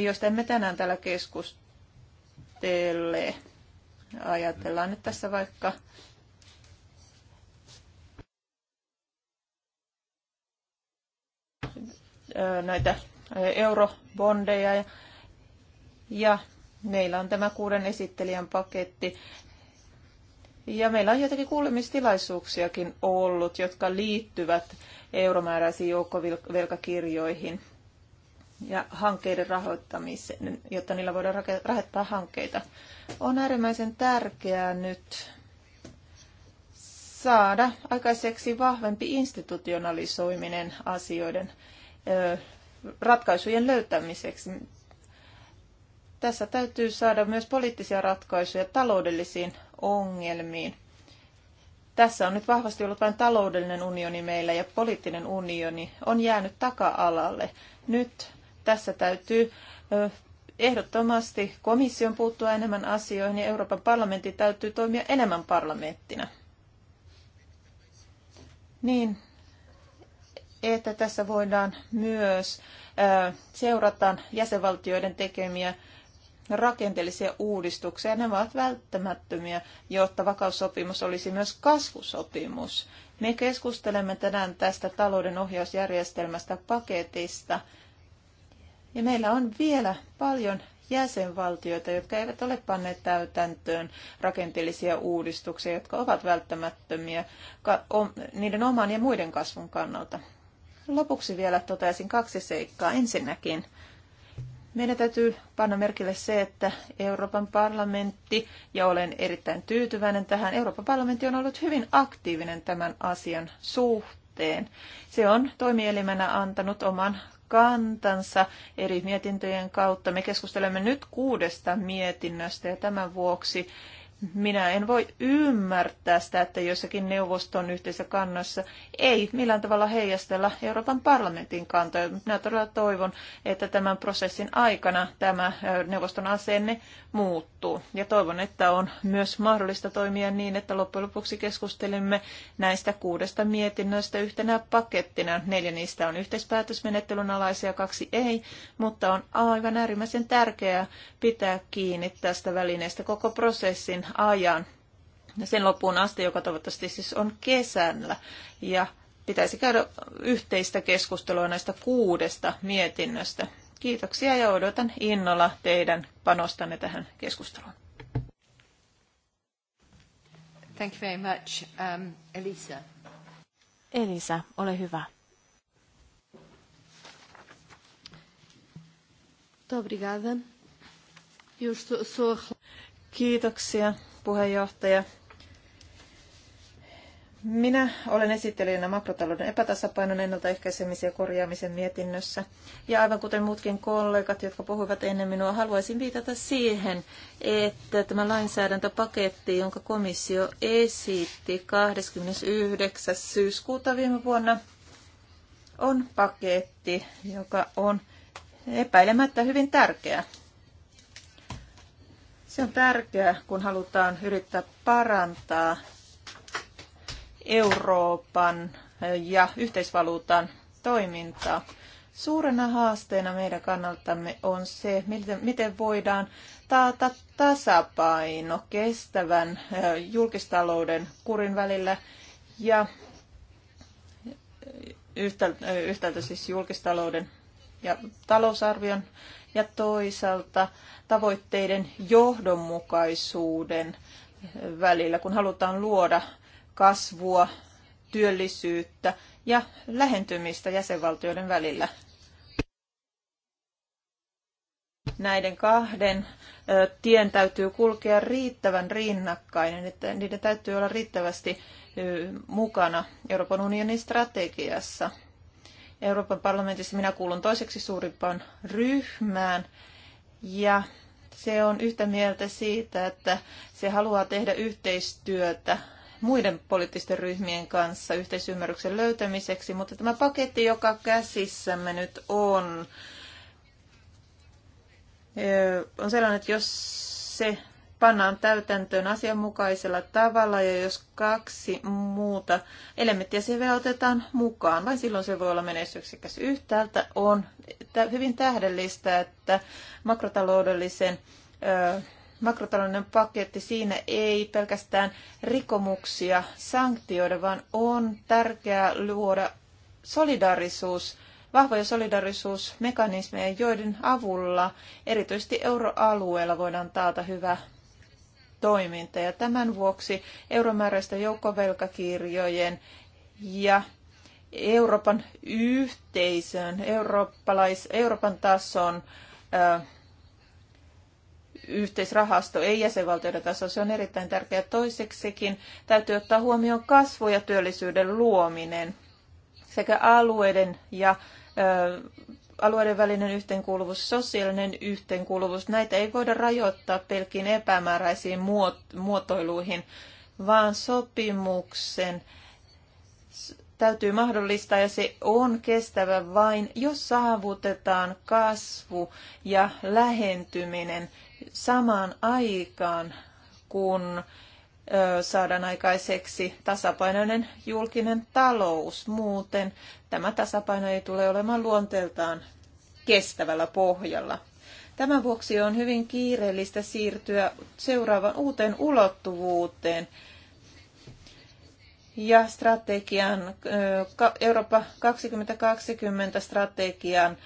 joista emme tänään täällä keskustele. Ajatellaan nyt tässä vaikka näitä eurobondeja. Ja meillä on tämä kuuden esittelijän paketti. Ja meillä on joitakin kuulemistilaisuuksiakin ollut, jotka liittyvät euromääräisiin joukkovelkakirjoihin ja hankkeiden rahoittamiseen, jotta niillä voidaan rahoittaa hankkeita. On äärimmäisen tärkeää nyt saada aikaiseksi vahvempi institutionalisoiminen asioiden ratkaisujen löytämiseksi. Tässä täytyy saada myös poliittisia ratkaisuja taloudellisiin ongelmiin. Tässä on nyt vahvasti ollut vain taloudellinen unioni meillä ja poliittinen unioni on jäänyt taka-alalle. Nyt tässä täytyy ehdottomasti komission puuttua enemmän asioihin ja Euroopan parlamentti täytyy toimia enemmän parlamenttina. Niin, että tässä voidaan myös seurata jäsenvaltioiden tekemiä rakenteellisia uudistuksia. ne ovat välttämättömiä, jotta vakaussopimus olisi myös kasvusopimus. Me keskustelemme tänään tästä talouden ohjausjärjestelmästä paketista. Ja meillä on vielä paljon jäsenvaltioita, jotka eivät ole panneet täytäntöön rakenteellisia uudistuksia, jotka ovat välttämättömiä niiden oman ja muiden kasvun kannalta. Lopuksi vielä toteaisin kaksi seikkaa. Ensinnäkin meidän täytyy panna merkille se, että Euroopan parlamentti, ja olen erittäin tyytyväinen tähän, Euroopan parlamentti on ollut hyvin aktiivinen tämän asian suhteen. Se on toimielimenä antanut oman kantansa eri mietintöjen kautta. Me keskustelemme nyt kuudesta mietinnöstä ja tämän vuoksi minä en voi ymmärtää sitä, että joissakin neuvoston yhteisessä kannassa ei millään tavalla heijastella Euroopan parlamentin kantoja. Minä todella toivon, että tämän prosessin aikana tämä neuvoston asenne muuttuu. Ja toivon, että on myös mahdollista toimia niin, että loppujen lopuksi keskustelemme näistä kuudesta mietinnöstä yhtenä pakettina. Neljä niistä on yhteispäätösmenettelyn alaisia, kaksi ei, mutta on aivan äärimmäisen tärkeää pitää kiinni tästä välineestä koko prosessin ajan sen loppuun asti, joka toivottavasti siis on kesällä. Ja pitäisi käydä yhteistä keskustelua näistä kuudesta mietinnöstä. Kiitoksia ja odotan innolla teidän panostanne tähän keskusteluun. Thank you very much. Um, Elisa. Elisa, ole hyvä. Obrigada. Eu estou, sou... Kiitoksia, puheenjohtaja. Minä olen esittelijänä makrotalouden epätasapainon ennaltaehkäisemisen ja korjaamisen mietinnössä. Ja aivan kuten muutkin kollegat, jotka puhuivat ennen minua, haluaisin viitata siihen, että tämä lainsäädäntöpaketti, jonka komissio esitti 29. syyskuuta viime vuonna, on paketti, joka on epäilemättä hyvin tärkeä. Se on tärkeää, kun halutaan yrittää parantaa Euroopan ja yhteisvaluutan toimintaa. Suurena haasteena meidän kannaltamme on se, miten voidaan taata tasapaino kestävän julkistalouden kurin välillä ja yhtäältä, siis julkistalouden ja talousarvion ja toisaalta tavoitteiden johdonmukaisuuden välillä, kun halutaan luoda kasvua, työllisyyttä ja lähentymistä jäsenvaltioiden välillä. Näiden kahden tien täytyy kulkea riittävän rinnakkainen, että niiden täytyy olla riittävästi mukana Euroopan unionin strategiassa – Euroopan parlamentissa minä kuulun toiseksi suurimpaan ryhmään ja se on yhtä mieltä siitä, että se haluaa tehdä yhteistyötä muiden poliittisten ryhmien kanssa yhteisymmärryksen löytämiseksi, mutta tämä paketti, joka käsissämme nyt on, on sellainen, että jos se pannaan täytäntöön asianmukaisella tavalla ja jos kaksi muuta elementtiä se vielä otetaan mukaan, vai silloin se voi olla menestyksekäs. Yhtäältä on hyvin tähdellistä, että makrotaloudellisen makrotalouden paketti, siinä ei pelkästään rikomuksia sanktioida, vaan on tärkeää luoda solidarisuus, vahvoja solidarisuusmekanismeja, joiden avulla erityisesti euroalueella voidaan taata hyvä toiminta. Ja tämän vuoksi euromääräisten joukkovelkakirjojen ja Euroopan yhteisön, eurooppalais, Euroopan tason ö, yhteisrahasto, ei jäsenvaltioiden taso, se on erittäin tärkeä Toiseksikin täytyy ottaa huomioon kasvu ja työllisyyden luominen sekä alueiden ja ö, alueiden välinen yhteenkuuluvuus, sosiaalinen yhteenkuuluvuus, näitä ei voida rajoittaa pelkiin epämääräisiin muotoiluihin, vaan sopimuksen täytyy mahdollistaa ja se on kestävä vain, jos saavutetaan kasvu ja lähentyminen samaan aikaan, kun saadaan aikaiseksi tasapainoinen julkinen talous. Muuten Tämä tasapaino ei tule olemaan luonteeltaan kestävällä pohjalla. Tämän vuoksi on hyvin kiireellistä siirtyä seuraavan uuteen ulottuvuuteen ja strategian, Eurooppa 2020 strategian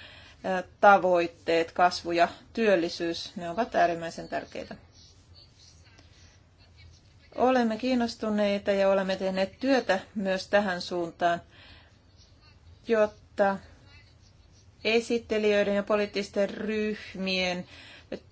tavoitteet, kasvu ja työllisyys, ne ovat äärimmäisen tärkeitä. Olemme kiinnostuneita ja olemme tehneet työtä myös tähän suuntaan jotta esittelijöiden ja poliittisten ryhmien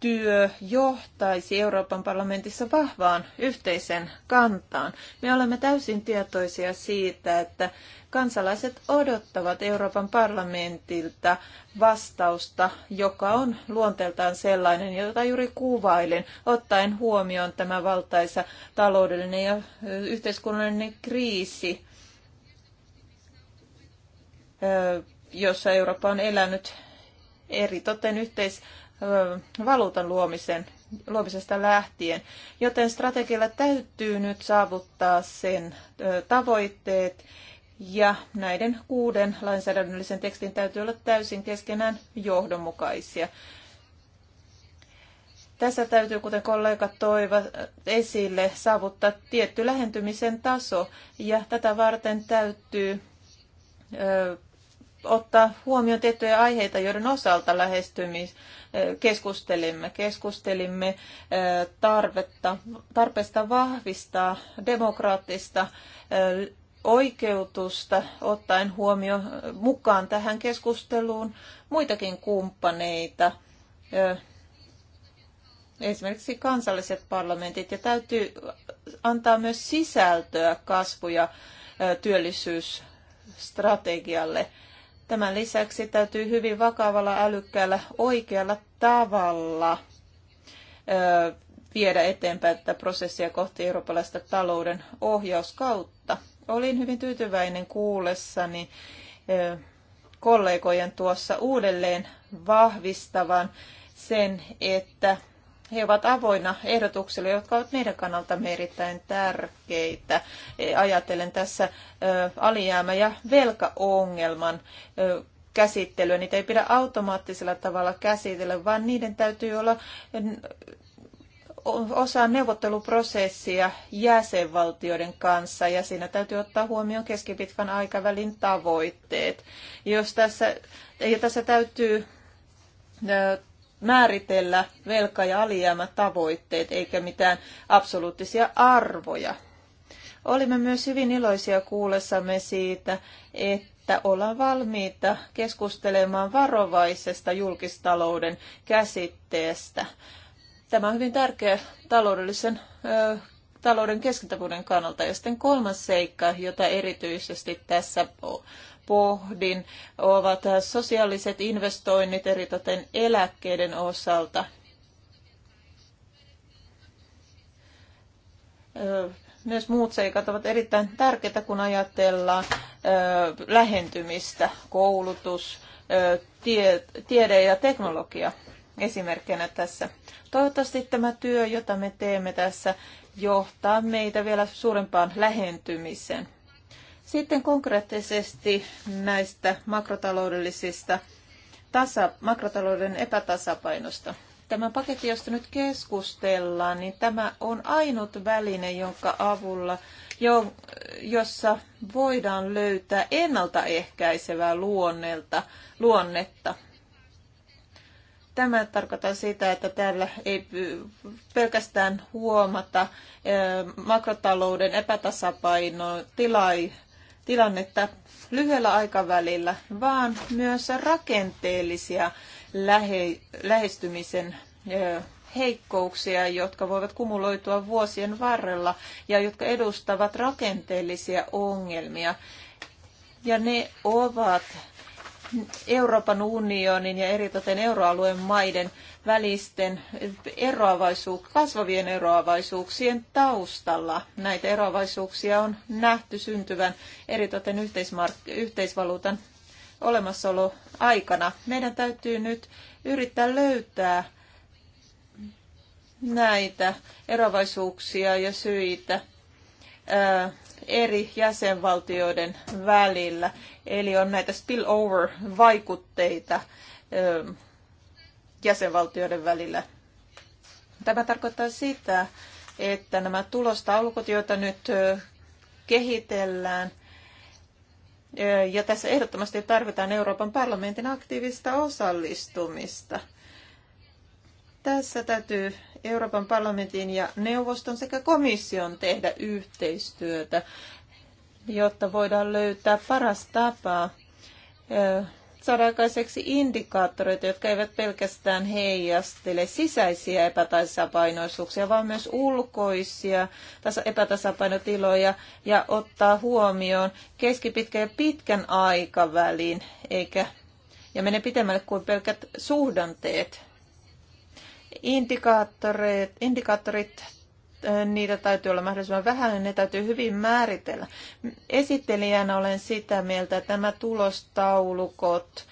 työ johtaisi Euroopan parlamentissa vahvaan yhteisen kantaan. Me olemme täysin tietoisia siitä, että kansalaiset odottavat Euroopan parlamentilta vastausta, joka on luonteeltaan sellainen, jota juuri kuvailin, ottaen huomioon tämä valtaisa taloudellinen ja yhteiskunnallinen kriisi, jossa Eurooppa on elänyt eri toten yhteisvaluutan luomisen, luomisesta lähtien. Joten strategialla täytyy nyt saavuttaa sen tavoitteet ja näiden kuuden lainsäädännöllisen tekstin täytyy olla täysin keskenään johdonmukaisia. Tässä täytyy, kuten kollegat toivat esille, saavuttaa tietty lähentymisen taso ja tätä varten täytyy ottaa huomioon tiettyjä aiheita, joiden osalta lähestymis, keskustelimme. Keskustelimme tarvetta, tarpeesta vahvistaa demokraattista oikeutusta ottaen huomioon mukaan tähän keskusteluun muitakin kumppaneita, esimerkiksi kansalliset parlamentit, ja täytyy antaa myös sisältöä kasvu- ja työllisyysstrategialle. Tämän lisäksi täytyy hyvin vakavalla, älykkäällä, oikealla tavalla viedä eteenpäin tätä prosessia kohti eurooppalaista talouden ohjauskautta. Olin hyvin tyytyväinen kuullessani kollegojen tuossa uudelleen vahvistavan sen, että he ovat avoina ehdotuksille, jotka ovat meidän kannaltamme erittäin tärkeitä. E, ajatellen tässä alijäämä- ja velkaongelman käsittelyä. Niitä ei pidä automaattisella tavalla käsitellä, vaan niiden täytyy olla osa neuvotteluprosessia jäsenvaltioiden kanssa ja siinä täytyy ottaa huomioon keskipitkän aikavälin tavoitteet. Jos tässä, ja tässä täytyy määritellä velka- ja alijäämätavoitteet eikä mitään absoluuttisia arvoja. Olimme myös hyvin iloisia kuullessamme siitä, että ollaan valmiita keskustelemaan varovaisesta julkistalouden käsitteestä. Tämä on hyvin tärkeä taloudellisen ö, talouden keskintävuuden kannalta. Ja sitten kolmas seikka, jota erityisesti tässä pohdin, ovat sosiaaliset investoinnit eritoten eläkkeiden osalta. Myös muut seikat ovat erittäin tärkeitä, kun ajatellaan lähentymistä, koulutus, tiede ja teknologia esimerkkinä tässä. Toivottavasti tämä työ, jota me teemme tässä, johtaa meitä vielä suurempaan lähentymiseen. Sitten konkreettisesti näistä makrotaloudellisista tasa, makrotalouden epätasapainosta. Tämä paketti, josta nyt keskustellaan, niin tämä on ainut väline, jonka avulla, jo, jossa voidaan löytää ennaltaehkäisevää luonnelta, luonnetta. Tämä tarkoittaa sitä, että täällä ei pelkästään huomata makrotalouden epätasapaino tilai tilannetta lyhyellä aikavälillä, vaan myös rakenteellisia lähe, lähestymisen heikkouksia, jotka voivat kumuloitua vuosien varrella ja jotka edustavat rakenteellisia ongelmia. Ja ne ovat Euroopan unionin ja eritoten euroalueen maiden välisten eroavaisuuk- kasvavien eroavaisuuksien taustalla. Näitä eroavaisuuksia on nähty syntyvän eritoten yhteismark- yhteisvaluutan olemassaolo aikana. Meidän täytyy nyt yrittää löytää näitä eroavaisuuksia ja syitä eri jäsenvaltioiden välillä. Eli on näitä spillover-vaikutteita jäsenvaltioiden välillä. Tämä tarkoittaa sitä, että nämä tulostaulukot, joita nyt kehitellään, ja tässä ehdottomasti tarvitaan Euroopan parlamentin aktiivista osallistumista. Tässä täytyy Euroopan parlamentin ja neuvoston sekä komission tehdä yhteistyötä, jotta voidaan löytää paras tapa saada aikaiseksi indikaattoreita, jotka eivät pelkästään heijastele sisäisiä epätasapainoisuuksia, vaan myös ulkoisia epätasapainotiloja ja ottaa huomioon keskipitkän ja pitkän aikavälin, eikä, ja mene pitemmälle kuin pelkät suhdanteet indikaattorit, indikaattorit niitä täytyy olla mahdollisimman vähän ja niin ne täytyy hyvin määritellä. Esittelijänä olen sitä mieltä, että nämä tulostaulukot,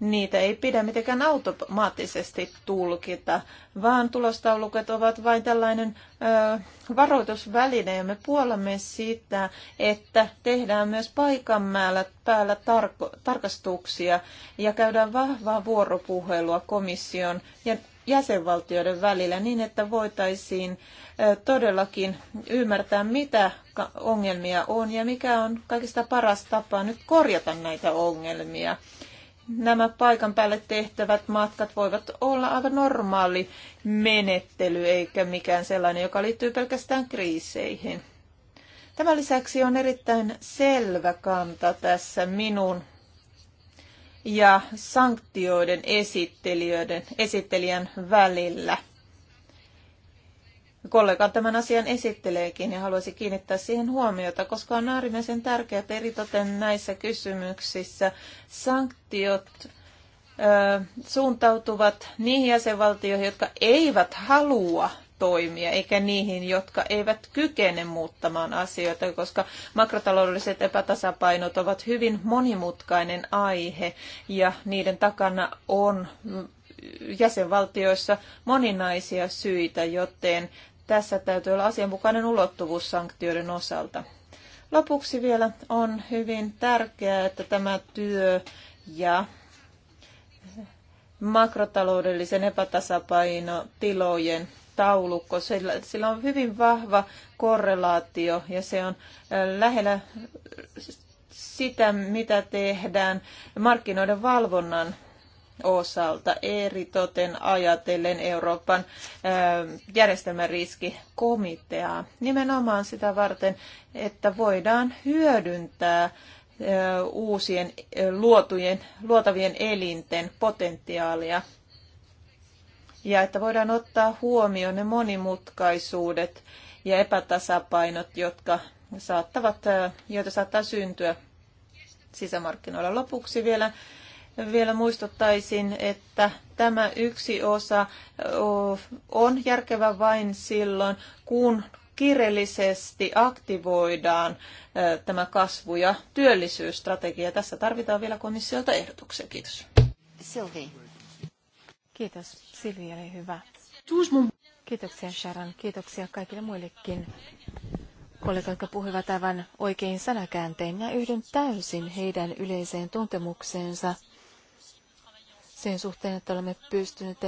niitä ei pidä mitenkään automaattisesti tulkita, vaan tulostaulukot ovat vain tällainen ö, varoitusväline ja me puolamme sitä, että tehdään myös paikan päällä, päällä tarko, tarkastuksia ja käydään vahvaa vuoropuhelua komission ja jäsenvaltioiden välillä niin, että voitaisiin todellakin ymmärtää, mitä ongelmia on ja mikä on kaikista paras tapa nyt korjata näitä ongelmia. Nämä paikan päälle tehtävät matkat voivat olla aivan normaali menettely, eikä mikään sellainen, joka liittyy pelkästään kriiseihin. Tämän lisäksi on erittäin selvä kanta tässä minun ja sanktioiden esittelijöiden, esittelijän välillä. Kollega tämän asian esitteleekin ja haluaisi kiinnittää siihen huomiota, koska on äärimmäisen tärkeää peritoten näissä kysymyksissä sanktiot ö, suuntautuvat niihin jäsenvaltioihin, jotka eivät halua toimia, eikä niihin, jotka eivät kykene muuttamaan asioita, koska makrotaloudelliset epätasapainot ovat hyvin monimutkainen aihe ja niiden takana on jäsenvaltioissa moninaisia syitä, joten tässä täytyy olla asianmukainen ulottuvuus sanktioiden osalta. Lopuksi vielä on hyvin tärkeää, että tämä työ ja makrotaloudellisen epätasapainotilojen taulukko. Sillä, sillä on hyvin vahva korrelaatio ja se on lähellä sitä, mitä tehdään markkinoiden valvonnan osalta, eritoten ajatellen Euroopan järjestelmäriskikomiteaa, nimenomaan sitä varten, että voidaan hyödyntää uusien luotujen, luotavien elinten potentiaalia ja että voidaan ottaa huomioon ne monimutkaisuudet ja epätasapainot, jotka saattavat, joita saattaa syntyä sisämarkkinoilla. Lopuksi vielä, vielä muistuttaisin, että tämä yksi osa on järkevä vain silloin, kun kiireellisesti aktivoidaan tämä kasvu- ja työllisyysstrategia. Tässä tarvitaan vielä komissiolta ehdotuksia. Kiitos. Sylvie. Kiitos Silvi, oli hyvä. Kiitoksia Sharon, kiitoksia kaikille muillekin kollegoille, jotka puhuivat aivan oikein sanakääntein. ja yhdyn täysin heidän yleiseen tuntemukseensa sen suhteen, että olemme pystyneet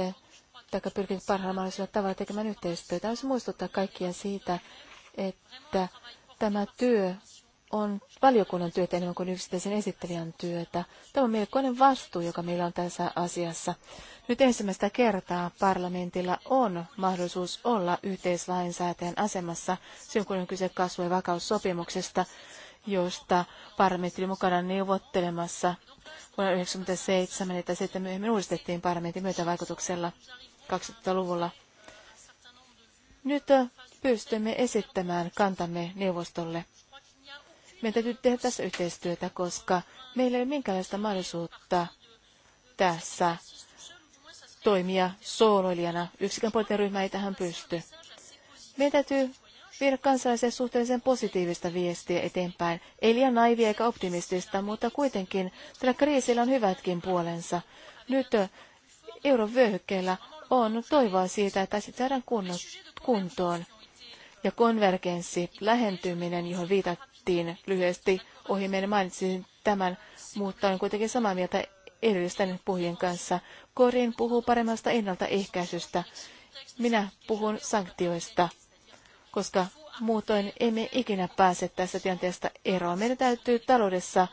tai pyrkineet parhaalla mahdollisella tavalla tekemään yhteistyötä. Haluaisin muistuttaa kaikkia siitä, että tämä työ on valiokunnan työtä enemmän kuin yksittäisen esittelijän työtä. Tämä on melkoinen vastuu, joka meillä on tässä asiassa. Nyt ensimmäistä kertaa parlamentilla on mahdollisuus olla yhteislainsäätäjän asemassa silloin, kun on kyse kasvu- ja vakaussopimuksesta, josta parlamentti oli mukana neuvottelemassa vuonna 1997, että sitten myöhemmin uudistettiin parlamentin myötävaikutuksella 2000-luvulla. Nyt pystymme esittämään kantamme neuvostolle meidän täytyy tehdä tässä yhteistyötä, koska meillä ei ole minkäänlaista mahdollisuutta tässä toimia sooloilijana. Yksikään poliittinen ryhmä ei tähän pysty. Meidän täytyy viedä kansalaisen suhteellisen positiivista viestiä eteenpäin. Ei liian naivia eikä optimistista, mutta kuitenkin tällä kriisillä on hyvätkin puolensa. Nyt eurovyöhykkeellä on toivoa siitä, että asiat saadaan kuntoon. Ja konvergenssi, lähentyminen, johon tehtiin lyhyesti ohi meidän mainitsin tämän, mutta olen kuitenkin samaa mieltä edellisten puhujien kanssa. Korin puhuu paremmasta ennaltaehkäisystä. Minä puhun sanktioista, koska muutoin emme ikinä pääse tässä tilanteesta eroon. Meidän täytyy taloudessa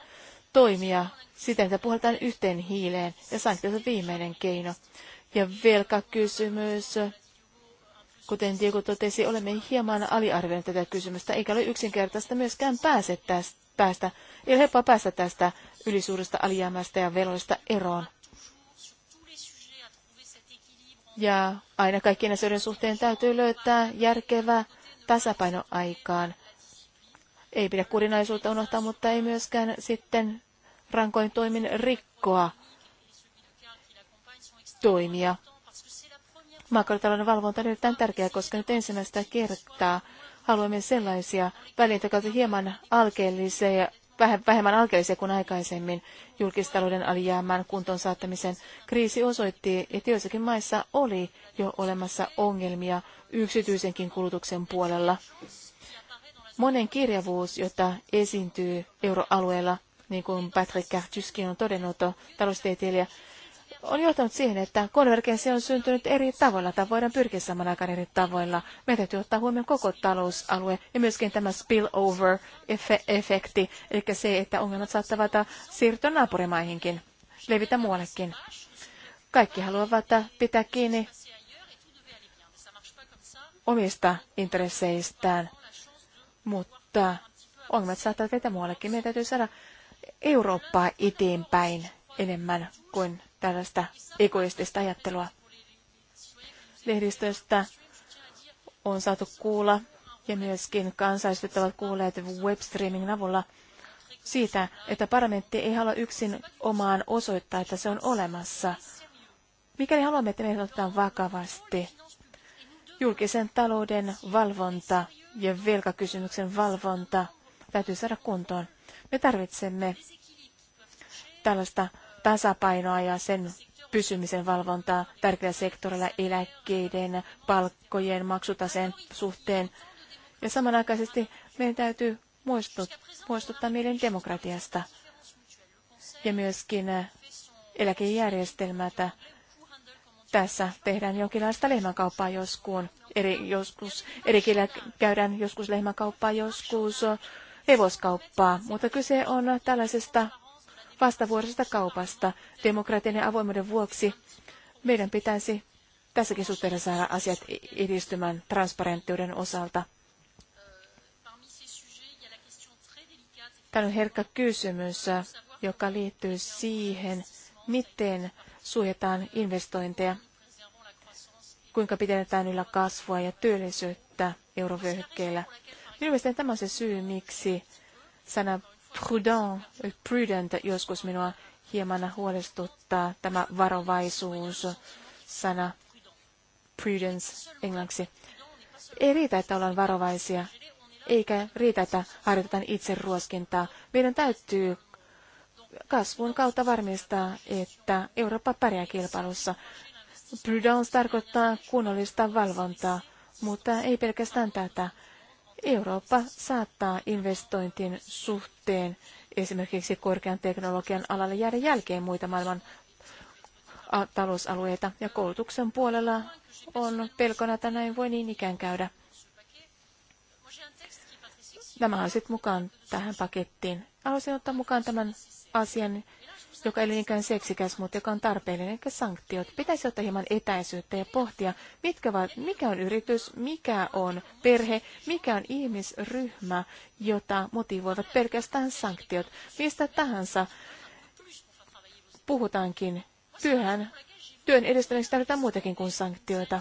toimia siten, että puhutaan yhteen hiileen ja sanktiot viimeinen keino. Ja velkakysymys, Kuten Diego totesi, olemme hieman aliarvioineet tätä kysymystä, eikä ole yksinkertaista myöskään pääse tästä, päästä, ei ole helppoa päästä tästä ylisuuresta alijäämästä ja veloista eroon. Ja aina kaikkien asioiden suhteen täytyy löytää järkevä tasapaino aikaan. Ei pidä kurinaisuutta unohtaa, mutta ei myöskään sitten rankoin toimin rikkoa toimia. Makrotalouden valvonta on erittäin tärkeää, koska nyt ensimmäistä kertaa haluamme sellaisia välineitä, jotka ovat hieman alkeellisia, vähemmän alkeellisia kuin aikaisemmin julkistalouden alijäämän kuntoon saattamisen. Kriisi osoitti, että joissakin maissa oli jo olemassa ongelmia yksityisenkin kulutuksen puolella. Monen kirjavuus, jota esiintyy euroalueella, niin kuin Patrick Cartuskin on todennut, taloustieteilijä, on johtanut siihen, että konvergenssi on syntynyt eri tavoilla tai voidaan pyrkiä saman aikaan eri tavoilla. Meidän täytyy ottaa huomioon koko talousalue ja myöskin tämä spillover-efekti, eli se, että ongelmat saattavat siirtyä naapurimaihinkin, levitä muuallekin. Kaikki haluavat pitää kiinni omista intresseistään, mutta ongelmat saattavat vetää muuallekin. Meidän täytyy saada Eurooppaa eteenpäin enemmän kuin tällaista egoistista ajattelua. Lehdistöstä on saatu kuulla, ja myöskin kansalaiset ovat kuulleet webstreamin avulla siitä, että parlamentti ei halua yksin omaan osoittaa, että se on olemassa. Mikäli haluamme, että meidät otetaan vakavasti, julkisen talouden valvonta ja velkakysymyksen valvonta täytyy saada kuntoon. Me tarvitsemme tällaista tasapainoa ja sen pysymisen valvontaa tärkeällä sektorilla eläkkeiden, palkkojen, maksutaseen suhteen. Ja samanaikaisesti meidän täytyy muistuttaa, muistuttaa demokratiasta ja myöskin äh, eläkejärjestelmätä. Tässä tehdään jonkinlaista lehmänkauppaa joskus, eri, joskus, eri kielillä käydään joskus lehmänkauppaa, joskus äh, hevoskauppaa, mutta kyse on tällaisesta vastavuoroisesta kaupasta. Demokratian ja avoimuuden vuoksi meidän pitäisi tässäkin suhteessa saada asiat edistymään transparenttiuden osalta. Tämä on herkkä kysymys, joka liittyy siihen, miten suojataan investointeja, kuinka pidetään yllä kasvua ja työllisyyttä eurovyöhykkeellä. Minun mielestäni tämä on se syy, miksi sana prudent, prudent joskus minua hieman huolestuttaa tämä varovaisuus sana prudence englanniksi. Ei riitä, että ollaan varovaisia, eikä riitä, että harjoitetaan itse ruoskintaa. Meidän täytyy kasvun kautta varmistaa, että Eurooppa pärjää kilpailussa. Prudence tarkoittaa kunnollista valvontaa, mutta ei pelkästään tätä. Eurooppa saattaa investointien suhteen esimerkiksi korkean teknologian alalle jäädä jälkeen muita maailman talousalueita. Ja koulutuksen puolella on pelkona, että näin voi niin ikään käydä. Nämä asiat mukaan tähän pakettiin. Haluaisin ottaa mukaan tämän asian, joka ei ole niinkään seksikäs, mutta joka on tarpeellinen, eli sanktiot. Pitäisi ottaa hieman etäisyyttä ja pohtia, mitkä ovat, mikä on yritys, mikä on perhe, mikä on ihmisryhmä, jota motivoivat pelkästään sanktiot. Mistä tahansa puhutaankin työhän, työn edistämiseksi tarvitaan muutakin kuin sanktioita.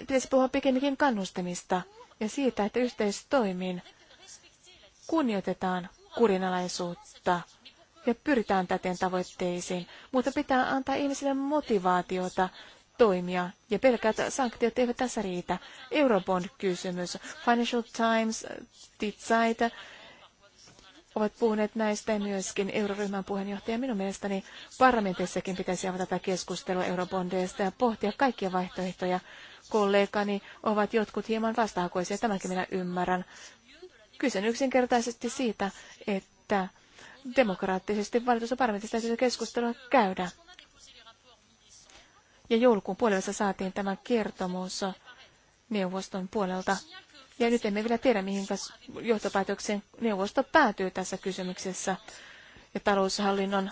Pitäisi puhua pikemminkin kannustamista ja siitä, että yhteistoimin kunnioitetaan kurinalaisuutta ja pyritään täten tavoitteisiin, mutta pitää antaa ihmisille motivaatiota toimia, ja pelkät sanktiot eivät tässä riitä. Eurobond-kysymys, Financial Times, Titsait ovat puhuneet näistä ja myöskin euroryhmän puheenjohtaja. Minun mielestäni parlamentissakin pitäisi avata tätä keskustelua eurobondeista ja pohtia kaikkia vaihtoehtoja. Kollegani ovat jotkut hieman vastahakoisia, tämänkin minä ymmärrän. Kysyn yksinkertaisesti siitä, että demokraattisesti valitussa parlamentissa täytyy keskustelua käydä. Ja joulukuun puolessa saatiin tämä kertomus neuvoston puolelta. Ja nyt emme vielä tiedä, mihin johtopäätöksen neuvosto päätyy tässä kysymyksessä. Ja taloushallinnon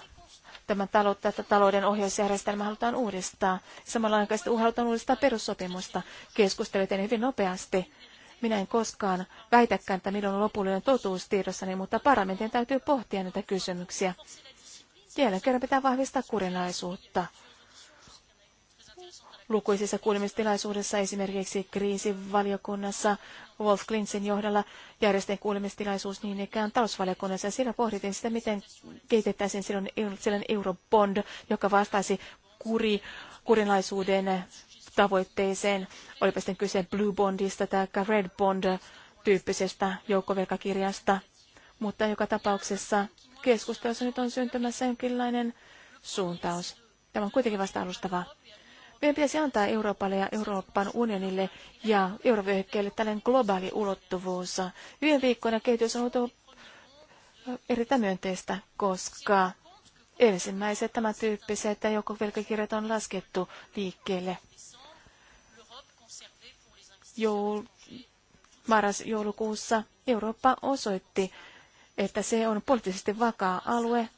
tämän taloutta, että talouden ohjausjärjestelmä halutaan uudistaa. Samalla aikaisesti halutaan uudistaa perussopimusta. Keskustelut hyvin nopeasti minä en koskaan väitäkään, että milloin on lopullinen totuus tiedossani, mutta parlamentin täytyy pohtia näitä kysymyksiä. Jälleen kerran pitää vahvistaa kurinaisuutta. Lukuisissa kuulemistilaisuudessa, esimerkiksi kriisivaliokunnassa, Wolf Klinsin johdalla järjestin kuulemistilaisuus niin ikään talousvaliokunnassa, ja siinä pohdittiin sitä, miten kehitettäisiin silloin sellainen eurobond, joka vastaisi kuri, tavoitteeseen, olipa sitten kyse Blue Bondista tai Red Bond-tyyppisestä joukkovelkakirjasta. Mutta joka tapauksessa keskustelussa nyt on syntymässä jonkinlainen suuntaus. Tämä on kuitenkin vasta alustavaa. Meidän pitäisi antaa Euroopalle ja Euroopan unionille ja eurovyöhykkeelle tällainen globaali ulottuvuus. Yhden viikkoina kehitys on ollut erittäin myönteistä, koska ensimmäiset tämän tyyppiset joukkovelkakirjat on laskettu liikkeelle joul, marras-joulukuussa Eurooppa osoitti, että se on poliittisesti vakaa alue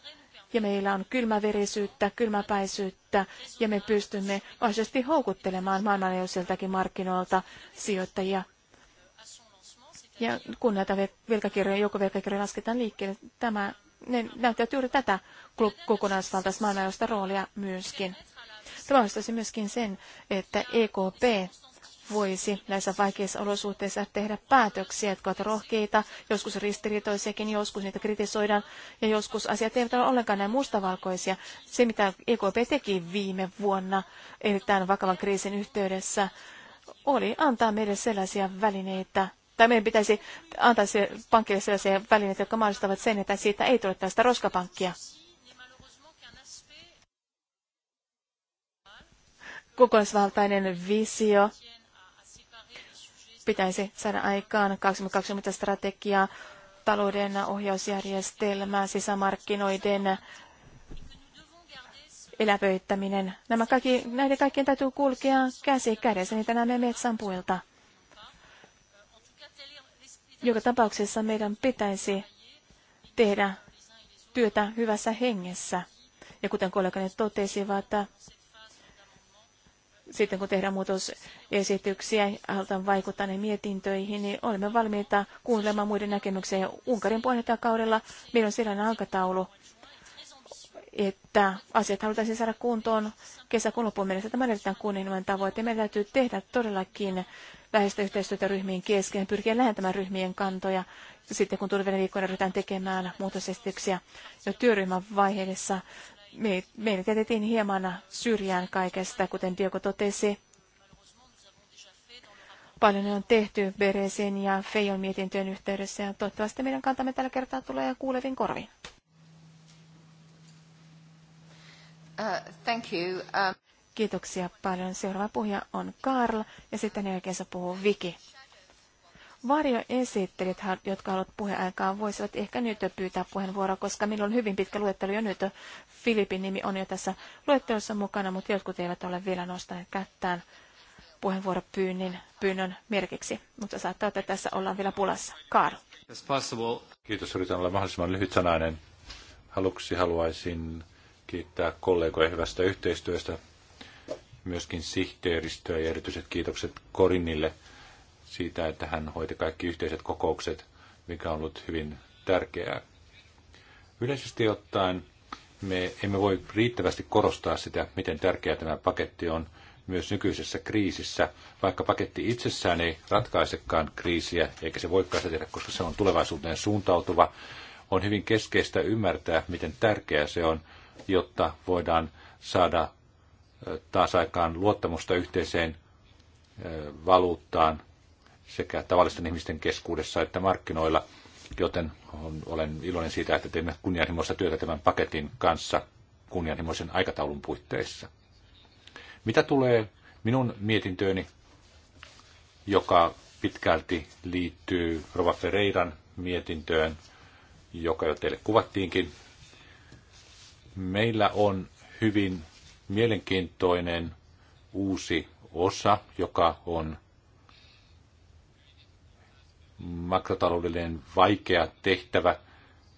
ja meillä on kylmäverisyyttä, kylmäpäisyyttä ja me pystymme mahdollisesti houkuttelemaan maailmanlaajuisiltakin markkinoilta sijoittajia. Ja kun näitä velkakirjoja, joukkovelkakirjoja lasketaan liikkeelle, tämä, ne näyttävät juuri tätä kokonaisvaltaista maailmanlaajuista roolia myöskin. Tämä vastaisi myöskin sen, että EKP voisi näissä vaikeissa olosuhteissa tehdä päätöksiä, jotka ovat rohkeita, joskus ristiriitoisiakin, joskus niitä kritisoidaan ja joskus asiat eivät ole ollenkaan näin mustavalkoisia. Se, mitä EKP teki viime vuonna erittäin vakavan kriisin yhteydessä, oli antaa meille sellaisia välineitä, tai meidän pitäisi antaa se pankille sellaisia välineitä, jotka mahdollistavat sen, että siitä ei tule tästä roskapankkia. Kokonaisvaltainen visio pitäisi saada aikaan 2020 strategiaa, talouden ohjausjärjestelmää, sisämarkkinoiden elävöittäminen. Nämä kaikki, näiden kaikkien täytyy kulkea käsi kädessä, niitä näemme metsän puilta. Joka tapauksessa meidän pitäisi tehdä työtä hyvässä hengessä. Ja kuten kollegani totesivat, sitten kun tehdään muutosesityksiä, halutaan vaikuttaa ne mietintöihin, niin olemme valmiita kuuntelemaan muiden näkemyksiä. Ja Unkarin puheenjohtajakaudella meillä on sellainen aikataulu, että asiat halutaan saada kuntoon kesäkuun loppuun mennessä. Tämä on erittäin kunnianhimoinen tavoite. Meidän täytyy tehdä todellakin läheistä yhteistyötä ryhmien kesken, pyrkiä lähentämään ryhmien kantoja. Sitten kun tulevina viikkoina ryhdytään tekemään muutosesityksiä jo työryhmän vaiheessa, meidät jätettiin hieman syrjään kaikesta, kuten Diego totesi. Paljon on tehty Beresin ja Feijon mietintöjen yhteydessä ja toivottavasti meidän kantamme tällä kertaa tulee kuulevin korviin. Uh, thank you. Um, Kiitoksia paljon. Seuraava puhuja on Karl ja sitten jälkeen puhuu Viki varjoesittelijät, jotka haluat puheaikaan, voisivat ehkä nyt pyytää puheenvuoroa, koska minulla on hyvin pitkä luettelo jo nyt. Filipin nimi on jo tässä luettelossa mukana, mutta jotkut eivät ole vielä nostaneet kättään puheenvuoropyynnin pyynnön merkiksi, mutta saattaa, että tässä ollaan vielä pulassa. Karl. Kiitos, yritän olla mahdollisimman lyhytsanainen. Haluksi haluaisin kiittää kollegoja hyvästä yhteistyöstä, myöskin sihteeristöä ja erityiset kiitokset Korinille – siitä, että hän hoiti kaikki yhteiset kokoukset, mikä on ollut hyvin tärkeää. Yleisesti ottaen me emme voi riittävästi korostaa sitä, miten tärkeä tämä paketti on myös nykyisessä kriisissä, vaikka paketti itsessään ei ratkaisekaan kriisiä, eikä se voikaan sitä tehdä, koska se on tulevaisuuteen suuntautuva. On hyvin keskeistä ymmärtää, miten tärkeää se on, jotta voidaan saada taas aikaan luottamusta yhteiseen valuuttaan sekä tavallisten ihmisten keskuudessa että markkinoilla, joten olen iloinen siitä, että teemme kunnianhimoista työtä tämän paketin kanssa kunnianhimoisen aikataulun puitteissa. Mitä tulee minun mietintööni, joka pitkälti liittyy Rova Ferreiran mietintöön, joka jo teille kuvattiinkin. Meillä on hyvin mielenkiintoinen uusi osa, joka on makrotaloudellinen vaikea tehtävä.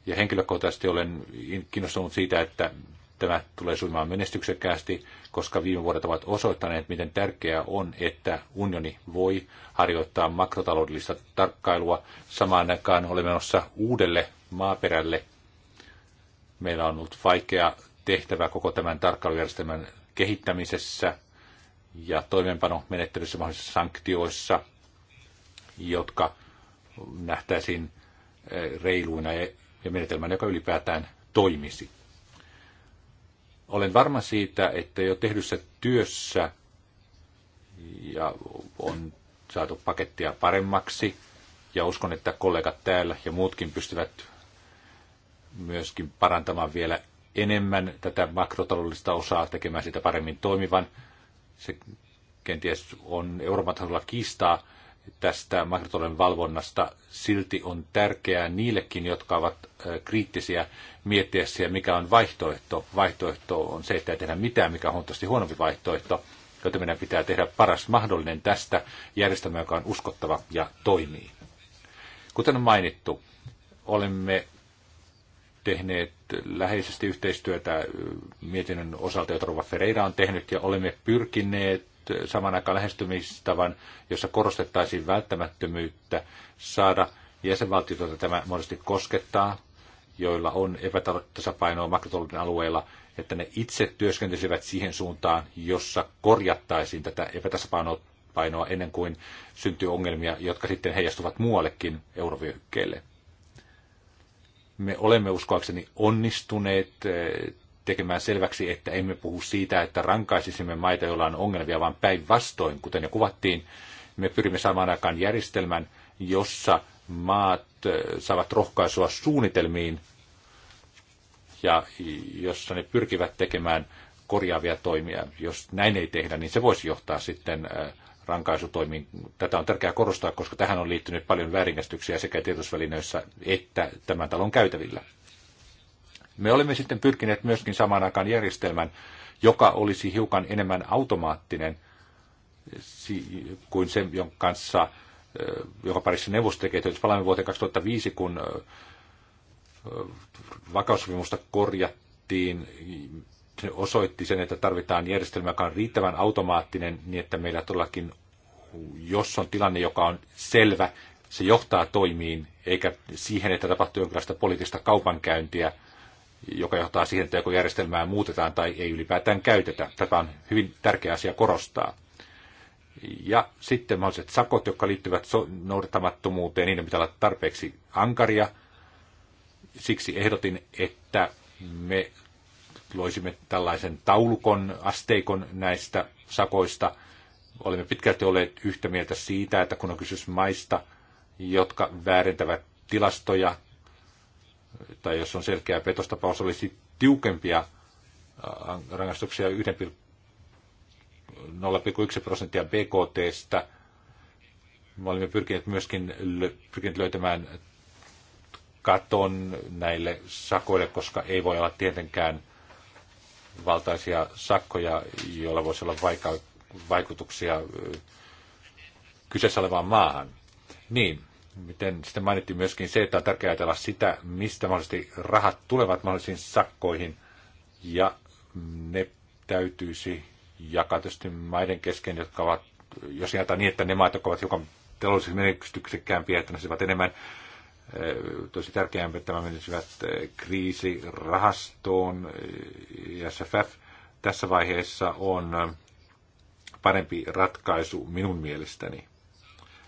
Ja henkilökohtaisesti olen kiinnostunut siitä, että tämä tulee suimaan menestyksekkäästi, koska viime vuodet ovat osoittaneet, miten tärkeää on, että unioni voi harjoittaa makrotaloudellista tarkkailua. Samaan aikaan olemme menossa uudelle maaperälle. Meillä on ollut vaikea tehtävä koko tämän tarkkailujärjestelmän kehittämisessä ja toimeenpanomenettelyssä mahdollisissa sanktioissa, jotka nähtäisiin eh, reiluina ja menetelmänä, joka ylipäätään toimisi. Olen varma siitä, että jo tehdyssä työssä ja on saatu pakettia paremmaksi, ja uskon, että kollegat täällä ja muutkin pystyvät myöskin parantamaan vielä enemmän tätä makrotaloudellista osaa, tekemään sitä paremmin toimivan. Se kenties on Euroopan tasolla kiistaa, tästä makrotalouden valvonnasta, silti on tärkeää niillekin, jotka ovat kriittisiä, miettiä siihen, mikä on vaihtoehto. Vaihtoehto on se, että ei tehdä mitään, mikä on huomattavasti huonompi vaihtoehto, joten meidän pitää tehdä paras mahdollinen tästä järjestelmä, joka on uskottava ja toimii. Kuten on mainittu, olemme tehneet läheisesti yhteistyötä mietinnön osalta, jota Rova Ferreira on tehnyt, ja olemme pyrkineet saman aikaan lähestymistavan, jossa korostettaisiin välttämättömyyttä saada jäsenvaltiot, joita tämä monesti koskettaa, joilla on epätasapainoa makrotalouden alueella, että ne itse työskentelisivät siihen suuntaan, jossa korjattaisiin tätä epätasapainoa ennen kuin syntyy ongelmia, jotka sitten heijastuvat muuallekin eurovyöhykkeelle. Me olemme uskoakseni onnistuneet eh, tekemään selväksi, että emme puhu siitä, että rankaisisimme maita, joilla on ongelmia, vaan päinvastoin, kuten jo kuvattiin, me pyrimme saamaan aikaan järjestelmän, jossa maat saavat rohkaisua suunnitelmiin ja jossa ne pyrkivät tekemään korjaavia toimia. Jos näin ei tehdä, niin se voisi johtaa sitten rankaisutoimiin. Tätä on tärkeää korostaa, koska tähän on liittynyt paljon väärinkäsityksiä sekä tiedotusvälineissä että tämän talon käytävillä. Me olemme sitten pyrkineet myöskin samaan aikaan järjestelmän, joka olisi hiukan enemmän automaattinen kuin se, jonka kanssa joka parissa neuvosto tekee Jos Palaamme vuoteen 2005, kun vakaussopimusta korjattiin. Se osoitti sen, että tarvitaan järjestelmä, joka on riittävän automaattinen, niin että meillä todellakin, jos on tilanne, joka on selvä, se johtaa toimiin, eikä siihen, että tapahtuu jonkinlaista poliittista kaupankäyntiä – joka johtaa siihen, että joko järjestelmää muutetaan tai ei ylipäätään käytetä. Tätä on hyvin tärkeä asia korostaa. Ja sitten mahdolliset sakot, jotka liittyvät so- noudattamattomuuteen, niiden pitää olla tarpeeksi ankaria. Siksi ehdotin, että me loisimme tällaisen taulukon, asteikon näistä sakoista. Olemme pitkälti olleet yhtä mieltä siitä, että kun on kysymys maista, jotka väärentävät tilastoja tai jos on selkeä petostapaus, olisi tiukempia äh, rangaistuksia 0,1 prosenttia BKTstä. Me olimme pyrkineet myöskin pyrkineet löytämään katon näille sakoille, koska ei voi olla tietenkään valtaisia sakkoja, joilla voisi olla vaikutuksia äh, kyseessä olevaan maahan. Niin, miten sitten mainittiin myöskin se, että on tärkeää ajatella sitä, mistä mahdollisesti rahat tulevat mahdollisiin sakkoihin, ja ne täytyisi jakaa tietysti maiden kesken, jotka ovat, jos jaetaan niin, että ne maat, jotka ovat hiukan taloudellisesti menestyksekkäämpiä, että ne olisivat enemmän, eh, tosi tärkeämpiä, että nämä menisivät eh, kriisirahastoon, eh, SFF tässä vaiheessa on parempi ratkaisu minun mielestäni.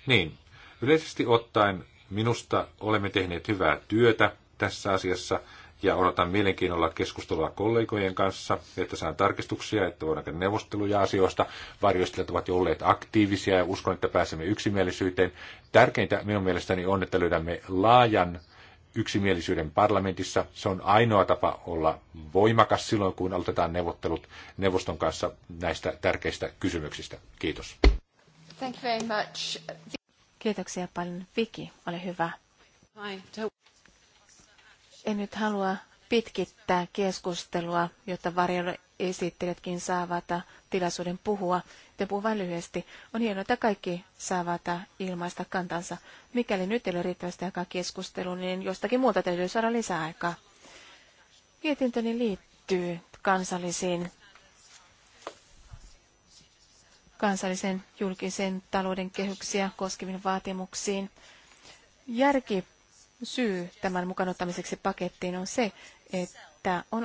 Niin, Yleisesti ottaen minusta olemme tehneet hyvää työtä tässä asiassa ja odotan mielenkiinnolla keskustelua kollegojen kanssa, että saan tarkistuksia, että voidaanko neuvosteluja asioista. Varjostelijat ovat jo olleet aktiivisia ja uskon, että pääsemme yksimielisyyteen. Tärkeintä minun mielestäni on, että löydämme laajan yksimielisyyden parlamentissa. Se on ainoa tapa olla voimakas silloin, kun aloitetaan neuvottelut neuvoston kanssa näistä tärkeistä kysymyksistä. Kiitos. Thank you very much. Kiitoksia paljon. Viki, ole hyvä. En nyt halua pitkittää keskustelua, jotta varjolle esittelijätkin saavat tilaisuuden puhua. Te puhun vain lyhyesti. On hienoa, että kaikki saavat ilmaista kantansa. Mikäli nyt ei ole riittävästi aikaa keskustelua, niin jostakin muuta täytyy saada lisää aikaa. Mietintöni liittyy kansallisiin kansallisen julkisen talouden kehyksiä koskeviin vaatimuksiin. Järki syy tämän mukanottamiseksi pakettiin on se, että on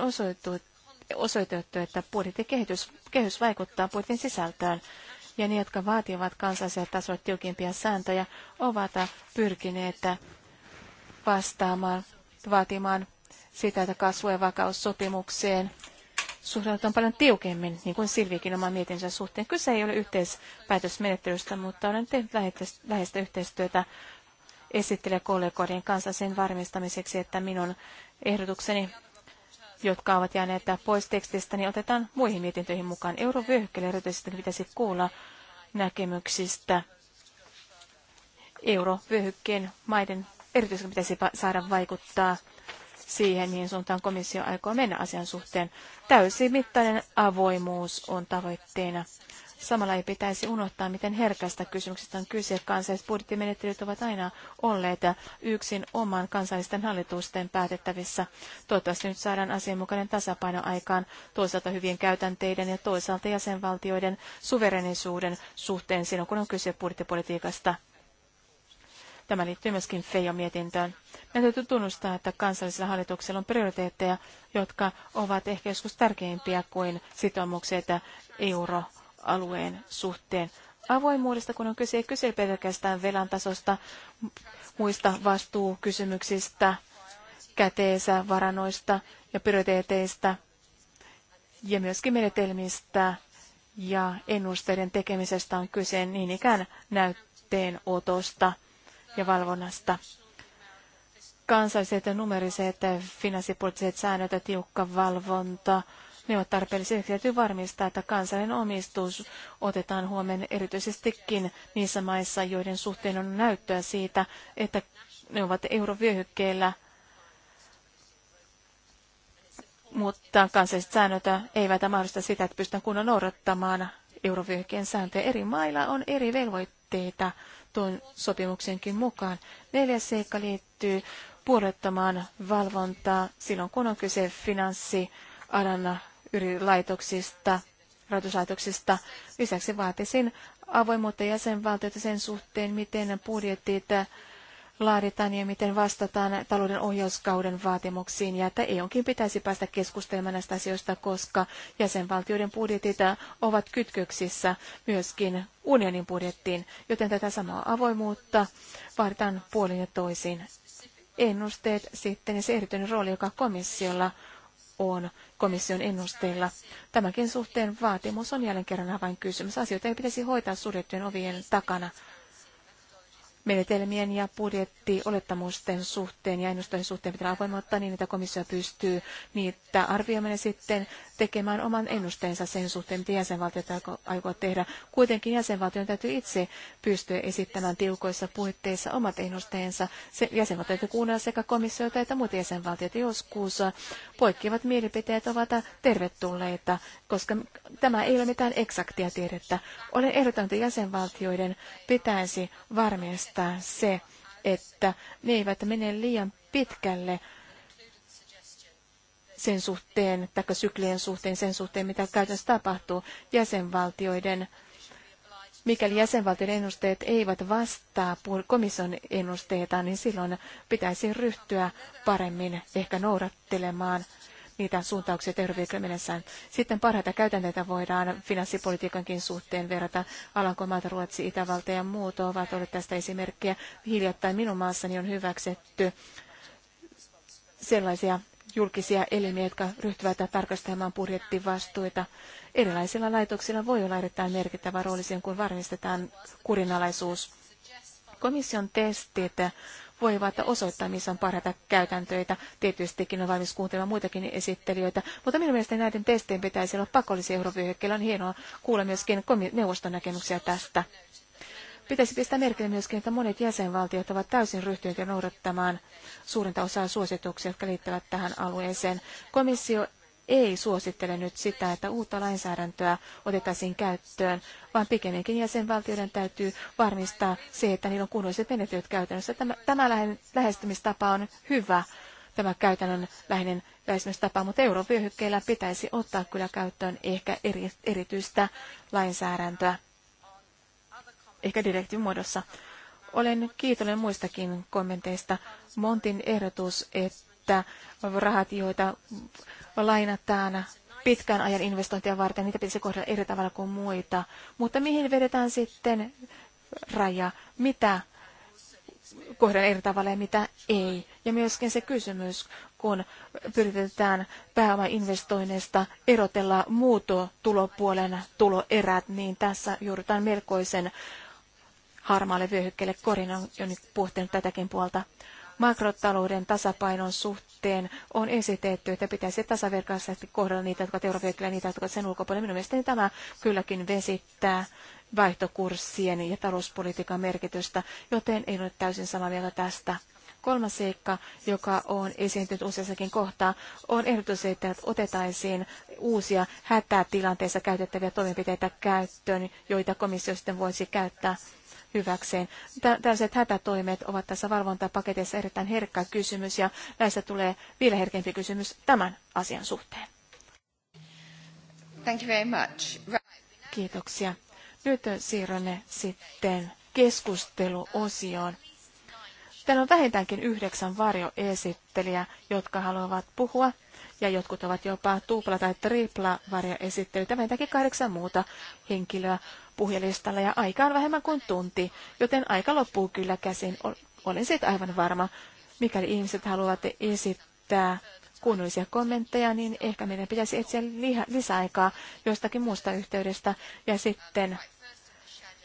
osoitettu, että budjetin kehitys, kehys vaikuttaa budjetin sisältöön. Ja ne, jotka vaativat kansallisella tasolla tiukimpia sääntöjä, ovat pyrkineet vastaamaan, vaatimaan sitä, että kasvu- ja vakaussopimukseen suhtaudutaan paljon tiukemmin, niin kuin Silvikin oman mietinsä suhteen. Kyse ei ole yhteispäätösmenettelystä, mutta olen tehnyt läheistä yhteistyötä esittelijäkollegoiden kanssa sen varmistamiseksi, että minun ehdotukseni jotka ovat jääneet pois tekstistä, niin otetaan muihin mietintöihin mukaan. Eurovyöhykkeelle erityisesti pitäisi kuulla näkemyksistä. Eurovyöhykkeen maiden erityisesti pitäisi saada vaikuttaa siihen, mihin suuntaan komissio aikoo mennä asian suhteen. Täysimittainen avoimuus on tavoitteena. Samalla ei pitäisi unohtaa, miten herkästä kysymyksestä on kyse. Kansalliset budjettimenettelyt ovat aina olleet yksin oman kansallisten hallitusten päätettävissä. Toivottavasti nyt saadaan asianmukainen tasapaino aikaan toisaalta hyvien käytänteiden ja toisaalta jäsenvaltioiden suverenisuuden suhteen silloin, kun on kyse budjettipolitiikasta. Tämä liittyy myöskin FEIO-mietintöön. Meidän täytyy tunnustaa, että kansallisilla hallituksilla on prioriteetteja, jotka ovat ehkä joskus tärkeimpiä kuin sitoumukset euroalueen suhteen. Avoimuudesta, kun on kyse, ei kyse pelkästään velan tasosta, muista vastuukysymyksistä, käteensä, varanoista ja prioriteeteista ja myöskin menetelmistä ja ennusteiden tekemisestä on kyse niin ikään näytteenotosta. otosta ja valvonnasta. Kansalliset ja numeriset finanssipoliittiset säännöt ja tiukka valvonta, ne ovat tarpeellisia. Täytyy varmistaa, että kansallinen omistus otetaan huomioon erityisestikin niissä maissa, joiden suhteen on näyttöä siitä, että ne ovat eurovyöhykkeellä mutta kansalliset säännöt eivät mahdollista sitä, että pystytään kunnon noudattamaan eurovyöhykkeen sääntöjä. Eri mailla on eri velvoitteita tuon sopimuksenkin mukaan. Neljäs seikka liittyy puolettamaan valvontaa silloin, kun on kyse finanssialan laitoksista, rahoituslaitoksista. Lisäksi vaatisin avoimuutta jäsenvaltioita sen suhteen, miten budjetit laaditaan ja miten vastataan talouden ohjauskauden vaatimuksiin ja että EUnkin pitäisi päästä keskustelemaan näistä asioista, koska jäsenvaltioiden budjetit ovat kytköksissä myöskin unionin budjettiin, joten tätä samaa avoimuutta vaaditaan puolin ja toisin. Ennusteet sitten ja se erityinen rooli, joka komissiolla on komission ennusteilla. Tämäkin suhteen vaatimus on jälleen kerran vain kysymys. Asioita ei pitäisi hoitaa suljettujen ovien takana menetelmien ja budjettiolettamusten suhteen ja ennusteiden suhteen pitää avoimuutta niin, että komissio pystyy niitä arvioimaan ja sitten tekemään oman ennusteensa sen suhteen, mitä jäsenvaltiot aikovat tehdä. Kuitenkin jäsenvaltion täytyy itse pystyä esittämään tiukoissa puitteissa omat ennusteensa. Se, jäsenvaltiot täytyy kuunnella sekä komissioita että muut jäsenvaltiot. Joskus äh, poikkeavat mielipiteet ovat äh, tervetulleita, koska tämä ei ole mitään eksaktia tiedettä. Olen ehdottanut, että jäsenvaltioiden pitäisi varmistaa se, että ne eivät mene liian pitkälle sen suhteen, tai syklien suhteen, sen suhteen, mitä käytännössä tapahtuu jäsenvaltioiden Mikäli jäsenvaltioiden ennusteet eivät vastaa komission ennusteita, niin silloin pitäisi ryhtyä paremmin ehkä noudattelemaan niitä suuntauksia terveyden Sitten parhaita käytänteitä voidaan finanssipolitiikankin suhteen verrata. Alankomaat, Ruotsi, Itävalta ja muut ovat olleet tästä esimerkkejä. Hiljattain minun maassani on hyväksetty sellaisia julkisia elimiä, jotka ryhtyvät tarkastelemaan budjettivastuita. Erilaisilla laitoksilla voi olla erittäin merkittävä rooli siihen, kun varmistetaan kurinalaisuus. Komission testit voivat osoittaa, missä on parhaita käytäntöitä. Tietystikin on valmis kuuntelemaan muitakin esittelijöitä, mutta minun mielestäni näiden testien pitäisi olla pakollisia eurovyöhykkeillä. On hienoa kuulla myöskin neuvoston näkemyksiä tästä. Pitäisi pistää merkille myöskin, että monet jäsenvaltiot ovat täysin ryhtyneet jo noudattamaan suurinta osaa suosituksia, jotka liittyvät tähän alueeseen. Komissio ei suosittele nyt sitä, että uutta lainsäädäntöä otettaisiin käyttöön, vaan pikemminkin jäsenvaltioiden täytyy varmistaa se, että niillä on kunnolliset menetelmät käytännössä. Tämä, tämä lähestymistapa on hyvä, tämä käytännön läheinen lähestymistapa, mutta eurovyöhykkeillä pitäisi ottaa kyllä käyttöön ehkä eri, erityistä lainsäädäntöä ehkä direktiivin muodossa. Olen kiitollinen muistakin kommenteista. Montin ehdotus, että rahat, joita lainataan pitkän ajan investointia varten, niitä pitäisi kohdella eri tavalla kuin muita. Mutta mihin vedetään sitten raja? Mitä kohdan eri tavalla ja mitä ei. Ja myöskin se kysymys, kun pyritetään pääomainvestoinneista erotella muuto tulopuolen tuloerät, niin tässä joudutaan melkoisen harmaalle vyöhykkeelle korin on jo nyt puhtenut tätäkin puolta. Makrotalouden tasapainon suhteen on esitetty, että pitäisi tasavertaisesti kohdella niitä, jotka ovat ja niitä, jotka sen ulkopuolella. Minun mielestäni tämä kylläkin vesittää vaihtokurssien ja talouspolitiikan merkitystä, joten ei ole täysin samaa mieltä tästä. Kolmas seikka, joka on esiintynyt useassakin kohtaa, on ehdotus, että otetaisiin uusia hätätilanteessa käytettäviä toimenpiteitä käyttöön, joita komissio sitten voisi käyttää hyväkseen. Tällaiset hätätoimet ovat tässä valvontapaketissa erittäin herkkä kysymys ja näistä tulee vielä herkempi kysymys tämän asian suhteen. Thank you very much. Kiitoksia. Nyt siirrymme sitten keskusteluosioon. Täällä on vähintäänkin yhdeksän varjoesittelijää, jotka haluavat puhua ja jotkut ovat jopa tupla- tai tripla varjoesittelyitä, meitäkin kahdeksan muuta henkilöä puhelistalla ja aika on vähemmän kuin tunti, joten aika loppuu kyllä käsin. Olen siitä aivan varma. Mikäli ihmiset haluavat esittää kunnollisia kommentteja, niin ehkä meidän pitäisi etsiä lisäaikaa jostakin muusta yhteydestä ja sitten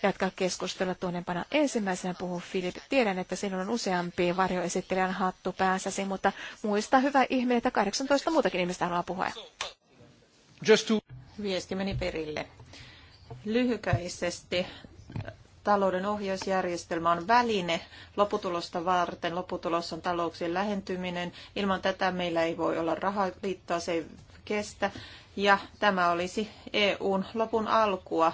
jatkaa keskustella tuonnepana. Ensimmäisenä puhuu Filip. Tiedän, että sinun on useampi varjoesittelijän hattu päässäsi, mutta muista hyvä ihminen, että 18 muutakin ihmistä haluaa puhua. Just to... Viesti meni perille. Lyhykäisesti talouden ohjausjärjestelmä on väline loputulosta varten. Loputulos on talouksien lähentyminen. Ilman tätä meillä ei voi olla rahaliittoa, se ei kestä. Ja tämä olisi EUn lopun alkua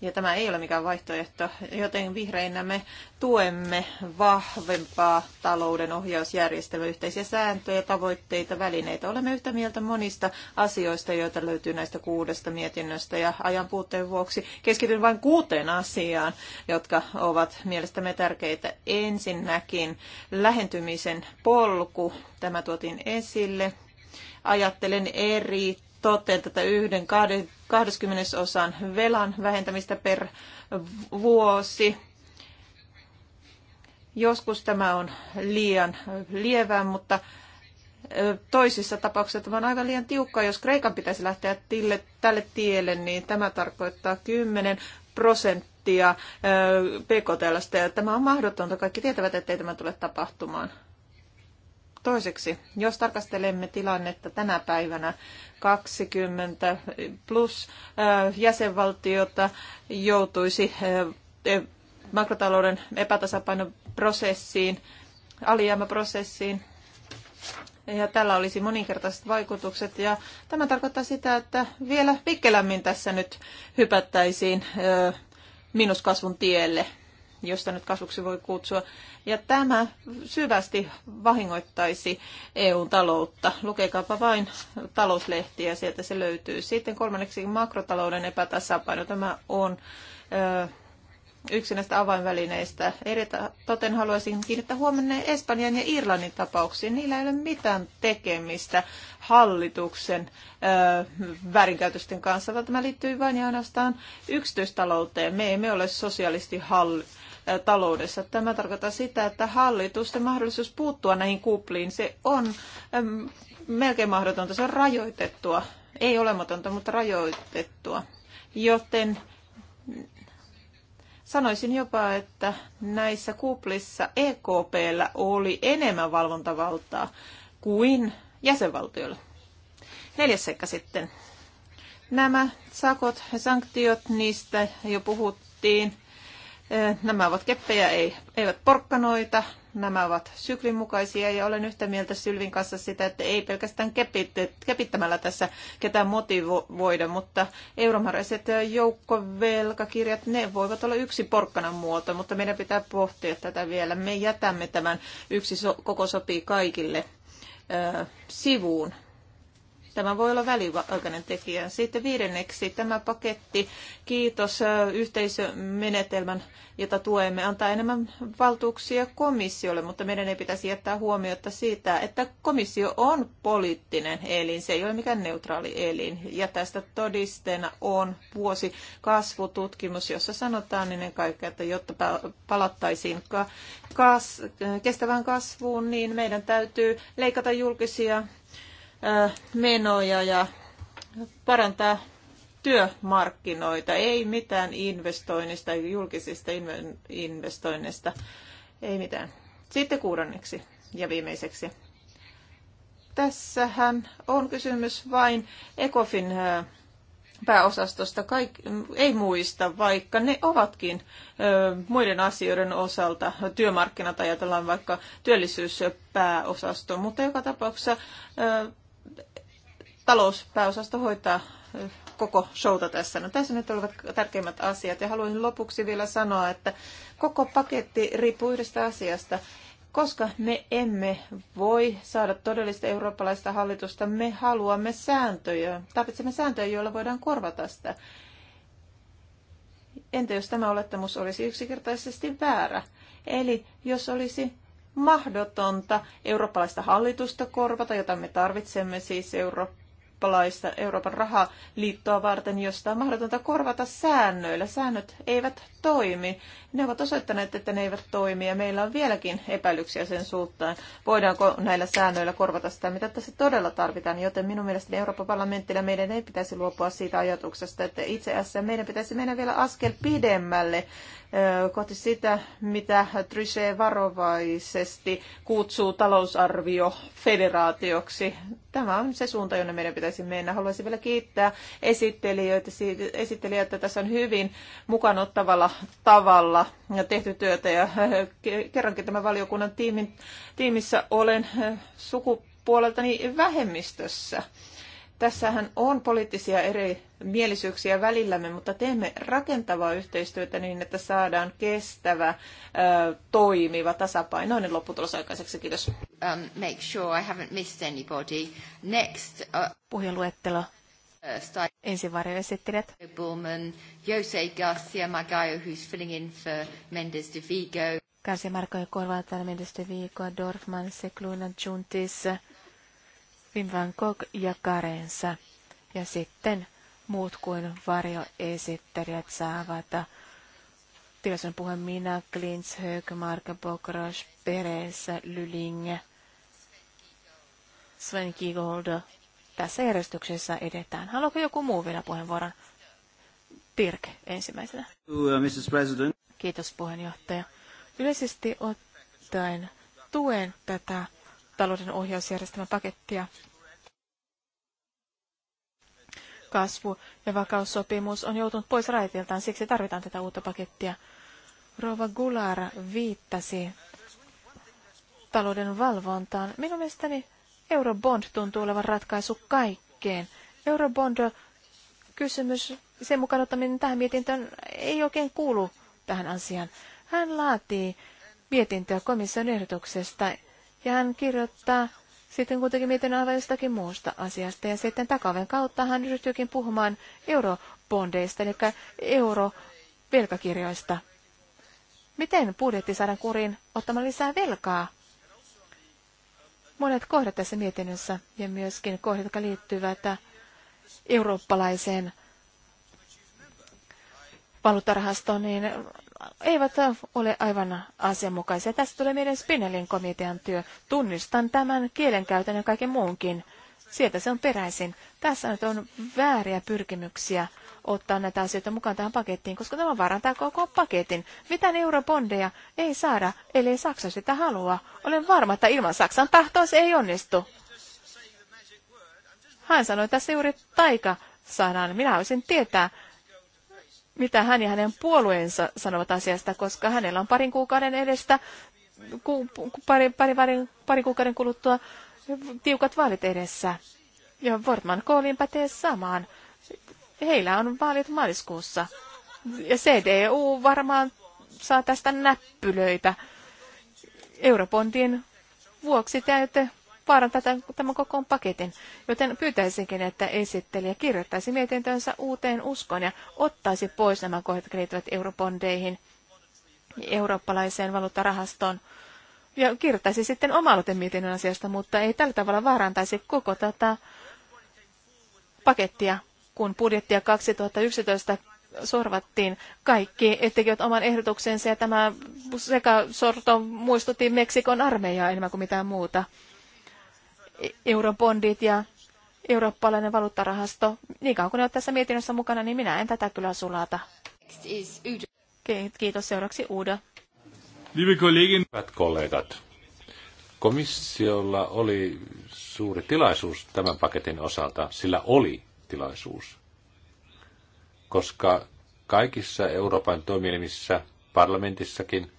ja tämä ei ole mikään vaihtoehto, joten vihreinä me tuemme vahvempaa talouden ohjausjärjestelmää, yhteisiä sääntöjä, tavoitteita, välineitä. Olemme yhtä mieltä monista asioista, joita löytyy näistä kuudesta mietinnöstä ja ajan puutteen vuoksi keskityn vain kuuteen asiaan, jotka ovat mielestämme tärkeitä. Ensinnäkin lähentymisen polku, tämä tuotiin esille. Ajattelen eri toteen tätä yhden, kahden 20 osan velan vähentämistä per vuosi. Joskus tämä on liian lievää, mutta toisissa tapauksissa tämä on aivan liian tiukkaa. Jos Kreikan pitäisi lähteä tille, tälle tielle, niin tämä tarkoittaa 10 prosenttia PKT. Ja tämä on mahdotonta. Kaikki tietävät, ettei tämä tule tapahtumaan. Toiseksi, jos tarkastelemme tilannetta tänä päivänä 20 plus äh, jäsenvaltiota joutuisi äh, eh, makrotalouden epätasapainoprosessiin, alijäämäprosessiin, ja tällä olisi moninkertaiset vaikutukset. Ja tämä tarkoittaa sitä, että vielä pikkelämmin tässä nyt hypättäisiin äh, minuskasvun tielle josta nyt kasvuksi voi kutsua. Ja tämä syvästi vahingoittaisi EUn taloutta. Lukekaapa vain talouslehtiä, sieltä se löytyy. Sitten kolmanneksi makrotalouden epätasapaino. Tämä on ö, yksi näistä avainvälineistä. Erita, toten haluaisin kiinnittää huomenna Espanjan ja Irlannin tapauksiin. Niillä ei ole mitään tekemistä hallituksen ö, väärinkäytösten kanssa, vaan tämä liittyy vain ja ainoastaan yksityistalouteen. Me emme ole sosialistihalli- taloudessa. Tämä tarkoittaa sitä, että hallitusten mahdollisuus puuttua näihin kupliin, se on melkein mahdotonta, se on rajoitettua. Ei olematonta, mutta rajoitettua. Joten Sanoisin jopa, että näissä kuplissa EKPllä oli enemmän valvontavaltaa kuin jäsenvaltioilla. Neljäs seikka sitten. Nämä sakot ja sanktiot, niistä jo puhuttiin. Eh, nämä ovat keppejä, ei, eivät porkkanoita. Nämä ovat syklin mukaisia ja olen yhtä mieltä Sylvin kanssa sitä, että ei pelkästään kepit, kepittämällä tässä ketään motivoida, mutta euromääräiset joukkovelkakirjat, ne voivat olla yksi porkkanan muoto, mutta meidän pitää pohtia tätä vielä. Me jätämme tämän yksi so, koko sopii kaikille eh, sivuun. Tämä voi olla väliaikainen tekijä. Sitten viidenneksi tämä paketti, kiitos yhteisömenetelmän, jota tuemme, antaa enemmän valtuuksia komissiolle, mutta meidän ei pitäisi jättää huomiota siitä, että komissio on poliittinen elin, se ei ole mikään neutraali elin. Ja tästä todisteena on vuosi kasvututkimus, jossa sanotaan ennen kaikkea, että jotta palattaisiin kas, kestävään kasvuun, niin meidän täytyy leikata julkisia menoja ja parantaa työmarkkinoita, ei mitään investoinnista, julkisista investoinneista, ei mitään. Sitten kuudanneksi ja viimeiseksi. Tässähän on kysymys vain ECOFIN pääosastosta, kaik, ei muista, vaikka ne ovatkin ö, muiden asioiden osalta, työmarkkinat ajatellaan vaikka työllisyyspääosasto, mutta joka tapauksessa ö, talouspääosasto hoitaa koko showta tässä. No, tässä nyt olivat tärkeimmät asiat ja haluaisin lopuksi vielä sanoa, että koko paketti riippuu yhdestä asiasta. Koska me emme voi saada todellista eurooppalaista hallitusta, me haluamme sääntöjä. Tarvitsemme sääntöjä, joilla voidaan korvata sitä. Entä jos tämä olettamus olisi yksinkertaisesti väärä? Eli jos olisi mahdotonta eurooppalaista hallitusta korvata, jota me tarvitsemme siis Eurooppaa, eurooppalaista Euroopan rahaliittoa varten, josta on mahdotonta korvata säännöillä. Säännöt eivät toimi. Ne ovat osoittaneet, että ne eivät toimi ja meillä on vieläkin epäilyksiä sen suhteen, voidaanko näillä säännöillä korvata sitä, mitä tässä todella tarvitaan. Joten minun mielestäni Euroopan parlamenttilla meidän ei pitäisi luopua siitä ajatuksesta, että itse asiassa meidän pitäisi mennä vielä askel pidemmälle kohti sitä, mitä Trichet varovaisesti kutsuu talousarvio federaatioksi. Tämä on se suunta, jonne meidän pitäisi mennä. Haluaisin vielä kiittää esittelijöitä, esittelijöitä että tässä on hyvin mukanottavalla tavalla ja tehty työtä. Ja eh, kerrankin tämän valiokunnan tiimin, tiimissä olen eh, sukupuoleltani vähemmistössä. Tässähän on poliittisia eri mielisyyksiä välillämme, mutta teemme rakentavaa yhteistyötä niin, että saadaan kestävä, eh, toimiva, tasapainoinen lopputulos aikaiseksi. Kiitos. Um, make sure I haven't missed anybody. Next, uh... Puheluettelo ensivarjoesittelijät. varjoesittelijät. Bullman, Jose Garcia Magallo, who's filling in for Mendes de Vigo. Garcia Marco korvaa täällä Mendes de Vigo, Dorfman, Sekluna, Juntis, Wim Van Gogh ja Karensa. Ja sitten muut kuin varjoesittelijät saavat Tilaisuuden puheen minä, Klintz, Högmark, Bokros, Perez, Lyling, Sven Kigold, tässä järjestyksessä edetään. Haluatko joku muu vielä puheenvuoron? Pirk ensimmäisenä. Uh, Kiitos puheenjohtaja. Yleisesti ottaen tuen tätä talouden ohjausjärjestelmän pakettia. Kasvu- ja vakaussopimus on joutunut pois raitiltaan, siksi tarvitaan tätä uutta pakettia. Rova Gulara viittasi talouden valvontaan. Minun mielestäni Eurobond tuntuu olevan ratkaisu kaikkeen. Eurobond-kysymys, sen mukaan ottaminen tähän mietintöön ei oikein kuulu tähän asiaan. Hän laatii mietintöä komission ehdotuksesta ja hän kirjoittaa sitten kuitenkin mietinnön aivan jostakin muusta asiasta. Ja sitten takaven kautta hän ryhtyykin puhumaan eurobondeista, eli eurovelkakirjoista. Miten budjetti saadaan kuriin ottamalla lisää velkaa? monet kohdat tässä mietinnössä ja myöskin kohdat, jotka liittyvät eurooppalaiseen valuuttarahastoon, niin eivät ole aivan asianmukaisia. Tässä tulee meidän Spinellin komitean työ. Tunnistan tämän kielenkäytön ja kaiken muunkin. Sieltä se on peräisin. Tässä nyt on vääriä pyrkimyksiä ottaa näitä asioita mukaan tähän pakettiin, koska tämä varantaa koko paketin. Mitään eurobondeja ei saada, ellei Saksa sitä halua. Olen varma, että ilman Saksan tahtoa se ei onnistu. Hän sanoi tässä juuri taika sanan. Minä haluaisin tietää, mitä hän ja hänen puolueensa sanovat asiasta, koska hänellä on parin kuukauden edestä, ku, pari, pari, pari, pari kuukauden kuluttua tiukat vaalit edessä. Ja Wortman Koolin pätee samaan heillä on vaalit maaliskuussa. Ja CDU varmaan saa tästä näppylöitä. Eurobondin vuoksi te aiotte vaarantaa tämän koko paketin, joten pyytäisinkin, että esittelijä kirjoittaisi mietintönsä uuteen uskoon ja ottaisi pois nämä kohdat, jotka liittyvät eurobondeihin ja eurooppalaiseen valuuttarahastoon. Ja kirjoittaisi sitten oma mietinnön asiasta, mutta ei tällä tavalla vaarantaisi koko tätä pakettia kun budjettia 2011 sorvattiin, kaikki tekivät oman ehdotuksensa ja tämä sekä muistutti Meksikon armeijaa enemmän kuin mitään muuta. Eurobondit ja eurooppalainen valuuttarahasto, niin kauan kun ne ovat tässä mietinnössä mukana, niin minä en tätä kyllä sulata. Kiitos seuraavaksi Uuda. Hyvät kollegat, komissiolla oli suuri tilaisuus tämän paketin osalta. Sillä oli tilaisuus. Koska kaikissa Euroopan toimielimissä, parlamentissakin,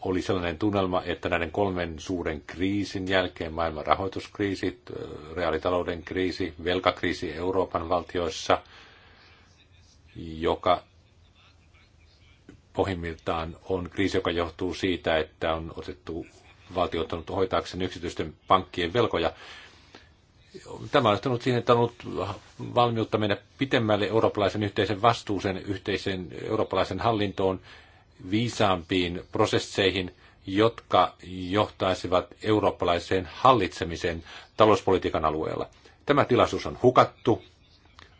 oli sellainen tunnelma, että näiden kolmen suuren kriisin jälkeen, maailman rahoituskriisi, reaalitalouden kriisi, velkakriisi Euroopan valtioissa, joka pohjimmiltaan on kriisi, joka johtuu siitä, että on otettu valtio ottanut hoitaakseen yksityisten pankkien velkoja. Tämä on johtanut siihen, että on ollut valmiutta mennä pitemmälle eurooppalaisen yhteisen vastuuseen, yhteisen eurooppalaisen hallintoon, viisaampiin prosesseihin, jotka johtaisivat eurooppalaiseen hallitsemiseen talouspolitiikan alueella. Tämä tilaisuus on hukattu.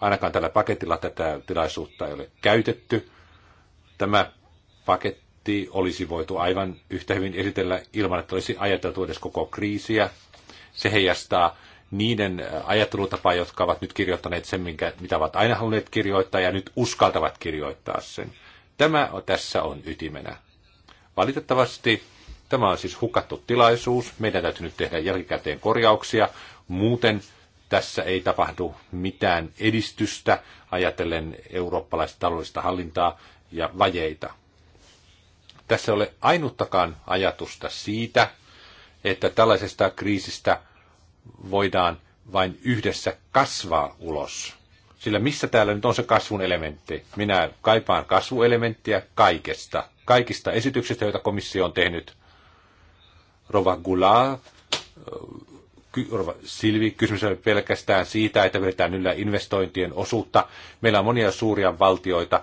Ainakaan tällä paketilla tätä tilaisuutta ei ole käytetty. Tämä paketti olisi voitu aivan yhtä hyvin esitellä ilman, että olisi ajateltu edes koko kriisiä. Se heijastaa niiden ajattelutapaa, jotka ovat nyt kirjoittaneet sen, minkä, mitä ovat aina halunneet kirjoittaa ja nyt uskaltavat kirjoittaa sen. Tämä tässä on ytimenä. Valitettavasti tämä on siis hukattu tilaisuus. Meidän täytyy nyt tehdä jälkikäteen korjauksia. Muuten tässä ei tapahdu mitään edistystä ajatellen eurooppalaista taloudellista hallintaa ja vajeita. Tässä ei ole ainuttakaan ajatusta siitä, että tällaisesta kriisistä – voidaan vain yhdessä kasvaa ulos. Sillä missä täällä nyt on se kasvun elementti? Minä kaipaan kasvuelementtiä kaikesta. Kaikista esityksistä, joita komissio on tehnyt. Rova äh, Rova Silvi, kysymys on pelkästään siitä, että vedetään yllä investointien osuutta. Meillä on monia suuria valtioita,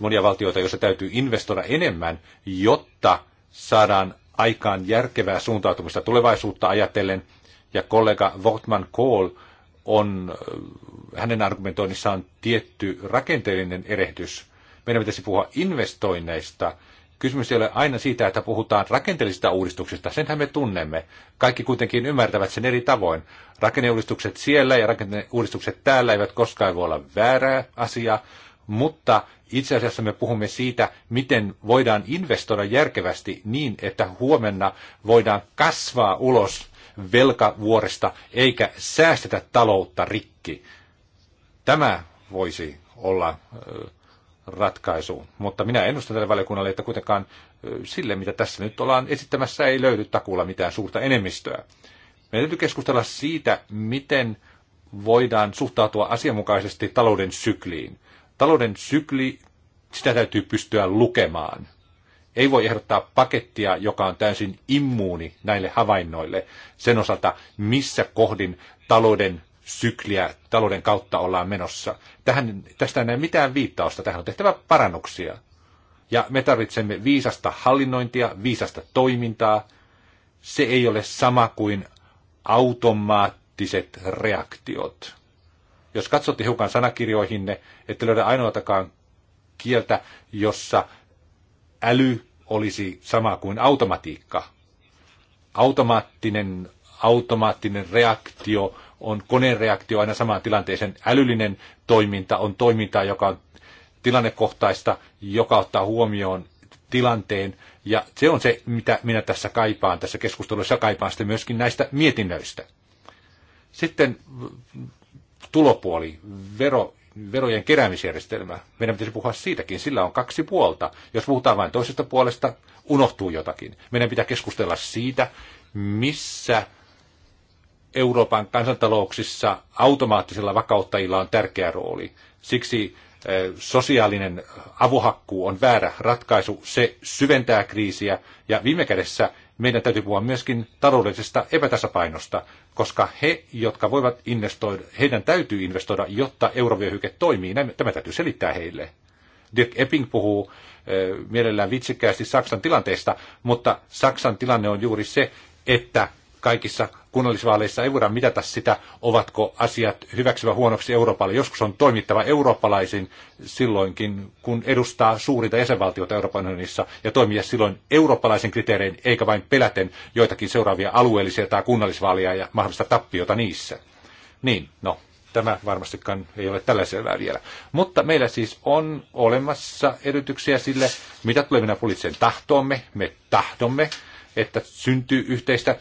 monia valtioita, joissa täytyy investoida enemmän, jotta saadaan aikaan järkevää suuntautumista tulevaisuutta ajatellen – ja kollega Wortman Kohl on, äh, hänen argumentoinnissaan tietty rakenteellinen erehdys. Meidän pitäisi puhua investoinneista. Kysymys ei ole aina siitä, että puhutaan rakenteellisista uudistuksista. Senhän me tunnemme. Kaikki kuitenkin ymmärtävät sen eri tavoin. Rakenneuudistukset siellä ja rakenneuudistukset täällä eivät koskaan voi olla väärää asiaa, mutta itse asiassa me puhumme siitä, miten voidaan investoida järkevästi niin, että huomenna voidaan kasvaa ulos velkavuoresta eikä säästetä taloutta rikki. Tämä voisi olla ratkaisu. Mutta minä ennustan tälle valiokunnalle, että kuitenkaan sille, mitä tässä nyt ollaan esittämässä, ei löydy takuulla mitään suurta enemmistöä. Meidän täytyy keskustella siitä, miten voidaan suhtautua asianmukaisesti talouden sykliin. Talouden sykli, sitä täytyy pystyä lukemaan. Ei voi ehdottaa pakettia, joka on täysin immuuni näille havainnoille sen osalta, missä kohdin talouden sykliä talouden kautta ollaan menossa. Tähän, tästä ei näe mitään viittausta, tähän on tehtävä parannuksia. Ja me tarvitsemme viisasta hallinnointia, viisasta toimintaa. Se ei ole sama kuin automaattiset reaktiot. Jos katsotte hiukan sanakirjoihinne, ette löydä ainoatakaan kieltä, jossa äly olisi sama kuin automatiikka. Automaattinen, automaattinen reaktio on koneen reaktio aina samaan tilanteeseen. Älyllinen toiminta on toimintaa, joka on tilannekohtaista, joka ottaa huomioon tilanteen. Ja se on se, mitä minä tässä kaipaan, tässä keskustelussa kaipaan sitten myöskin näistä mietinnöistä. Sitten tulopuoli, vero verojen keräämisjärjestelmä. Meidän pitäisi puhua siitäkin, sillä on kaksi puolta. Jos puhutaan vain toisesta puolesta, unohtuu jotakin. Meidän pitää keskustella siitä, missä Euroopan kansantalouksissa automaattisilla vakauttajilla on tärkeä rooli. Siksi eh, sosiaalinen avohakkuu on väärä ratkaisu. Se syventää kriisiä ja viime kädessä meidän täytyy puhua myöskin taloudellisesta epätasapainosta, koska he, jotka voivat investoida, heidän täytyy investoida, jotta eurovyöhyke toimii. Tämä täytyy selittää heille. Dirk Epping puhuu eh, mielellään vitsikkäästi Saksan tilanteesta, mutta Saksan tilanne on juuri se, että kaikissa kunnallisvaaleissa ei voida mitata sitä, ovatko asiat vai huonoksi Euroopalle. Joskus on toimittava eurooppalaisin silloinkin, kun edustaa suurinta jäsenvaltiota Euroopan unionissa ja toimia silloin eurooppalaisen kriteerein, eikä vain peläten joitakin seuraavia alueellisia tai kunnallisvaaleja ja mahdollista tappiota niissä. Niin, no, tämä varmastikaan ei ole tällä selvää vielä. Mutta meillä siis on olemassa edellytyksiä sille, mitä tulee minä poliittiseen tahtoomme. Me tahdomme, että syntyy yhteistä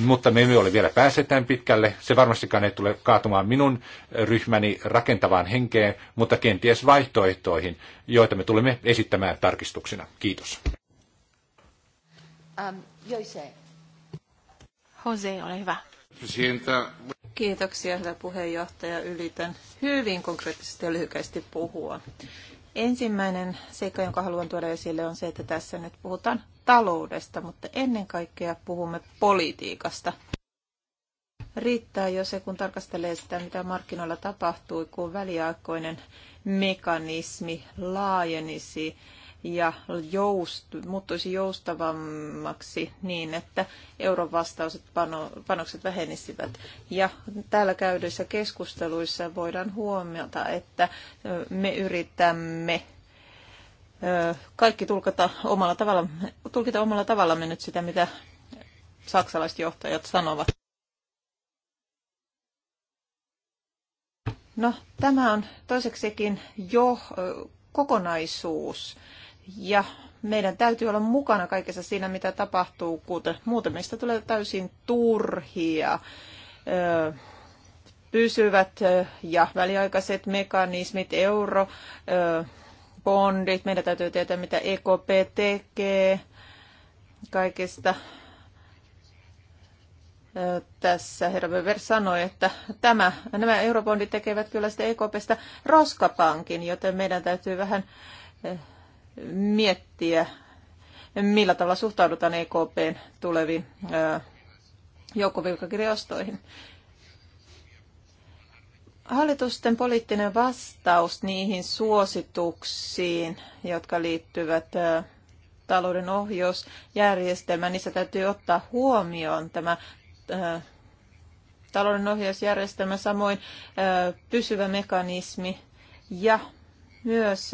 mutta me emme ole vielä päässeet tämän pitkälle. Se varmastikaan ei tule kaatumaan minun ryhmäni rakentavaan henkeen, mutta kenties vaihtoehtoihin, joita me tulemme esittämään tarkistuksina. Kiitos. Um, Jose. Jose, ole hyvä. Kiitoksia, hyvä puheenjohtaja. Ylitän hyvin konkreettisesti ja lyhykäisesti puhua. Ensimmäinen seikka, jonka haluan tuoda esille, on se, että tässä nyt puhutaan taloudesta, mutta ennen kaikkea puhumme politiikasta. Riittää jo se, kun tarkastelee sitä, mitä markkinoilla tapahtui, kun väliaikoinen mekanismi laajenisi ja joust, muuttuisi joustavammaksi niin, että euron vastaiset pano, panokset vähenisivät. Ja täällä käydyissä keskusteluissa voidaan huomata, että me yritämme kaikki tulkata omalla tavalla, tulkita omalla me nyt sitä, mitä saksalaiset johtajat sanovat. No, tämä on toiseksikin jo kokonaisuus ja meidän täytyy olla mukana kaikessa siinä, mitä tapahtuu, kuten muuten meistä tulee täysin turhia. Öö, pysyvät ja väliaikaiset mekanismit, euro, bondit, meidän täytyy tietää, mitä EKP tekee kaikista. Tässä herra Weber sanoi, että tämä, nämä eurobondit tekevät kyllä sitä EKPstä roskapankin, joten meidän täytyy vähän miettiä, millä tavalla suhtaudutaan EKPn tuleviin joukkovelkakirjaostoihin. Hallitusten poliittinen vastaus niihin suosituksiin, jotka liittyvät talouden ohjausjärjestelmään, niissä täytyy ottaa huomioon tämä talouden ohjausjärjestelmä, samoin pysyvä mekanismi ja myös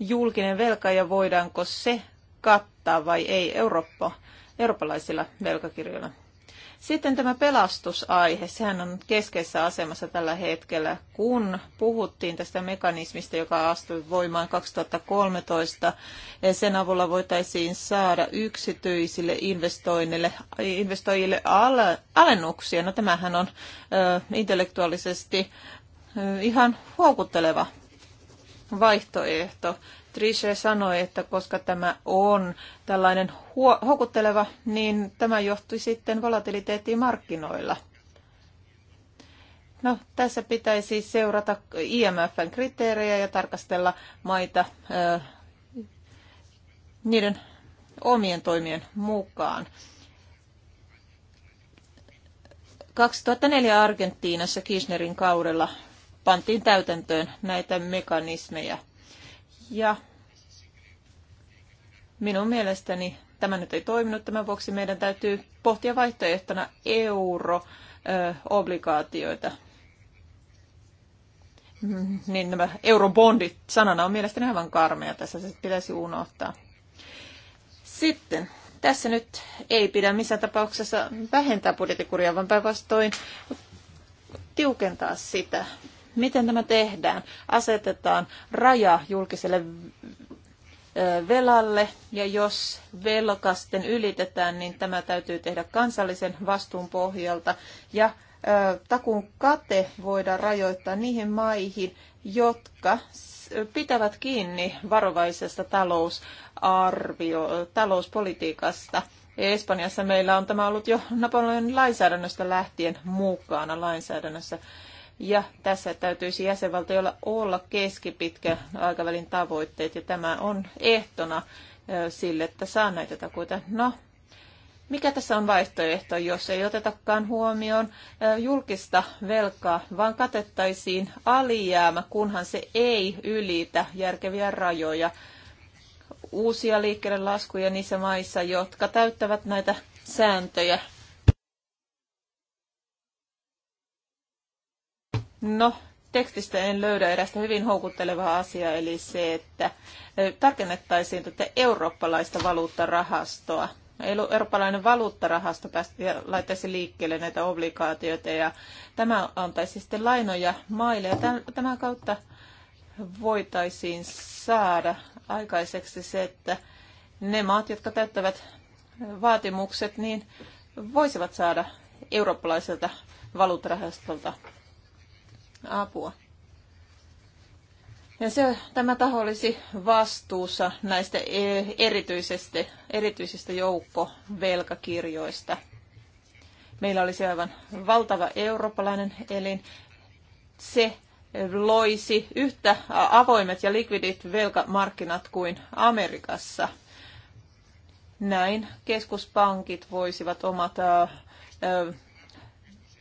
julkinen velka ja voidaanko se kattaa vai ei Eurooppa, eurooppalaisilla velkakirjoilla. Sitten tämä pelastusaihe, sehän on keskeisessä asemassa tällä hetkellä, kun puhuttiin tästä mekanismista, joka astui voimaan 2013. Sen avulla voitaisiin saada yksityisille investoinnille, investoijille alennuksia. No tämähän on ö, intellektuaalisesti ö, ihan huokutteleva vaihtoehto. Trise sanoi, että koska tämä on tällainen houkutteleva, niin tämä johtui sitten volatiliteettiin markkinoilla. No, tässä pitäisi seurata IMFn kriteerejä ja tarkastella maita ö, niiden omien toimien mukaan. 2004 Argentiinassa Kirchnerin kaudella pantiin täytäntöön näitä mekanismeja. Ja minun mielestäni tämä nyt ei toiminut, tämän vuoksi meidän täytyy pohtia vaihtoehtona euro-obligaatioita. Niin nämä eurobondit sanana on mielestäni aivan karmea, tässä se pitäisi unohtaa. Sitten tässä nyt ei pidä missään tapauksessa vähentää budjettikuria, vaan päinvastoin tiukentaa sitä. Miten tämä tehdään? Asetetaan raja julkiselle velalle ja jos velka sitten ylitetään, niin tämä täytyy tehdä kansallisen vastuun pohjalta ja takun kate voidaan rajoittaa niihin maihin, jotka pitävät kiinni varovaisesta talousarvio, talouspolitiikasta. Espanjassa meillä on tämä ollut jo Napoleonin lainsäädännöstä lähtien mukana lainsäädännössä. Ja tässä täytyisi jäsenvaltioilla olla keskipitkä aikavälin tavoitteet, ja tämä on ehtona sille, että saa näitä takuita. No, mikä tässä on vaihtoehto, jos ei otetakaan huomioon julkista velkaa, vaan katettaisiin alijäämä, kunhan se ei ylitä järkeviä rajoja uusia liikkeelle laskuja niissä maissa, jotka täyttävät näitä sääntöjä No, tekstistä en löydä erästä hyvin houkuttelevaa asiaa, eli se, että tarkennettaisiin tätä eurooppalaista valuuttarahastoa. Eurooppalainen valuuttarahasto laittaisi liikkeelle näitä obligaatioita ja tämä antaisi sitten lainoja maille ja tämän kautta voitaisiin saada aikaiseksi se, että ne maat, jotka täyttävät vaatimukset, niin voisivat saada eurooppalaiselta valuuttarahastolta apua. Ja se, tämä taho olisi vastuussa näistä e, erityisesti, erityisistä joukkovelkakirjoista. Meillä olisi aivan valtava eurooppalainen elin. Se loisi yhtä avoimet ja likvidit velkamarkkinat kuin Amerikassa. Näin keskuspankit voisivat omat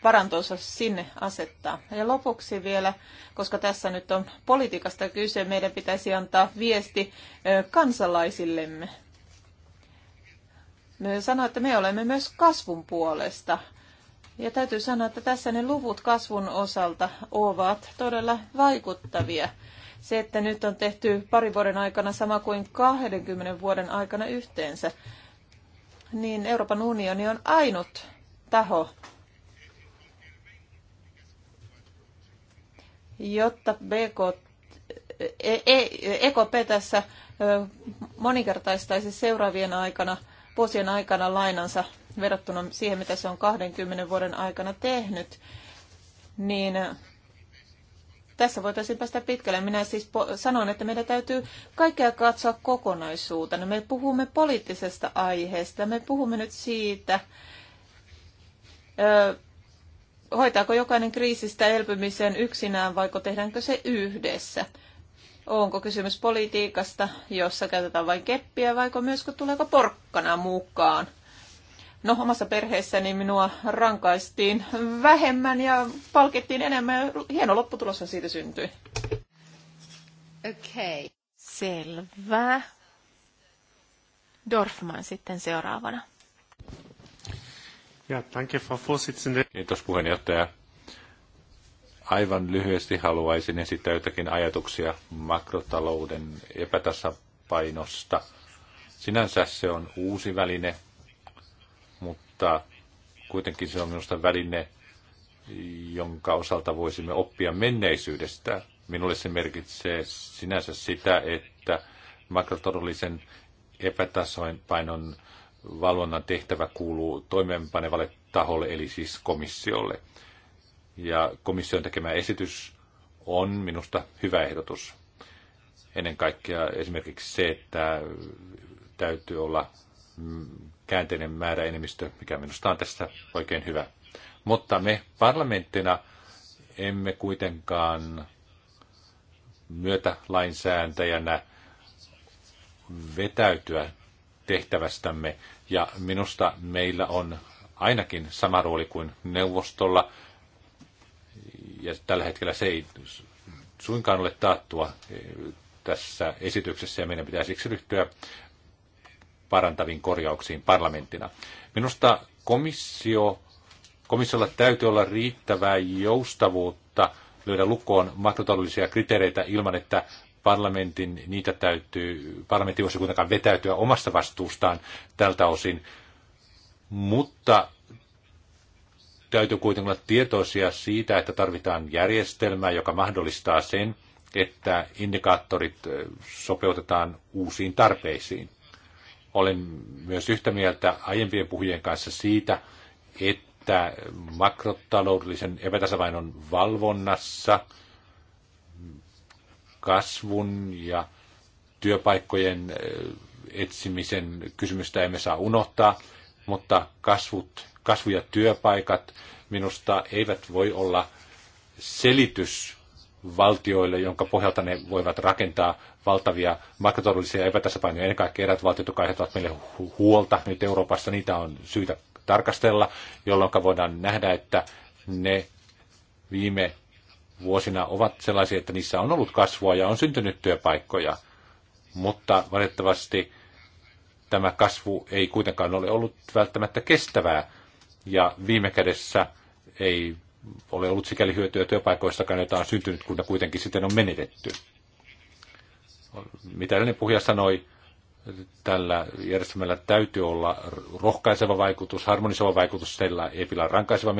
varantonsa sinne asettaa. Ja lopuksi vielä, koska tässä nyt on politiikasta kyse, meidän pitäisi antaa viesti kansalaisillemme. Me sanoa, että me olemme myös kasvun puolesta. Ja täytyy sanoa, että tässä ne luvut kasvun osalta ovat todella vaikuttavia. Se, että nyt on tehty pari vuoden aikana sama kuin 20 vuoden aikana yhteensä, niin Euroopan unioni on ainut taho, jotta BKT EKP e, e tässä moninkertaistaisi seuraavien aikana, vuosien aikana lainansa verrattuna siihen, mitä se on 20 vuoden aikana tehnyt, niin tässä voitaisiin päästä pitkälle. Minä siis sanon, että meidän täytyy kaikkea katsoa kokonaisuutena. Me puhumme poliittisesta aiheesta. Me puhumme nyt siitä, hoitaako jokainen kriisistä elpymisen yksinään vai tehdäänkö se yhdessä? Onko kysymys politiikasta, jossa käytetään vain keppiä, vai myös tuleeko porkkana mukaan? No, omassa perheessäni minua rankaistiin vähemmän ja palkittiin enemmän. Hieno lopputulos siitä syntyi. Okei, okay. selvä. Dorfman sitten seuraavana. Ja, danke, Frau Vorsitzende. Kiitos puheenjohtaja. Aivan lyhyesti haluaisin esittää jotakin ajatuksia makrotalouden epätasapainosta. Sinänsä se on uusi väline, mutta kuitenkin se on minusta väline, jonka osalta voisimme oppia menneisyydestä. Minulle se merkitsee sinänsä sitä, että makrotaloudellisen epätasoin painon valvonnan tehtävä kuuluu toimeenpanevalle taholle, eli siis komissiolle. Ja komission tekemä esitys on minusta hyvä ehdotus. Ennen kaikkea esimerkiksi se, että täytyy olla käänteinen määrä enemmistö, mikä minusta on tässä oikein hyvä. Mutta me parlamenttina emme kuitenkaan myötä lainsäätäjänä vetäytyä tehtävästämme. Ja minusta meillä on ainakin sama rooli kuin neuvostolla. Ja tällä hetkellä se ei suinkaan ole taattua e, tässä esityksessä ja meidän pitää siksi ryhtyä parantaviin korjauksiin parlamenttina. Minusta komissio, komissiolla täytyy olla riittävää joustavuutta löydä lukoon makrotaloudellisia kriteereitä ilman, että parlamentin, niitä täytyy, parlamentti voisi kuitenkaan vetäytyä omasta vastuustaan tältä osin, mutta täytyy kuitenkin olla tietoisia siitä, että tarvitaan järjestelmää, joka mahdollistaa sen, että indikaattorit sopeutetaan uusiin tarpeisiin. Olen myös yhtä mieltä aiempien puhujien kanssa siitä, että makrotaloudellisen epätasapainon valvonnassa – kasvun ja työpaikkojen etsimisen kysymystä emme saa unohtaa, mutta kasvut, kasvu ja työpaikat minusta eivät voi olla selitys valtioille, jonka pohjalta ne voivat rakentaa valtavia makrotaloudellisia epätasapainoja. Ennen kaikkea erät valtiot, jotka aiheuttavat meille huolta nyt Euroopassa, niitä on syytä tarkastella, jolloin voidaan nähdä, että ne viime vuosina ovat sellaisia, että niissä on ollut kasvua ja on syntynyt työpaikkoja, mutta valitettavasti tämä kasvu ei kuitenkaan ole ollut välttämättä kestävää ja viime kädessä ei ole ollut sikäli hyötyä työpaikoistakaan, joita on syntynyt, kun ne kuitenkin sitten on menetetty. Mitä edellinen puhuja sanoi, tällä järjestelmällä täytyy olla rohkaiseva vaikutus, harmonisoiva vaikutus, sillä ei pidä rankaiseva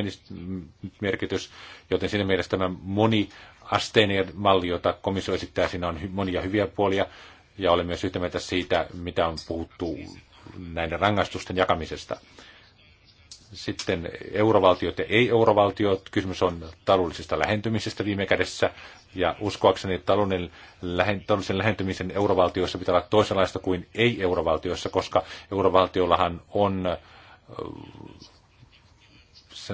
merkitys, joten siinä mielessä tämä moniasteinen malli, jota komissio esittää, siinä on monia hyviä puolia, ja olen myös yhtä mieltä siitä, mitä on puhuttu näiden rangaistusten jakamisesta. Sitten eurovaltiot ja ei-eurovaltiot. Kysymys on taloudellisesta lähentymisestä viime kädessä. Ja uskoakseni että taloudellisen lähentymisen eurovaltioissa pitää olla toisenlaista kuin ei-eurovaltioissa, koska eurovaltiollahan on äh, se,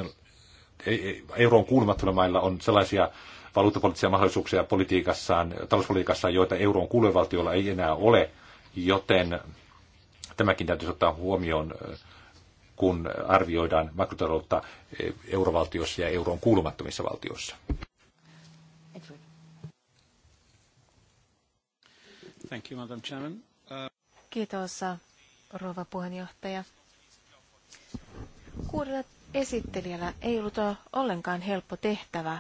euroon kuulumattomilla mailla on sellaisia valuuttapoliittisia mahdollisuuksia politiikassaan, talouspolitiikassaan, joita euroon kuuluvaltiolla ei enää ole, joten tämäkin täytyisi ottaa huomioon äh, kun arvioidaan makrotaloutta eh, eurovaltiossa ja euroon kuulumattomissa valtioissa. Thank you, Madam Chairman. Uh... Kiitos, rouva puheenjohtaja. Kuudella esittelijällä ei ollut ollenkaan helppo tehtävä.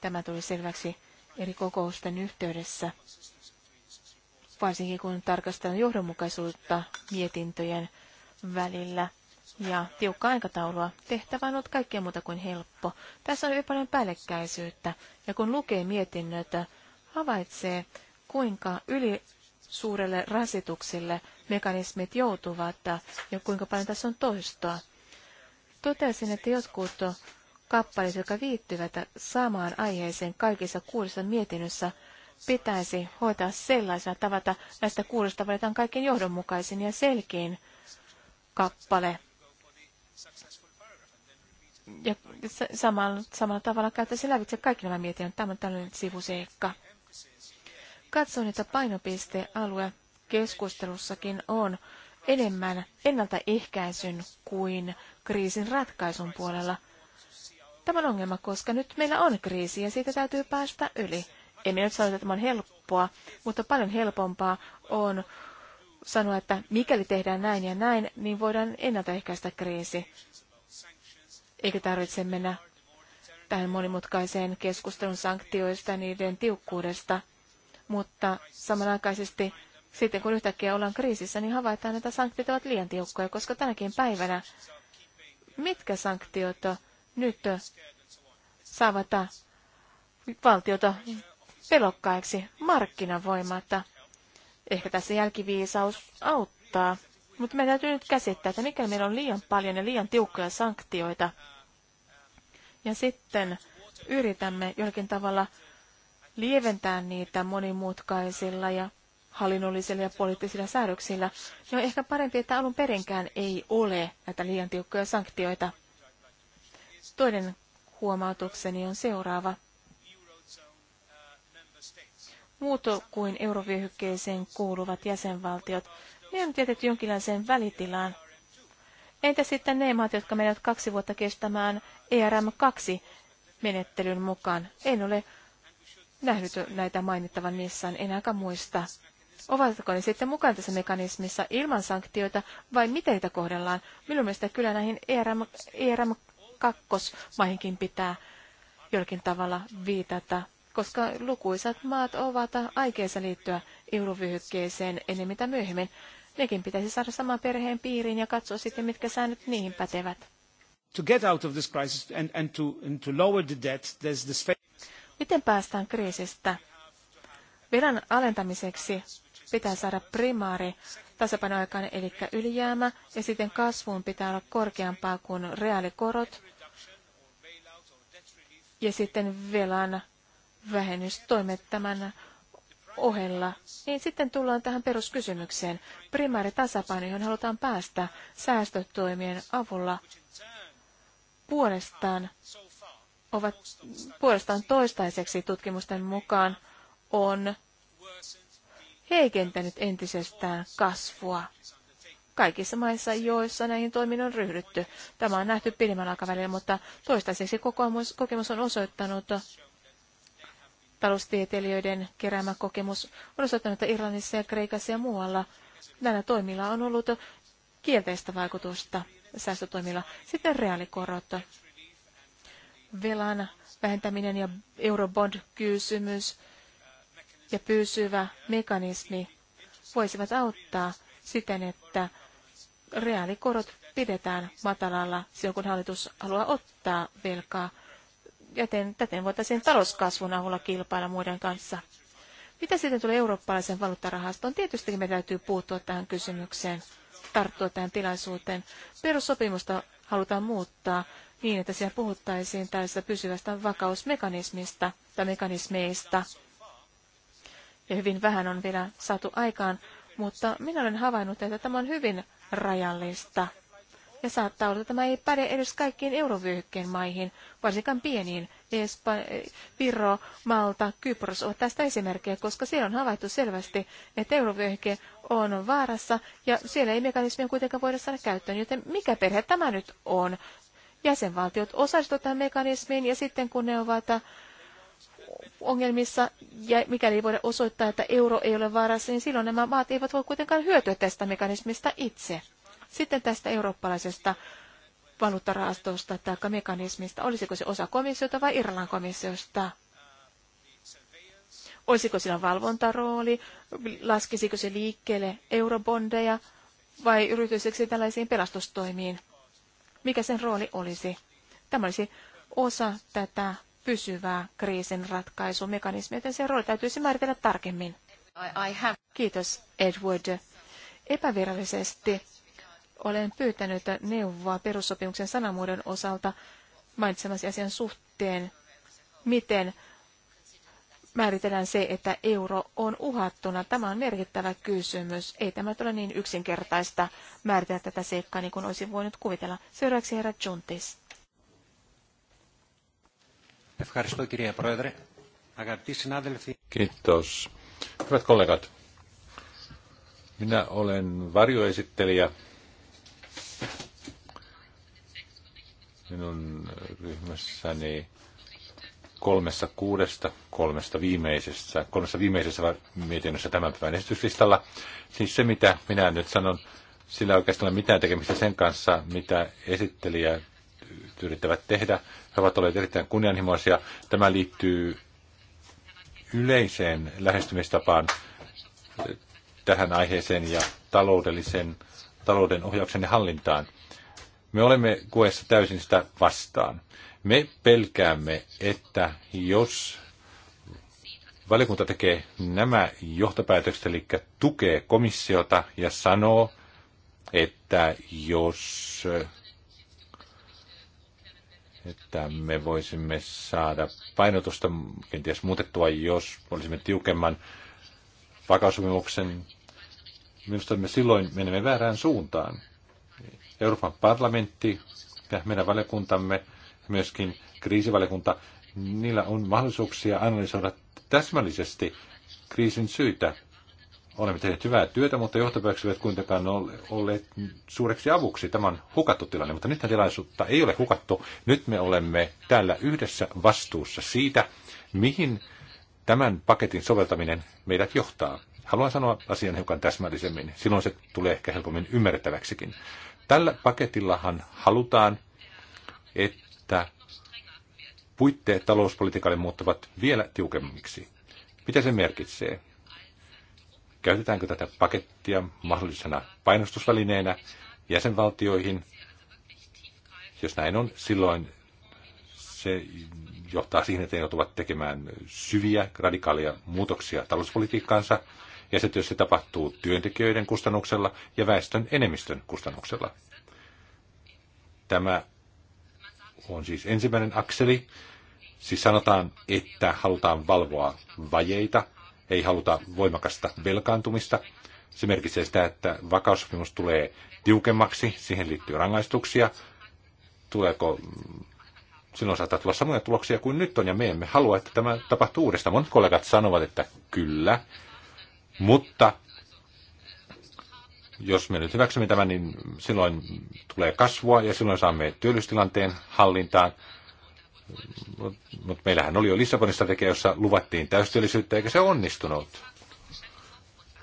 Tämä tuli selväksi eri kokousten yhteydessä, varsinkin kun tarkastellaan johdonmukaisuutta mietintöjen välillä ja tiukkaa aikataulua. Tehtävä on ollut kaikkea muuta kuin helppo. Tässä on hyvin paljon päällekkäisyyttä, ja kun lukee mietinnöt, havaitsee, kuinka yli suurelle rasitukselle mekanismit joutuvat ja kuinka paljon tässä on toistoa. Totesin, että jotkut kappaleet, jotka viittyvät samaan aiheeseen kaikissa kuudessa mietinnössä, pitäisi hoitaa sellaisena tavata että näistä kuudesta valitaan kaikkein johdonmukaisin ja selkein kappale ja samalla, samalla tavalla käyttäisi lävitse kaikki nämä mietinnöt. Tämä on tällainen sivuseikka. Katson, että painopistealue keskustelussakin on enemmän ennaltaehkäisyn kuin kriisin ratkaisun puolella. Tämä on ongelma, koska nyt meillä on kriisi ja siitä täytyy päästä yli. Emme nyt sano, että tämä on helppoa, mutta paljon helpompaa on sanoa, että mikäli tehdään näin ja näin, niin voidaan ennaltaehkäistä kriisi eikä tarvitse mennä tähän monimutkaiseen keskustelun sanktioista ja niiden tiukkuudesta. Mutta samanaikaisesti sitten kun yhtäkkiä ollaan kriisissä, niin havaitaan, että sanktiot ovat liian tiukkoja, koska tänäkin päivänä mitkä sanktiot nyt saavat valtiota pelokkaiksi markkinavoimatta. Ehkä tässä jälkiviisaus auttaa. Mutta meidän täytyy nyt käsittää, että mikäli meillä on liian paljon ja liian tiukkoja sanktioita, ja sitten yritämme jollakin tavalla lieventää niitä monimutkaisilla ja hallinnollisilla ja poliittisilla säädöksillä, niin on ehkä parempi, että alun perinkään ei ole näitä liian tiukkoja sanktioita. Toinen huomautukseni on seuraava. Muuto kuin eurovyöhykkeeseen kuuluvat jäsenvaltiot ne on tietetty jonkinlaiseen välitilaan. Entä sitten ne maat, jotka menevät kaksi vuotta kestämään ERM2-menettelyn mukaan? En ole nähnyt näitä mainittavan missään, en aika muista. Ovatko ne sitten mukana tässä mekanismissa ilman sanktioita vai miten niitä kohdellaan? Minun mielestä kyllä näihin ERM, ERM2-maihinkin pitää jollakin tavalla viitata, koska lukuisat maat ovat aikeissa liittyä eurovyöhykkeeseen enemmän myöhemmin. Nekin pitäisi saada saman perheen piiriin ja katsoa sitten, mitkä säännöt niihin pätevät. Miten päästään kriisistä? Velan alentamiseksi pitää saada primaari tasapainoaikaan, eli ylijäämä, ja sitten kasvuun pitää olla korkeampaa kuin reaalikorot, ja sitten velan vähennystoimet tämän ohella, niin sitten tullaan tähän peruskysymykseen. Primääritasapaino, johon halutaan päästä säästötoimien avulla, puolestaan, ovat, puolestaan toistaiseksi tutkimusten mukaan on heikentänyt entisestään kasvua kaikissa maissa, joissa näihin toimiin on ryhdytty. Tämä on nähty pidemmän aikavälillä, mutta toistaiseksi kokemus on osoittanut, taloustieteilijöiden keräämä kokemus on osoittanut, että Irlannissa ja Kreikassa ja muualla näillä toimilla on ollut kielteistä vaikutusta säästötoimilla. Sitten reaalikorot, velan vähentäminen ja eurobond-kysymys ja pysyvä mekanismi voisivat auttaa siten, että reaalikorot pidetään matalalla silloin, kun hallitus haluaa ottaa velkaa Joten täten voitaisiin talouskasvun avulla kilpailla muiden kanssa. Mitä sitten tulee eurooppalaisen valuuttarahastoon? Tietysti me täytyy puuttua tähän kysymykseen, tarttua tähän tilaisuuteen. Perussopimusta halutaan muuttaa niin, että siellä puhuttaisiin tällaisesta pysyvästä vakausmekanismista tai mekanismeista. Ja hyvin vähän on vielä saatu aikaan, mutta minä olen havainnut, että tämä on hyvin rajallista. Ja saattaa olla, että tämä ei päde edes kaikkiin eurovyöhykkeen maihin, varsinkaan pieniin. Espa- Viro, Malta, Kypros ovat tästä esimerkkejä, koska siellä on havaittu selvästi, että eurovyöhyke on vaarassa ja siellä ei mekanismia kuitenkaan voida saada käyttöön. Joten mikä perhe tämä nyt on? Jäsenvaltiot osallistuvat tähän mekanismiin ja sitten kun ne ovat ongelmissa, ja mikäli ei voida osoittaa, että euro ei ole vaarassa, niin silloin nämä maat eivät voi kuitenkaan hyötyä tästä mekanismista itse. Sitten tästä eurooppalaisesta valuuttarahastosta tai mekanismista, olisiko se osa komissiota vai Irlannin komissiosta? Olisiko sillä valvontarooli, laskisiko se liikkeelle eurobondeja vai yrityiseksi tällaisiin pelastustoimiin? Mikä sen rooli olisi? Tämä olisi osa tätä pysyvää kriisin ratkaisumekanismia, joten sen rooli täytyisi määritellä tarkemmin. Kiitos, Edward. Epävirallisesti olen pyytänyt neuvoa perussopimuksen sanamuodon osalta mainitsemasi asian suhteen, miten määritellään se, että euro on uhattuna. Tämä on merkittävä kysymys. Ei tämä ole niin yksinkertaista määritellä tätä seikkaa, niin kuin olisi voinut kuvitella. Seuraavaksi herra Juntis. Kiitos. Hyvät kollegat, minä olen varjoesittelijä minun ryhmässäni kolmessa kuudesta, kolmesta viimeisessä, kolmessa viimeisessä mietinnössä tämän päivän esityslistalla. Siis se, mitä minä nyt sanon, sillä oikeastaan mitään tekemistä sen kanssa, mitä esittelijä yrittävät tehdä. He ovat olleet erittäin kunnianhimoisia. Tämä liittyy yleiseen lähestymistapaan eh, tähän aiheeseen ja taloudellisen, talouden ohjauksen ja hallintaan. Me olemme kuessa täysin sitä vastaan. Me pelkäämme, että jos valiokunta tekee nämä johtopäätökset, eli tukee komissiota ja sanoo, että jos että me voisimme saada painotusta kenties muutettua, jos olisimme tiukemman vakaussopimuksen. Minusta me silloin menemme väärään suuntaan. Euroopan parlamentti ja meidän valiokuntamme ja myöskin kriisivaliokunta, niillä on mahdollisuuksia analysoida täsmällisesti kriisin syitä. Olemme tehneet hyvää työtä, mutta johtopäätökset eivät kuitenkaan ole olleet suureksi avuksi. Tämä on hukattu tilanne, mutta nyt tilaisuutta ei ole hukattu. Nyt me olemme täällä yhdessä vastuussa siitä, mihin tämän paketin soveltaminen meidät johtaa. Haluan sanoa asian hiukan täsmällisemmin. Silloin se tulee ehkä helpommin ymmärrettäväksikin. Tällä paketillahan halutaan, että puitteet talouspolitiikalle muuttuvat vielä tiukemmiksi. Mitä se merkitsee? Käytetäänkö tätä pakettia mahdollisena painostusvälineenä jäsenvaltioihin? Jos näin on, silloin se johtaa siihen, että ne joutuvat tekemään syviä, radikaaleja muutoksia talouspolitiikkaansa – ja se tietysti tapahtuu työntekijöiden kustannuksella ja väestön enemmistön kustannuksella. Tämä on siis ensimmäinen akseli. Siis sanotaan, että halutaan valvoa vajeita, ei haluta voimakasta velkaantumista. Se merkitsee sitä, että vakaussopimus tulee tiukemmaksi, siihen liittyy rangaistuksia. Tuleeko silloin saattaa tulla samoja tuloksia kuin nyt on, ja me emme halua, että tämä tapahtuu uudestaan. Monet kollegat sanovat, että kyllä, mutta jos me nyt hyväksymme tämän, niin silloin tulee kasvua ja silloin saamme työllistilanteen hallintaan. Mutta meillähän oli jo Lissabonin strategia, jossa luvattiin täystyöllisyyttä, eikä se onnistunut.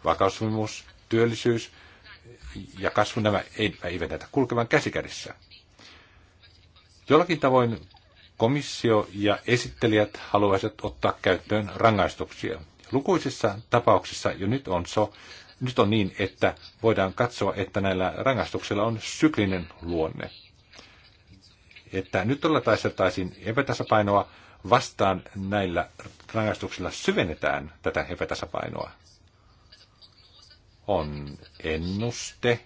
Vakaussopimus, työllisyys ja kasvu, nämä eivät näitä kulkevan käsikädessä. Jollakin tavoin komissio ja esittelijät haluaisivat ottaa käyttöön rangaistuksia. Lukuisissa tapauksissa jo nyt on, so, nyt on niin, että voidaan katsoa, että näillä rangaistuksilla on syklinen luonne. Että nyt todella taisteltaisiin epätasapainoa vastaan näillä rangaistuksilla syvennetään tätä epätasapainoa. On ennuste,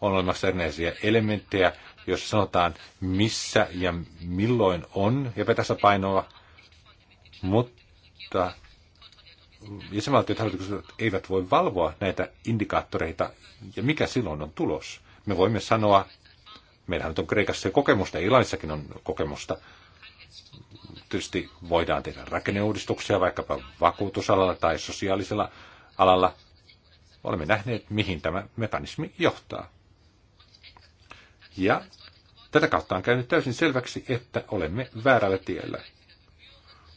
on olemassa erinäisiä elementtejä, joissa sanotaan, missä ja milloin on epätasapainoa, mutta jäsenvaltiot hallitukset eivät voi valvoa näitä indikaattoreita, ja mikä silloin on tulos? Me voimme sanoa, meillähän nyt on Kreikassa jo kokemusta, ja Ilanissakin on kokemusta, tietysti voidaan tehdä rakenneuudistuksia vaikkapa vakuutusalalla tai sosiaalisella alalla. Olemme nähneet, mihin tämä mekanismi johtaa. Ja tätä kautta on käynyt täysin selväksi, että olemme väärällä tiellä.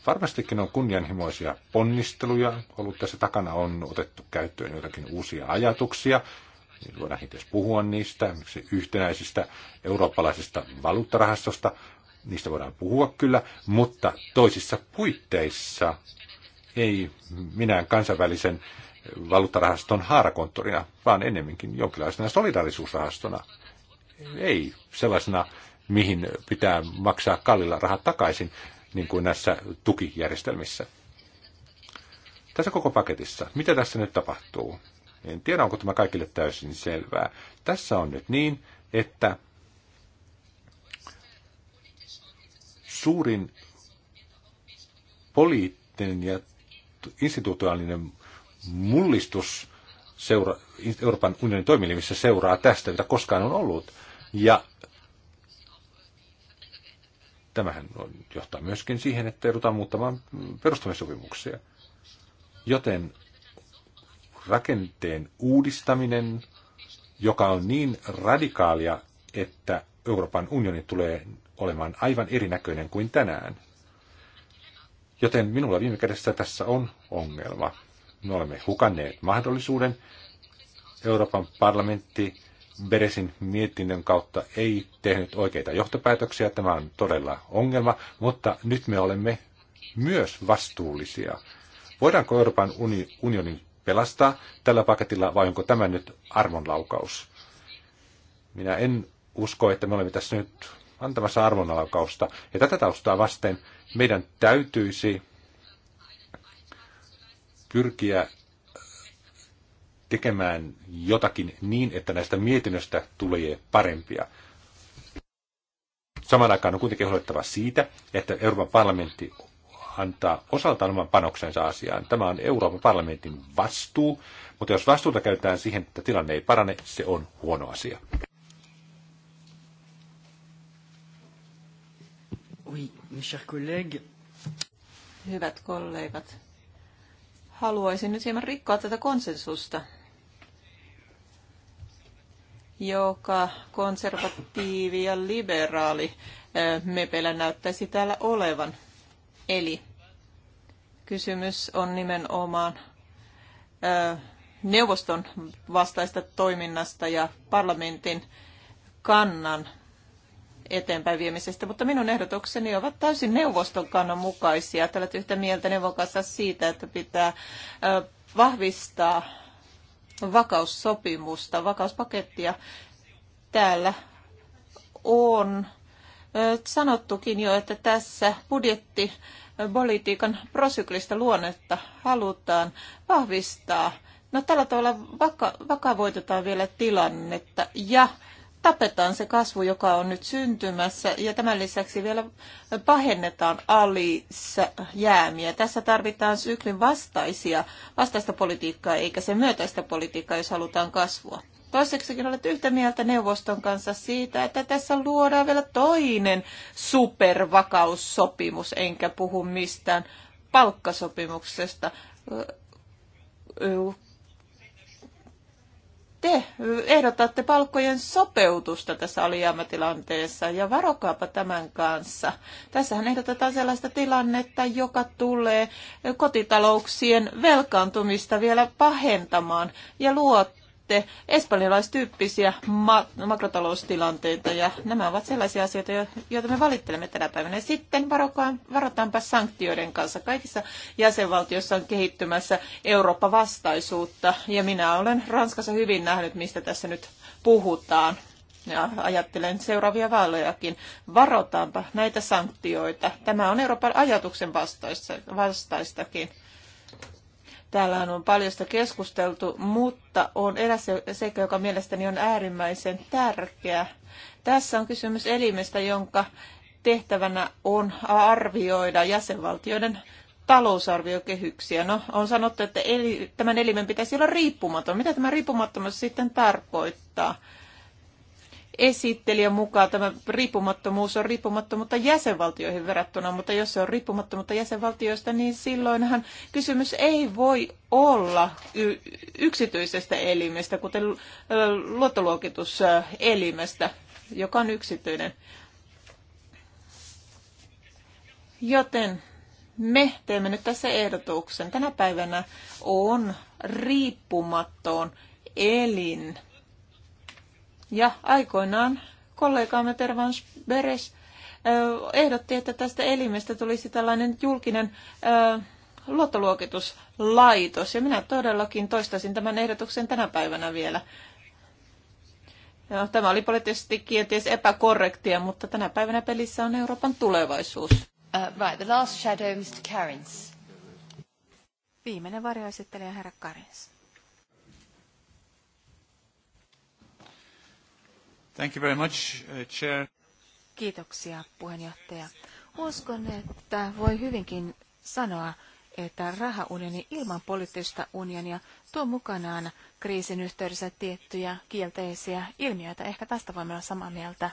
Varmastikin on kunnianhimoisia ponnisteluja ollut tässä takana, on otettu käyttöön joitakin uusia ajatuksia, niin voidaan itse puhua niistä, yhtenäisistä eurooppalaisista valuuttarahastosta, niistä voidaan puhua kyllä, mutta toisissa puitteissa ei minään kansainvälisen valuuttarahaston haarakonttorina, vaan ennemminkin jonkinlaisena solidarisuusrahastona. Ei sellaisena, mihin pitää maksaa kallilla rahat takaisin, niin kuin näissä tukijärjestelmissä. Tässä koko paketissa, mitä tässä nyt tapahtuu? En tiedä, onko tämä kaikille täysin selvää. Tässä on nyt niin, että suurin poliittinen ja institutionaalinen mullistus seura, Euroopan unionin toimielimissä seuraa tästä, mitä koskaan on ollut. Ja Tämähän johtaa myöskin siihen, että joudutaan muuttamaan perustamissopimuksia. Joten rakenteen uudistaminen, joka on niin radikaalia, että Euroopan unioni tulee olemaan aivan erinäköinen kuin tänään. Joten minulla viime kädessä tässä on ongelma. Me olemme hukanneet mahdollisuuden. Euroopan parlamentti Beresin mietinnön kautta ei tehnyt oikeita johtopäätöksiä. Tämä on todella ongelma, mutta nyt me olemme myös vastuullisia. Voidaanko Euroopan uni, unionin pelastaa tällä paketilla vai onko tämä nyt armonlaukaus? Minä en usko, että me olemme tässä nyt antamassa armonlaukausta. Ja tätä taustaa vasten meidän täytyisi pyrkiä tekemään jotakin niin, että näistä mietinnöstä tulee parempia. Samaan aikaan on kuitenkin huolettava siitä, että Euroopan parlamentti antaa osaltaan oman panoksensa asiaan. Tämä on Euroopan parlamentin vastuu, mutta jos vastuuta käytetään siihen, että tilanne ei parane, se on huono asia. Oui, mes chers collègues. Hyvät kollegat, haluaisin nyt hieman rikkoa tätä konsensusta, joka konservatiivi ja liberaali mepelä näyttäisi täällä olevan. Eli kysymys on nimenomaan neuvoston vastaista toiminnasta ja parlamentin kannan eteenpäin viemisestä, mutta minun ehdotukseni ovat täysin neuvoston kannan mukaisia. Tällä yhtä mieltä neuvon kanssa siitä, että pitää vahvistaa vakaussopimusta, vakauspakettia. Täällä on sanottukin jo, että tässä budjettipolitiikan prosyklista luonnetta halutaan vahvistaa. No tällä tavalla vaka- vakavoitetaan vielä tilannetta ja tapetaan se kasvu, joka on nyt syntymässä, ja tämän lisäksi vielä pahennetaan alijäämiä. Tässä tarvitaan syklin vastaisia, vastaista politiikkaa, eikä se myötäistä politiikkaa, jos halutaan kasvua. Toiseksikin olet yhtä mieltä neuvoston kanssa siitä, että tässä luodaan vielä toinen supervakaussopimus, enkä puhu mistään palkkasopimuksesta te ehdotatte palkkojen sopeutusta tässä alijäämätilanteessa ja varokaapa tämän kanssa. Tässähän ehdotetaan sellaista tilannetta, joka tulee kotitalouksien velkaantumista vielä pahentamaan ja luottaa sitten espanjalaistyyppisiä ma- makrotaloustilanteita ja nämä ovat sellaisia asioita, joita me valittelemme tänä päivänä. sitten varokaan, varotaanpa sanktioiden kanssa. Kaikissa jäsenvaltioissa on kehittymässä Eurooppa-vastaisuutta ja minä olen Ranskassa hyvin nähnyt, mistä tässä nyt puhutaan. Ja ajattelen seuraavia vaalejakin. Varotaanpa näitä sanktioita. Tämä on Euroopan ajatuksen vastaista, vastaistakin. Täällä on paljon keskusteltu, mutta on eräs seikka, joka mielestäni on äärimmäisen tärkeä. Tässä on kysymys elimestä, jonka tehtävänä on arvioida jäsenvaltioiden talousarviokehyksiä. No, on sanottu, että eli, tämän elimen pitäisi olla riippumaton. Mitä tämä riippumattomuus sitten tarkoittaa? esittelijä mukaan tämä riippumattomuus on riippumattomuutta jäsenvaltioihin verrattuna, mutta jos se on riippumattomuutta jäsenvaltioista, niin silloinhan kysymys ei voi olla yksityisestä elimestä, kuten luottoluokituselimestä, joka on yksityinen. Joten me teemme nyt tässä ehdotuksen. Tänä päivänä on riippumaton elin ja aikoinaan kollegaamme Tervans Beres ehdotti, että tästä elimestä tulisi tällainen julkinen luottoluokituslaitos. Ja minä todellakin toistaisin tämän ehdotuksen tänä päivänä vielä. Ja tämä oli poliittisesti kenties epäkorrektia, mutta tänä päivänä pelissä on Euroopan tulevaisuus. Uh, right, the last shadow, Mr. Karins. Viimeinen varjoesittelijä, herra Karins. Thank you very much, uh, Chair. Kiitoksia, puheenjohtaja. Uskon, että voi hyvinkin sanoa, että rahaunioni ilman poliittista unionia tuo mukanaan kriisin yhteydessä tiettyjä kielteisiä ilmiöitä. Ehkä tästä voimme olla samaa mieltä.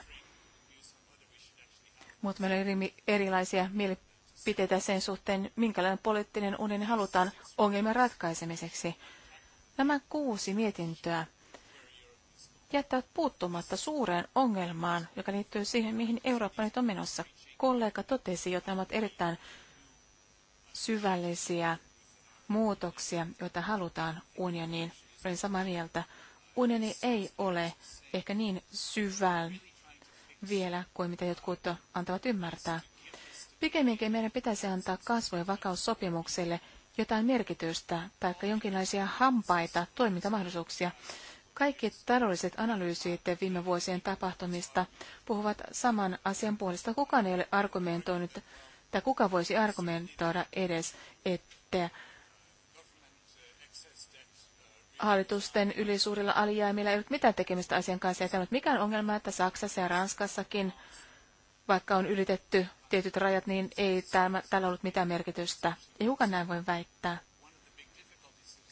Mutta meillä on eri, erilaisia mielipiteitä sen suhteen, minkälainen poliittinen unioni halutaan ongelmien ratkaisemiseksi. Nämä kuusi mietintöä jättävät puuttumatta suureen ongelmaan, joka liittyy siihen, mihin Eurooppa nyt on menossa. Kollega totesi jo, että nämä ovat erittäin syvällisiä muutoksia, joita halutaan unioniin. Olen samaa mieltä. Unioni ei ole ehkä niin syvällä vielä kuin mitä jotkut antavat ymmärtää. Pikemminkin meidän pitäisi antaa kasvu- ja vakaussopimukselle jotain merkitystä tai jonkinlaisia hampaita, toimintamahdollisuuksia, kaikki taloudelliset analyysit viime vuosien tapahtumista puhuvat saman asian puolesta. Kukaan ei ole argumentoinut, tai kuka voisi argumentoida edes, että hallitusten ylisuurilla alijäämillä ei ollut mitään tekemistä asian kanssa. Ei ollut mikään ongelma, että Saksassa ja Ranskassakin, vaikka on ylitetty tietyt rajat, niin ei tällä ollut mitään merkitystä. Ei kukaan näin voi väittää.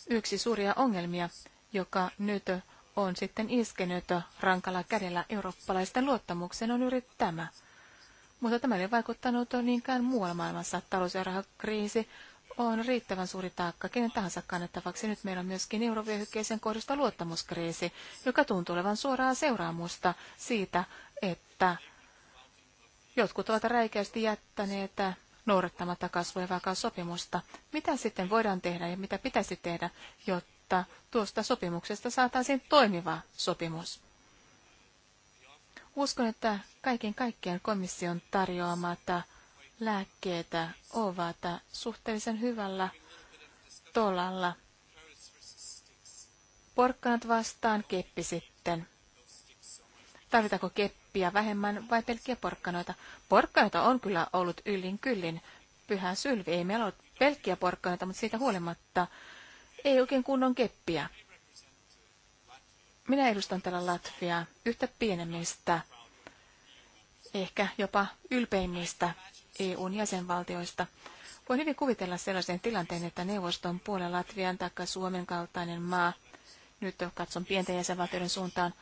Yksi suuria ongelmia, joka nyt on sitten iskenyt rankalla kädellä eurooppalaisten luottamuksen on juuri tämä. Mutta tämä ei vaikuttanut niinkään muualla maailmassa. Talous- ja rahakriisi on riittävän suuri taakka kenen tahansa kannettavaksi. Nyt meillä on myöskin eurovyöhykkeeseen kohdista luottamuskriisi, joka tuntuu olevan suoraa seuraamusta siitä, että jotkut ovat räikeästi jättäneet noudattamatta kasvua ja vakaussopimusta. Mitä sitten voidaan tehdä ja mitä pitäisi tehdä, jotta jotta tuosta sopimuksesta saataisiin toimiva sopimus. Uskon, että kaiken kaikkiaan komission tarjoamat lääkkeet ovat suhteellisen hyvällä tolalla. Porkkanat vastaan, keppi sitten. Tarvitaanko keppiä vähemmän vai pelkkiä porkkanoita? Porkkanoita on kyllä ollut yllin kyllin. Pyhä sylvi ei meillä ollut pelkkiä porkkanoita, mutta siitä huolimatta ei oikein kunnon keppiä. Minä edustan täällä Latviaa yhtä pienemmistä, ehkä jopa ylpeimmistä EUn jäsenvaltioista. Voin hyvin kuvitella sellaisen tilanteen, että neuvoston puolen Latvian tai Suomen kaltainen maa, nyt katson pienten jäsenvaltioiden suuntaan,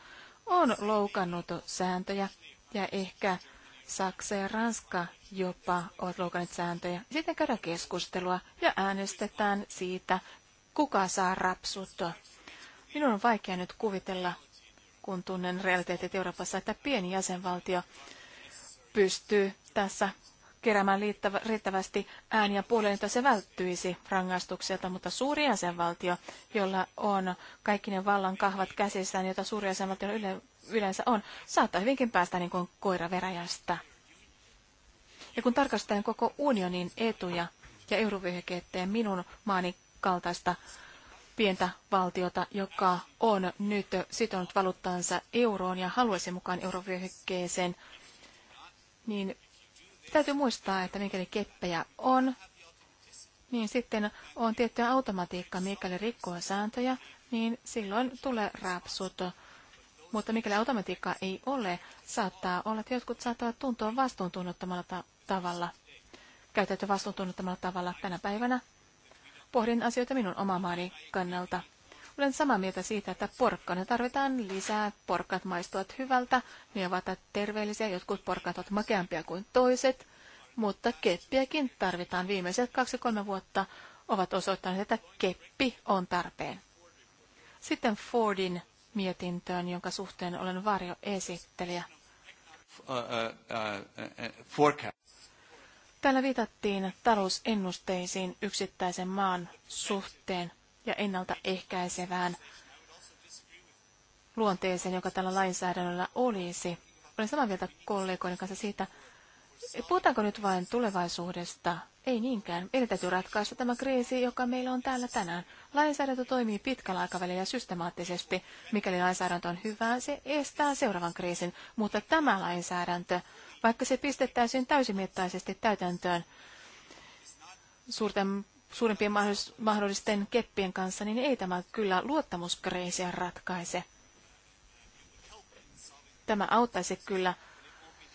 on loukannut sääntöjä ja ehkä Saksa ja Ranska jopa ovat loukanneet sääntöjä. Sitten käydään keskustelua ja äänestetään siitä, kuka saa rapsut. Minun on vaikea nyt kuvitella, kun tunnen realiteetit Euroopassa, että pieni jäsenvaltio pystyy tässä keräämään riittävästi ääniä puoleen, että se välttyisi rangaistukselta, mutta suuri jäsenvaltio, jolla on kaikki ne vallan kahvat käsissään, jota suuri jäsenvaltio yleensä on, saattaa hyvinkin päästä niin kuin koira veräjästä. Ja kun tarkastelen koko unionin etuja ja eurovyöhykettä minun maani kaltaista pientä valtiota, joka on nyt sitonut valuuttaansa euroon ja haluaisi mukaan eurovyöhykkeeseen, niin täytyy muistaa, että mikäli keppejä on, niin sitten on tiettyä automatiikkaa, mikäli rikkoo sääntöjä, niin silloin tulee rapsut. Mutta mikäli automatiikkaa ei ole, saattaa olla, että jotkut saattavat tuntua vastuuntunnottomalla ta- tavalla. Käytetty vastuuntunnottomalla tavalla tänä päivänä Pohdin asioita minun oma maani kannalta. Olen samaa mieltä siitä, että porkkana tarvitaan lisää. Porkkat maistuvat hyvältä, ne ovat terveellisiä, jotkut porkkat ovat makeampia kuin toiset, mutta keppiäkin tarvitaan. Viimeiset kaksi-kolme vuotta ovat osoittaneet, että keppi on tarpeen. Sitten Fordin mietintöön, jonka suhteen olen uh, Uh, uh, uh, Täällä viitattiin talousennusteisiin yksittäisen maan suhteen ja ennaltaehkäisevään luonteeseen, joka tällä lainsäädännöllä olisi. Olen samaa mieltä kollegoiden kanssa siitä, puhutaanko nyt vain tulevaisuudesta? Ei niinkään. Meidän täytyy ratkaista tämä kriisi, joka meillä on täällä tänään. Lainsäädäntö toimii pitkällä aikavälillä systemaattisesti. Mikäli lainsäädäntö on hyvää, se estää seuraavan kriisin, mutta tämä lainsäädäntö vaikka se pistettäisiin täysimittaisesti täytäntöön suurten, suurimpien mahdollisten keppien kanssa, niin ei tämä kyllä luottamuskriisiä ratkaise. Tämä auttaisi kyllä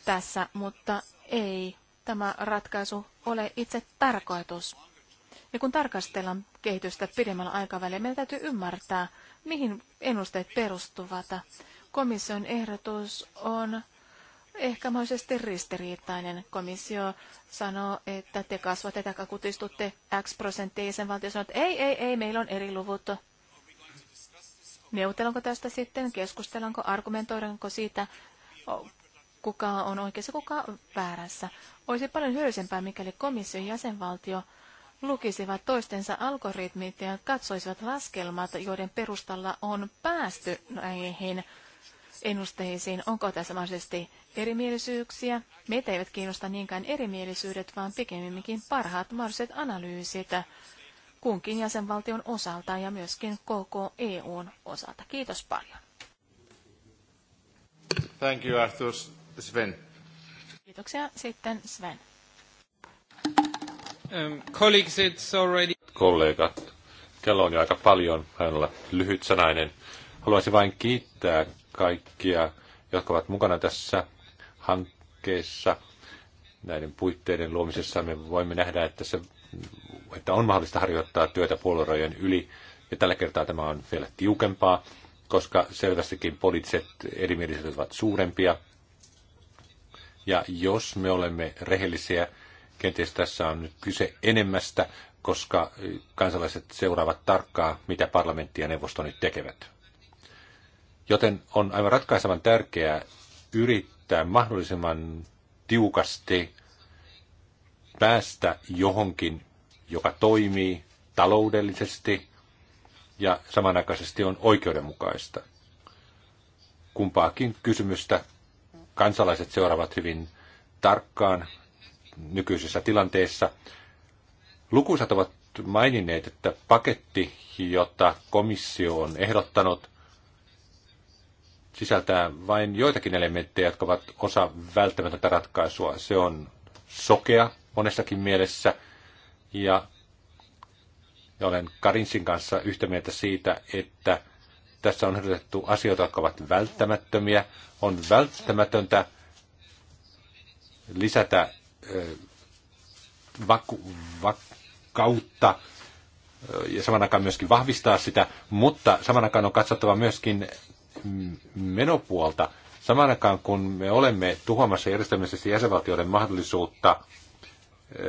tässä, mutta ei tämä ratkaisu ole itse tarkoitus. Ja kun tarkastellaan kehitystä pidemmällä aikavälillä, meidän täytyy ymmärtää, mihin ennusteet perustuvat. Komission ehdotus on ehkä mahdollisesti ristiriitainen. Komissio sanoo, että te kasvatte tai kutistutte X prosenttia valtio sanoo, että ei, ei, ei, meillä on eri luvut. Neuvotellaanko tästä sitten, keskustellaanko, argumentoidaanko siitä, kuka on oikeassa, kuka väärässä. Olisi paljon hyödyllisempää, mikäli komission jäsenvaltio lukisivat toistensa algoritmit ja katsoisivat laskelmat, joiden perustalla on päästy näihin ennusteisiin. Onko tässä mahdollisesti erimielisyyksiä? Meitä eivät kiinnosta niinkään erimielisyydet, vaan pikemminkin parhaat mahdolliset analyysit kunkin jäsenvaltion osalta ja myöskin koko EUn osalta. Kiitos paljon. Thank you, Arthur. Sven. Kiitoksia. Sitten Sven. Um, colleagues, it's already... Kollegat, kello on jo aika paljon. Hän on lyhyt sanainen. Haluaisin vain kiittää kaikkia, jotka ovat mukana tässä hankkeessa, näiden puitteiden luomisessa. Me voimme nähdä, että, se, että on mahdollista harjoittaa työtä puolueen yli, ja tällä kertaa tämä on vielä tiukempaa, koska selvästikin poliittiset erimielisyydet ovat suurempia. Ja jos me olemme rehellisiä, kenties tässä on nyt kyse enemmästä, koska kansalaiset seuraavat tarkkaa, mitä parlamentti ja neuvosto nyt tekevät. Joten on aivan ratkaisevan tärkeää yrittää mahdollisimman tiukasti päästä johonkin, joka toimii taloudellisesti ja samanaikaisesti on oikeudenmukaista. Kumpaakin kysymystä kansalaiset seuraavat hyvin tarkkaan nykyisessä tilanteessa. Lukuisat ovat maininneet, että paketti, jota komissio on ehdottanut, sisältää vain joitakin elementtejä, jotka ovat osa välttämätöntä ratkaisua. Se on sokea monessakin mielessä ja, ja olen Karinsin kanssa yhtä mieltä siitä, että tässä on ehdotettu asioita, jotka ovat välttämättömiä. On välttämätöntä lisätä vaku, vakautta ja saman aikaan myöskin vahvistaa sitä, mutta saman aikaan on katsottava myöskin menopuolta, samaan aikaan kun me olemme tuhoamassa järjestelmällisesti jäsenvaltioiden mahdollisuutta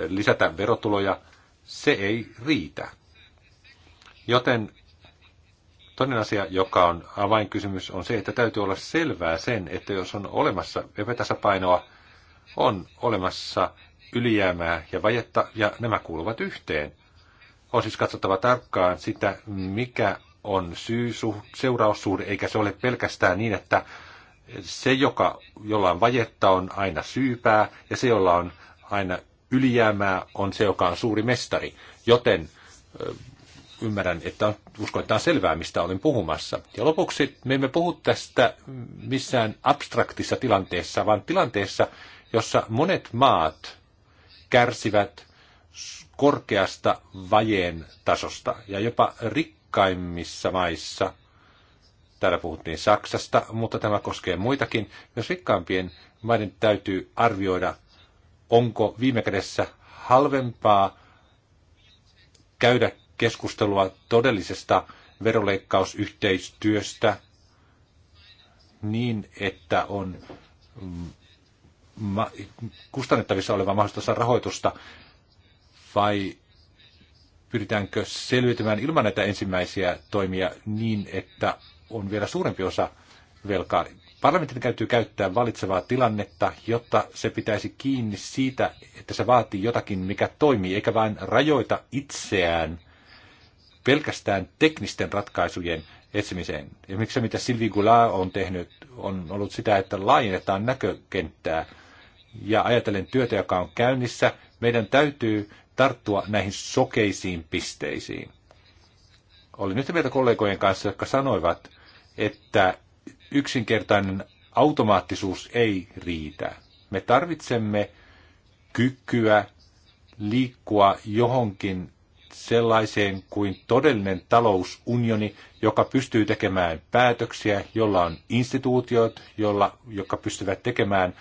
lisätä verotuloja, se ei riitä. Joten toinen asia, joka on avainkysymys, on se, että täytyy olla selvää sen, että jos on olemassa epätasapainoa, on olemassa ylijäämää ja vajetta, ja nämä kuuluvat yhteen. On siis katsottava tarkkaan sitä, mikä on syy, seuraussuhde, eikä se ole pelkästään niin, että se, joka, jolla on vajetta, on aina syypää, ja se, jolla on aina ylijäämää, on se, joka on suuri mestari. Joten ymmärrän, että uskon, että on selvää, mistä olen puhumassa. Ja lopuksi me emme puhu tästä missään abstraktissa tilanteessa, vaan tilanteessa, jossa monet maat kärsivät korkeasta vajeen tasosta ja jopa rik- rikkaimmissa maissa. Täällä puhuttiin Saksasta, mutta tämä koskee muitakin. Myös rikkaampien maiden täytyy arvioida, onko viime kädessä halvempaa käydä keskustelua todellisesta veroleikkausyhteistyöstä niin, että on kustannettavissa oleva mahdollista rahoitusta, vai pyritäänkö selviytymään ilman näitä ensimmäisiä toimia niin, että on vielä suurempi osa velkaa. Parlamentin täytyy käyttää valitsevaa tilannetta, jotta se pitäisi kiinni siitä, että se vaatii jotakin, mikä toimii, eikä vain rajoita itseään pelkästään teknisten ratkaisujen etsimiseen. Ja miksi se, mitä Sylvie Goulart on tehnyt, on ollut sitä, että laajennetaan näkökenttää. Ja ajatellen työtä, joka on käynnissä, meidän täytyy tarttua näihin sokeisiin pisteisiin. Olin yhtä mieltä kollegojen kanssa, jotka sanoivat, että yksinkertainen automaattisuus ei riitä. Me tarvitsemme kykyä liikkua johonkin sellaiseen kuin todellinen talousunioni, joka pystyy tekemään päätöksiä, jolla on instituutiot, jolla, jotka pystyvät tekemään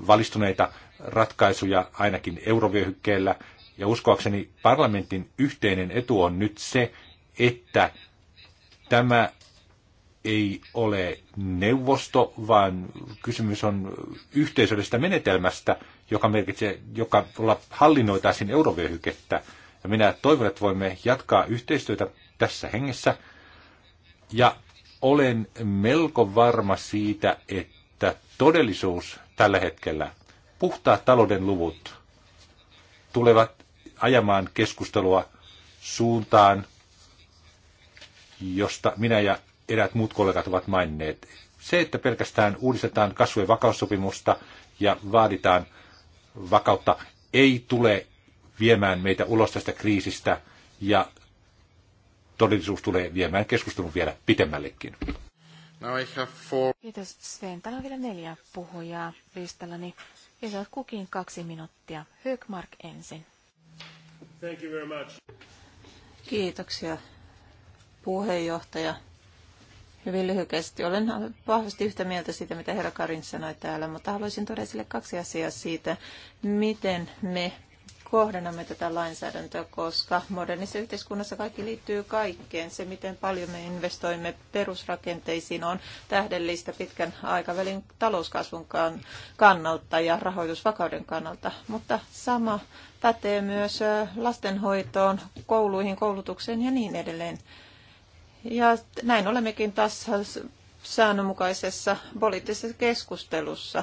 valistuneita ratkaisuja ainakin eurovyöhykkeellä ja uskoakseni parlamentin yhteinen etu on nyt se, että tämä ei ole neuvosto, vaan kysymys on yhteisöllisestä menetelmästä, joka merkitsee, joka hallinnoitaisiin eurovyöhykettä. Ja minä toivon, että voimme jatkaa yhteistyötä tässä hengessä. Ja olen melko varma siitä, että todellisuus tällä hetkellä, puhtaat talouden luvut, tulevat ajamaan keskustelua suuntaan, josta minä ja eräät muut kollegat ovat maininneet. Se, että pelkästään uudistetaan kasvu- ja vakaussopimusta ja vaaditaan vakautta, ei tule viemään meitä ulos tästä kriisistä ja todellisuus tulee viemään keskustelun vielä pitemmällekin. Kiitos Sven. Täällä on vielä neljä puhujaa listallani. Ja kukin kaksi minuuttia. Högmark ensin. Thank you very much. Kiitoksia puheenjohtaja. Hyvin lyhykästi. Olen vahvasti yhtä mieltä siitä, mitä herra Karin sanoi täällä, mutta haluaisin todeta sille kaksi asiaa siitä, miten me kohdennamme tätä lainsäädäntöä, koska modernissa yhteiskunnassa kaikki liittyy kaikkeen. Se, miten paljon me investoimme perusrakenteisiin, on tähdellistä pitkän aikavälin talouskasvun kannalta ja rahoitusvakauden kannalta. Mutta sama pätee myös lastenhoitoon, kouluihin, koulutukseen ja niin edelleen. Ja näin olemmekin taas säännönmukaisessa poliittisessa keskustelussa.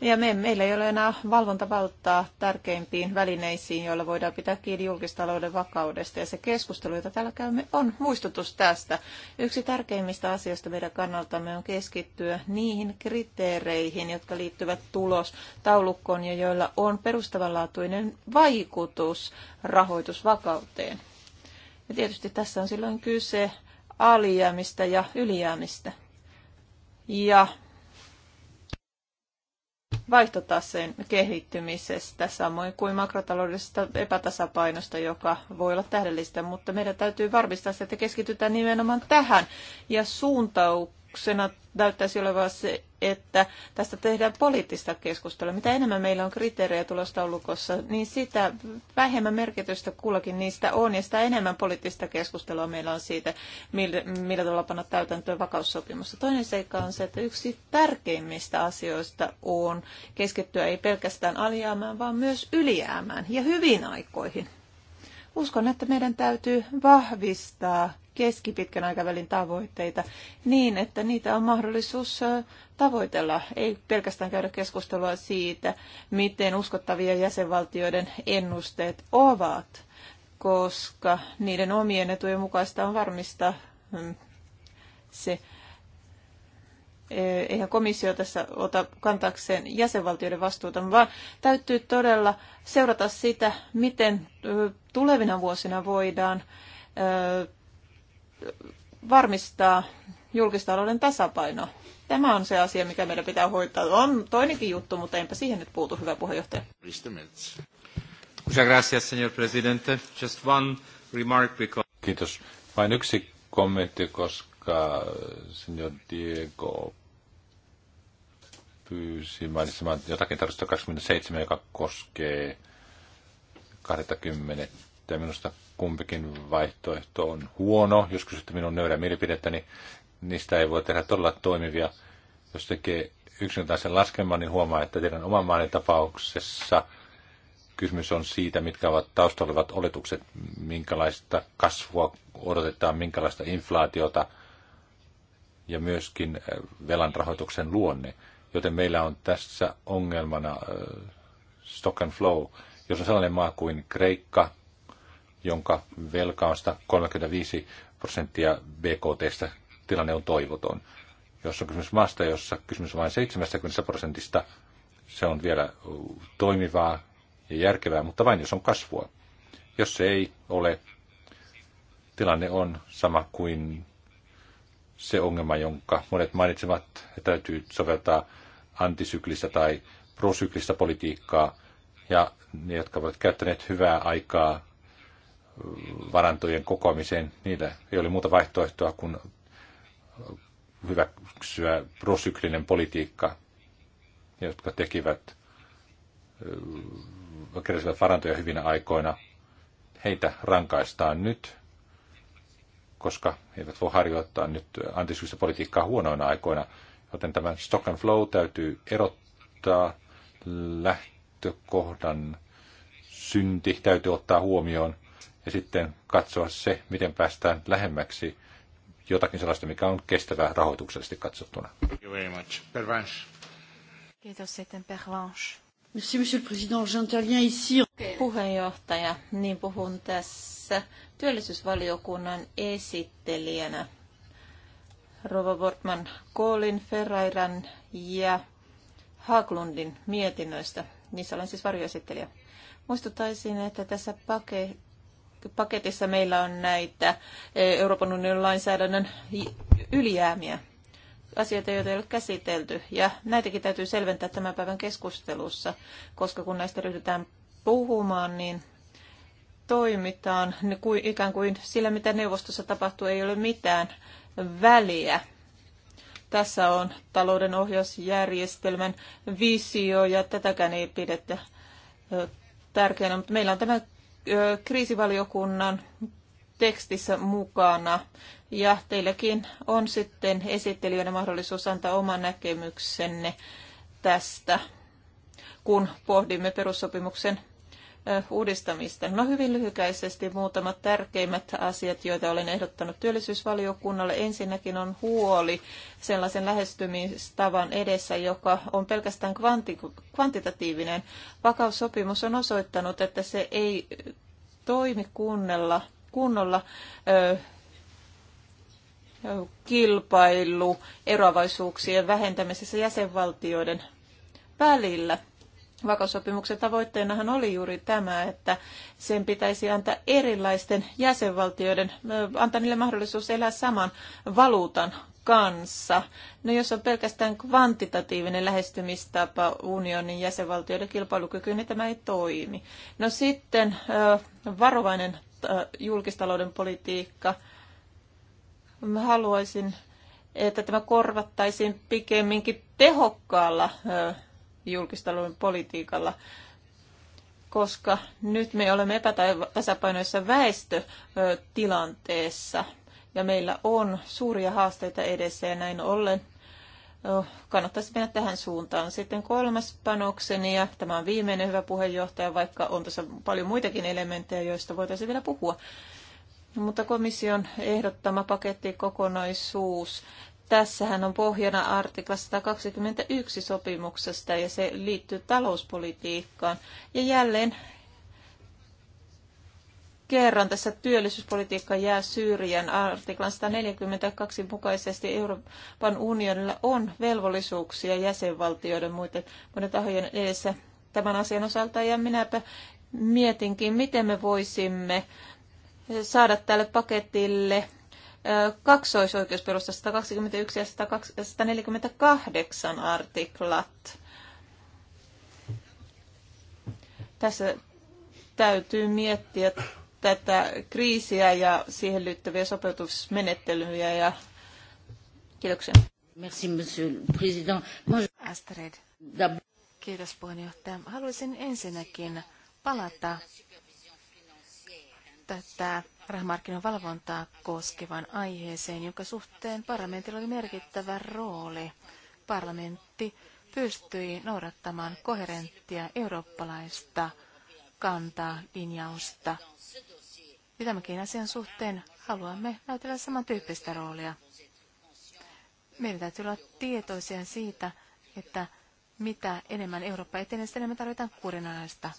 Ja me, meillä ei ole enää valvontavaltaa tärkeimpiin välineisiin, joilla voidaan pitää kiinni julkistalouden vakaudesta. Ja se keskustelu, jota täällä käymme, on muistutus tästä. Yksi tärkeimmistä asioista meidän kannaltamme on keskittyä niihin kriteereihin, jotka liittyvät tulostaulukkoon ja joilla on perustavanlaatuinen vaikutus rahoitusvakauteen. Ja tietysti tässä on silloin kyse alijäämistä ja ylijäämistä ja vaihtotaseen kehittymisestä, samoin kuin makrotaloudellisesta epätasapainosta, joka voi olla tähdellistä, mutta meidän täytyy varmistaa se, että keskitytään nimenomaan tähän. Ja suuntauksena näyttäisi olevan se, että tästä tehdään poliittista keskustelua. Mitä enemmän meillä on kriteerejä tulostaulukossa, niin sitä vähemmän merkitystä kullakin niistä on, ja sitä enemmän poliittista keskustelua meillä on siitä, millä, millä tavalla panna täytäntöön vakaussopimusta. Toinen seikka on se, että yksi tärkeimmistä asioista on keskittyä ei pelkästään alijäämään, vaan myös ylijäämään ja hyvin aikoihin. Uskon, että meidän täytyy vahvistaa keskipitkän aikavälin tavoitteita niin, että niitä on mahdollisuus tavoitella. Ei pelkästään käydä keskustelua siitä, miten uskottavia jäsenvaltioiden ennusteet ovat, koska niiden omien etujen mukaista on varmista, mm, se. E, eihän komissio tässä ota kantakseen jäsenvaltioiden vastuuta, vaan täytyy todella seurata sitä, miten tulevina vuosina voidaan varmistaa julkistalouden tasapaino. Tämä on se asia, mikä meidän pitää hoitaa. On toinenkin juttu, mutta enpä siihen nyt puutu, hyvä puheenjohtaja. Kiitos. Vain yksi kommentti, koska signor Diego pyysi mainitsemaan jotakin tarvista 27, joka koskee 20. Minusta kumpikin vaihtoehto on huono. Jos kysytte minun nöyrä mielipidettä, niin niistä ei voi tehdä todella toimivia. Jos tekee yksinkertaisen laskelman, niin huomaa, että teidän oman maan tapauksessa kysymys on siitä, mitkä ovat taustalla olevat oletukset, minkälaista kasvua odotetaan, minkälaista inflaatiota ja myöskin äh, velan rahoituksen luonne. Joten meillä on tässä ongelmana äh, stock and flow. Jos on sellainen maa kuin Kreikka, jonka velka on 135 prosenttia BKT, tilanne on toivoton. Jos on kysymys maasta, jossa kysymys on vain 70 prosentista, se on vielä toimivaa ja järkevää, mutta vain jos on kasvua. Jos se ei ole, tilanne on sama kuin se ongelma, jonka monet mainitsevat, että täytyy soveltaa antisyklistä tai prosyklistä politiikkaa, ja ne, jotka ovat käyttäneet hyvää aikaa varantojen kokoamiseen. Niillä ei ole muuta vaihtoehtoa kuin hyväksyä prosyklinen politiikka, jotka tekivät, keräsivät varantoja hyvinä aikoina. Heitä rankaistaan nyt, koska he eivät voi harjoittaa nyt antisyistä politiikkaa huonoina aikoina, joten tämä stock and flow täytyy erottaa lähtökohdan synti täytyy ottaa huomioon ja sitten katsoa se, miten päästään lähemmäksi jotakin sellaista, mikä on kestävää rahoituksellisesti katsottuna. Kiitos sitten Pervanche. Merci, monsieur le président. J'interviens ici. Puheenjohtaja, niin puhun tässä työllisyysvaliokunnan esittelijänä. Rova Bortman Koolin, Ferrairan ja Haglundin mietinnöistä. Niissä olen siis varjoesittelijä. Muistuttaisin, että tässä paketissa paketissa meillä on näitä eh, Euroopan unionin lainsäädännön ylijäämiä asioita, joita ei ole käsitelty. Ja näitäkin täytyy selventää tämän päivän keskustelussa, koska kun näistä ryhdytään puhumaan, niin toimitaan niin kuin, ikään kuin sillä, mitä neuvostossa tapahtuu, ei ole mitään väliä. Tässä on talouden ohjausjärjestelmän visio ja tätäkään ei pidetä tärkeänä, mutta meillä on tämä kriisivaliokunnan tekstissä mukana. Ja teilläkin on sitten esittelijöiden mahdollisuus antaa oma näkemyksenne tästä, kun pohdimme perussopimuksen uudistamista. No hyvin lyhykäisesti muutamat tärkeimmät asiat, joita olen ehdottanut työllisyysvaliokunnalle. Ensinnäkin on huoli sellaisen lähestymistavan edessä, joka on pelkästään kvanti, kvantitatiivinen. Vakaussopimus on osoittanut, että se ei toimi kunnella, kunnolla ö, kilpailu eroavaisuuksien vähentämisessä jäsenvaltioiden välillä. Vakaussopimuksen tavoitteenahan oli juuri tämä, että sen pitäisi antaa erilaisten jäsenvaltioiden, antaa niille mahdollisuus elää saman valuutan kanssa. No jos on pelkästään kvantitatiivinen lähestymistapa unionin jäsenvaltioiden kilpailukykyyn, niin tämä ei toimi. No sitten varovainen julkistalouden politiikka. Mä haluaisin, että tämä korvattaisiin pikemminkin tehokkaalla julkistalouden politiikalla, koska nyt me olemme epätasapainoissa väestötilanteessa ja meillä on suuria haasteita edessä ja näin ollen kannattaisi mennä tähän suuntaan. Sitten kolmas panokseni, ja tämä on viimeinen hyvä puheenjohtaja, vaikka on tässä paljon muitakin elementtejä, joista voitaisiin vielä puhua. Mutta komission ehdottama paketti kokonaisuus Tässähän on pohjana artikla 121 sopimuksesta ja se liittyy talouspolitiikkaan. Ja jälleen kerran tässä työllisyyspolitiikka jää syrjään. Artiklan 142 mukaisesti Euroopan unionilla on velvollisuuksia jäsenvaltioiden muiden, muiden tahojen edessä tämän asian osalta. Ja minäpä mietinkin, miten me voisimme saada tälle paketille kaksoisoikeusperusta 121 ja 148 artiklat. Tässä täytyy miettiä tätä kriisiä ja siihen liittyviä sopeutusmenettelyjä ja kiitoksia. Merci, monsieur président. Astrid. Kiitos puheenjohtaja. Haluaisin ensinnäkin palata tätä rahamarkkinoiden valvontaa koskevan aiheeseen, jonka suhteen parlamentilla oli merkittävä rooli. Parlamentti pystyi noudattamaan koherenttia eurooppalaista kantaa linjausta. Ja tämänkin asian suhteen haluamme näytellä samantyyppistä roolia. Meidän täytyy olla tietoisia siitä, että mitä enemmän Eurooppa etenee, sitä enemmän tarvitaan kurinalaista.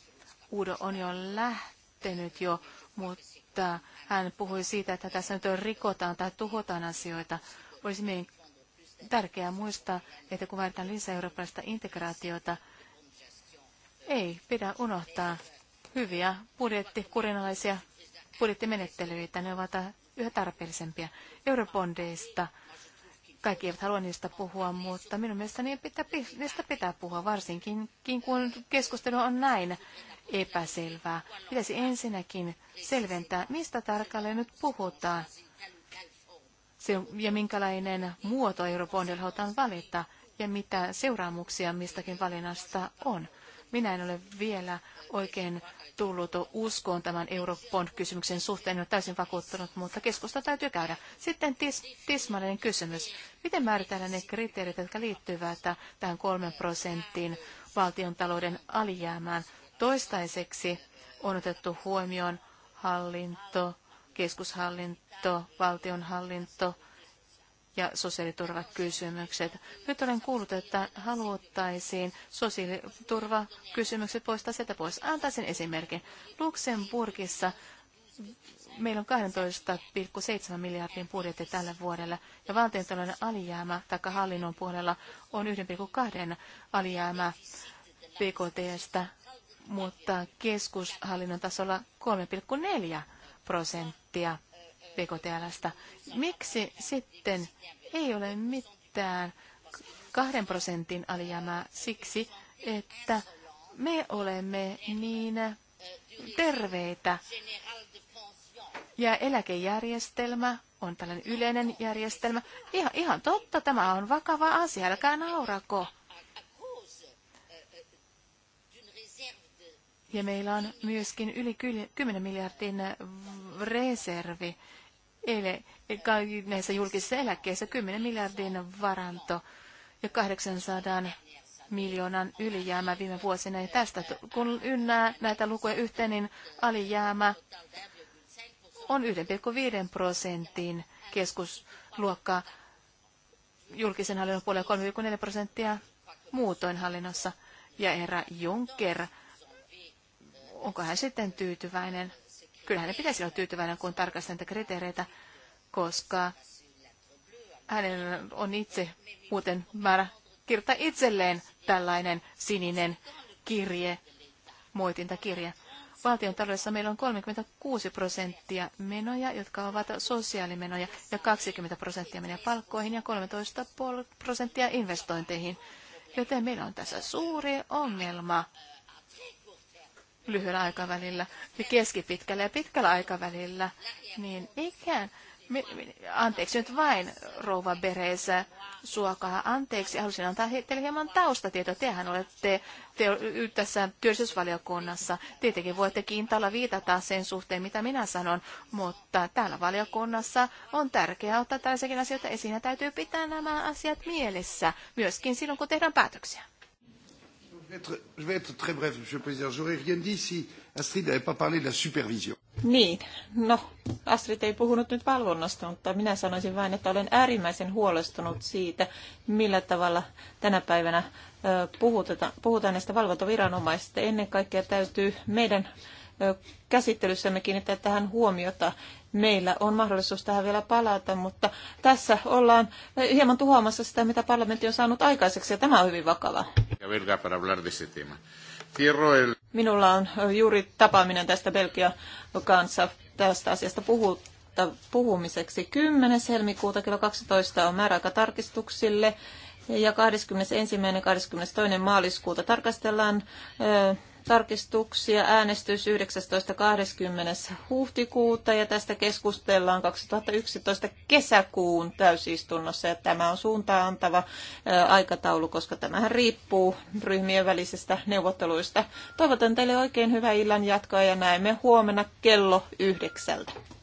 Uudo on jo lähtenyt jo mutta hän puhui siitä, että tässä nyt rikotaan tai tuhotaan asioita. Olisi tärkeää muistaa, että kun vaaditaan lisää eurooppalaista integraatiota, ei pidä unohtaa hyviä budjettikurinalaisia budjettimenettelyitä. Ne ovat yhä tarpeellisempia. Eurobondeista kaikki eivät halua niistä puhua, mutta minun mielestäni pitää, niistä pitää puhua, varsinkin kun keskustelu on näin epäselvää. Pitäisi ensinnäkin selventää, mistä tarkalleen nyt puhutaan se, ja minkälainen muoto Euroopan halutaan valita ja mitä seuraamuksia mistäkin valinnasta on. Minä en ole vielä oikein tullut uskoon tämän Eurobond-kysymyksen suhteen, en ole täysin vakuuttunut, mutta keskusta täytyy käydä. Sitten tis, tismallinen kysymys. Miten määritellään ne kriteerit, jotka liittyvät tähän kolmen prosentin valtion talouden alijäämään? Toistaiseksi on otettu huomioon hallinto, keskushallinto, valtionhallinto, ja sosiaaliturvakysymykset. Nyt olen kuullut, että haluttaisiin sosiaaliturvakysymykset poistaa sieltä pois. Antaisin esimerkin. Luxemburgissa meillä on 12,7 miljardin budjetti tälle vuodelle ja valtiontalouden alijäämä taikka hallinnon puolella on 1,2 alijäämä PKTstä, mutta keskushallinnon tasolla 3,4 prosenttia BKTLstä. Miksi sitten ei ole mitään kahden prosentin alijäämää siksi, että me olemme niin terveitä ja eläkejärjestelmä on tällainen yleinen järjestelmä. Ihan, ihan totta, tämä on vakava asia, älkää naurako. Ja meillä on myöskin yli 10 miljardin reservi Eilen näissä julkisissa eläkkeissä 10 miljardin varanto ja 800 miljoonan ylijäämä viime vuosina. Ja tästä, kun ynnää näitä lukuja yhteen, niin alijäämä on 1,5 prosentin keskusluokkaa julkisen hallinnon puolella 3,4 prosenttia muutoin hallinnossa. Ja erä Juncker, onko hän sitten tyytyväinen? Kyllähän hänen pitäisi olla tyytyväinen, kun tarkastan näitä kriteereitä, koska hänen on itse muuten määrä kirjoittaa itselleen tällainen sininen kirje, moitintakirje. Valtion taloudessa meillä on 36 prosenttia menoja, jotka ovat sosiaalimenoja, ja 20 prosenttia menee palkkoihin ja 13 prosenttia investointeihin. Joten meillä on tässä suuri ongelma lyhyellä aikavälillä ja keskipitkällä ja pitkällä aikavälillä, niin ikään, mi, mi, anteeksi nyt vain, rouva Bereesä, suokaa anteeksi, halusin antaa teille hieman taustatietoa. Tehän olette te, tässä työllisyysvaliokunnassa. Tietenkin voitte kiintalla viitata sen suhteen, mitä minä sanon, mutta täällä valiokunnassa on tärkeää ottaa tällaisiakin asioita esiin ja täytyy pitää nämä asiat mielessä, myöskin silloin, kun tehdään päätöksiä. Je vais être très bref, Monsieur le Président. J'aurais rien dit si Astrid n'avait pas parlé de la supervision. Niin, no Astrid ei puhunut nyt valvonnasta, mutta minä sanoisin vain, että olen äärimmäisen huolestunut siitä, millä tavalla tänä päivänä puhutaan, puhutaan näistä valvontaviranomaisista. Ennen kaikkea täytyy meidän käsittelyssämme kiinnittää tähän huomiota. Meillä on mahdollisuus tähän vielä palata, mutta tässä ollaan hieman tuhoamassa sitä, mitä parlamentti on saanut aikaiseksi, ja tämä on hyvin vakava. Minulla on juuri tapaaminen tästä Belgian kanssa tästä asiasta puhuta, puhumiseksi. 10. helmikuuta kello 12 on määräaika tarkistuksille ja 21. ja 22. maaliskuuta tarkastellaan tarkistuksia. Äänestys 19.20. huhtikuuta ja tästä keskustellaan 2011 kesäkuun täysistunnossa. Ja tämä on suuntaan antava aikataulu, koska tämähän riippuu ryhmien välisistä neuvotteluista. Toivotan teille oikein hyvää illan jatkoa ja näemme huomenna kello yhdeksältä.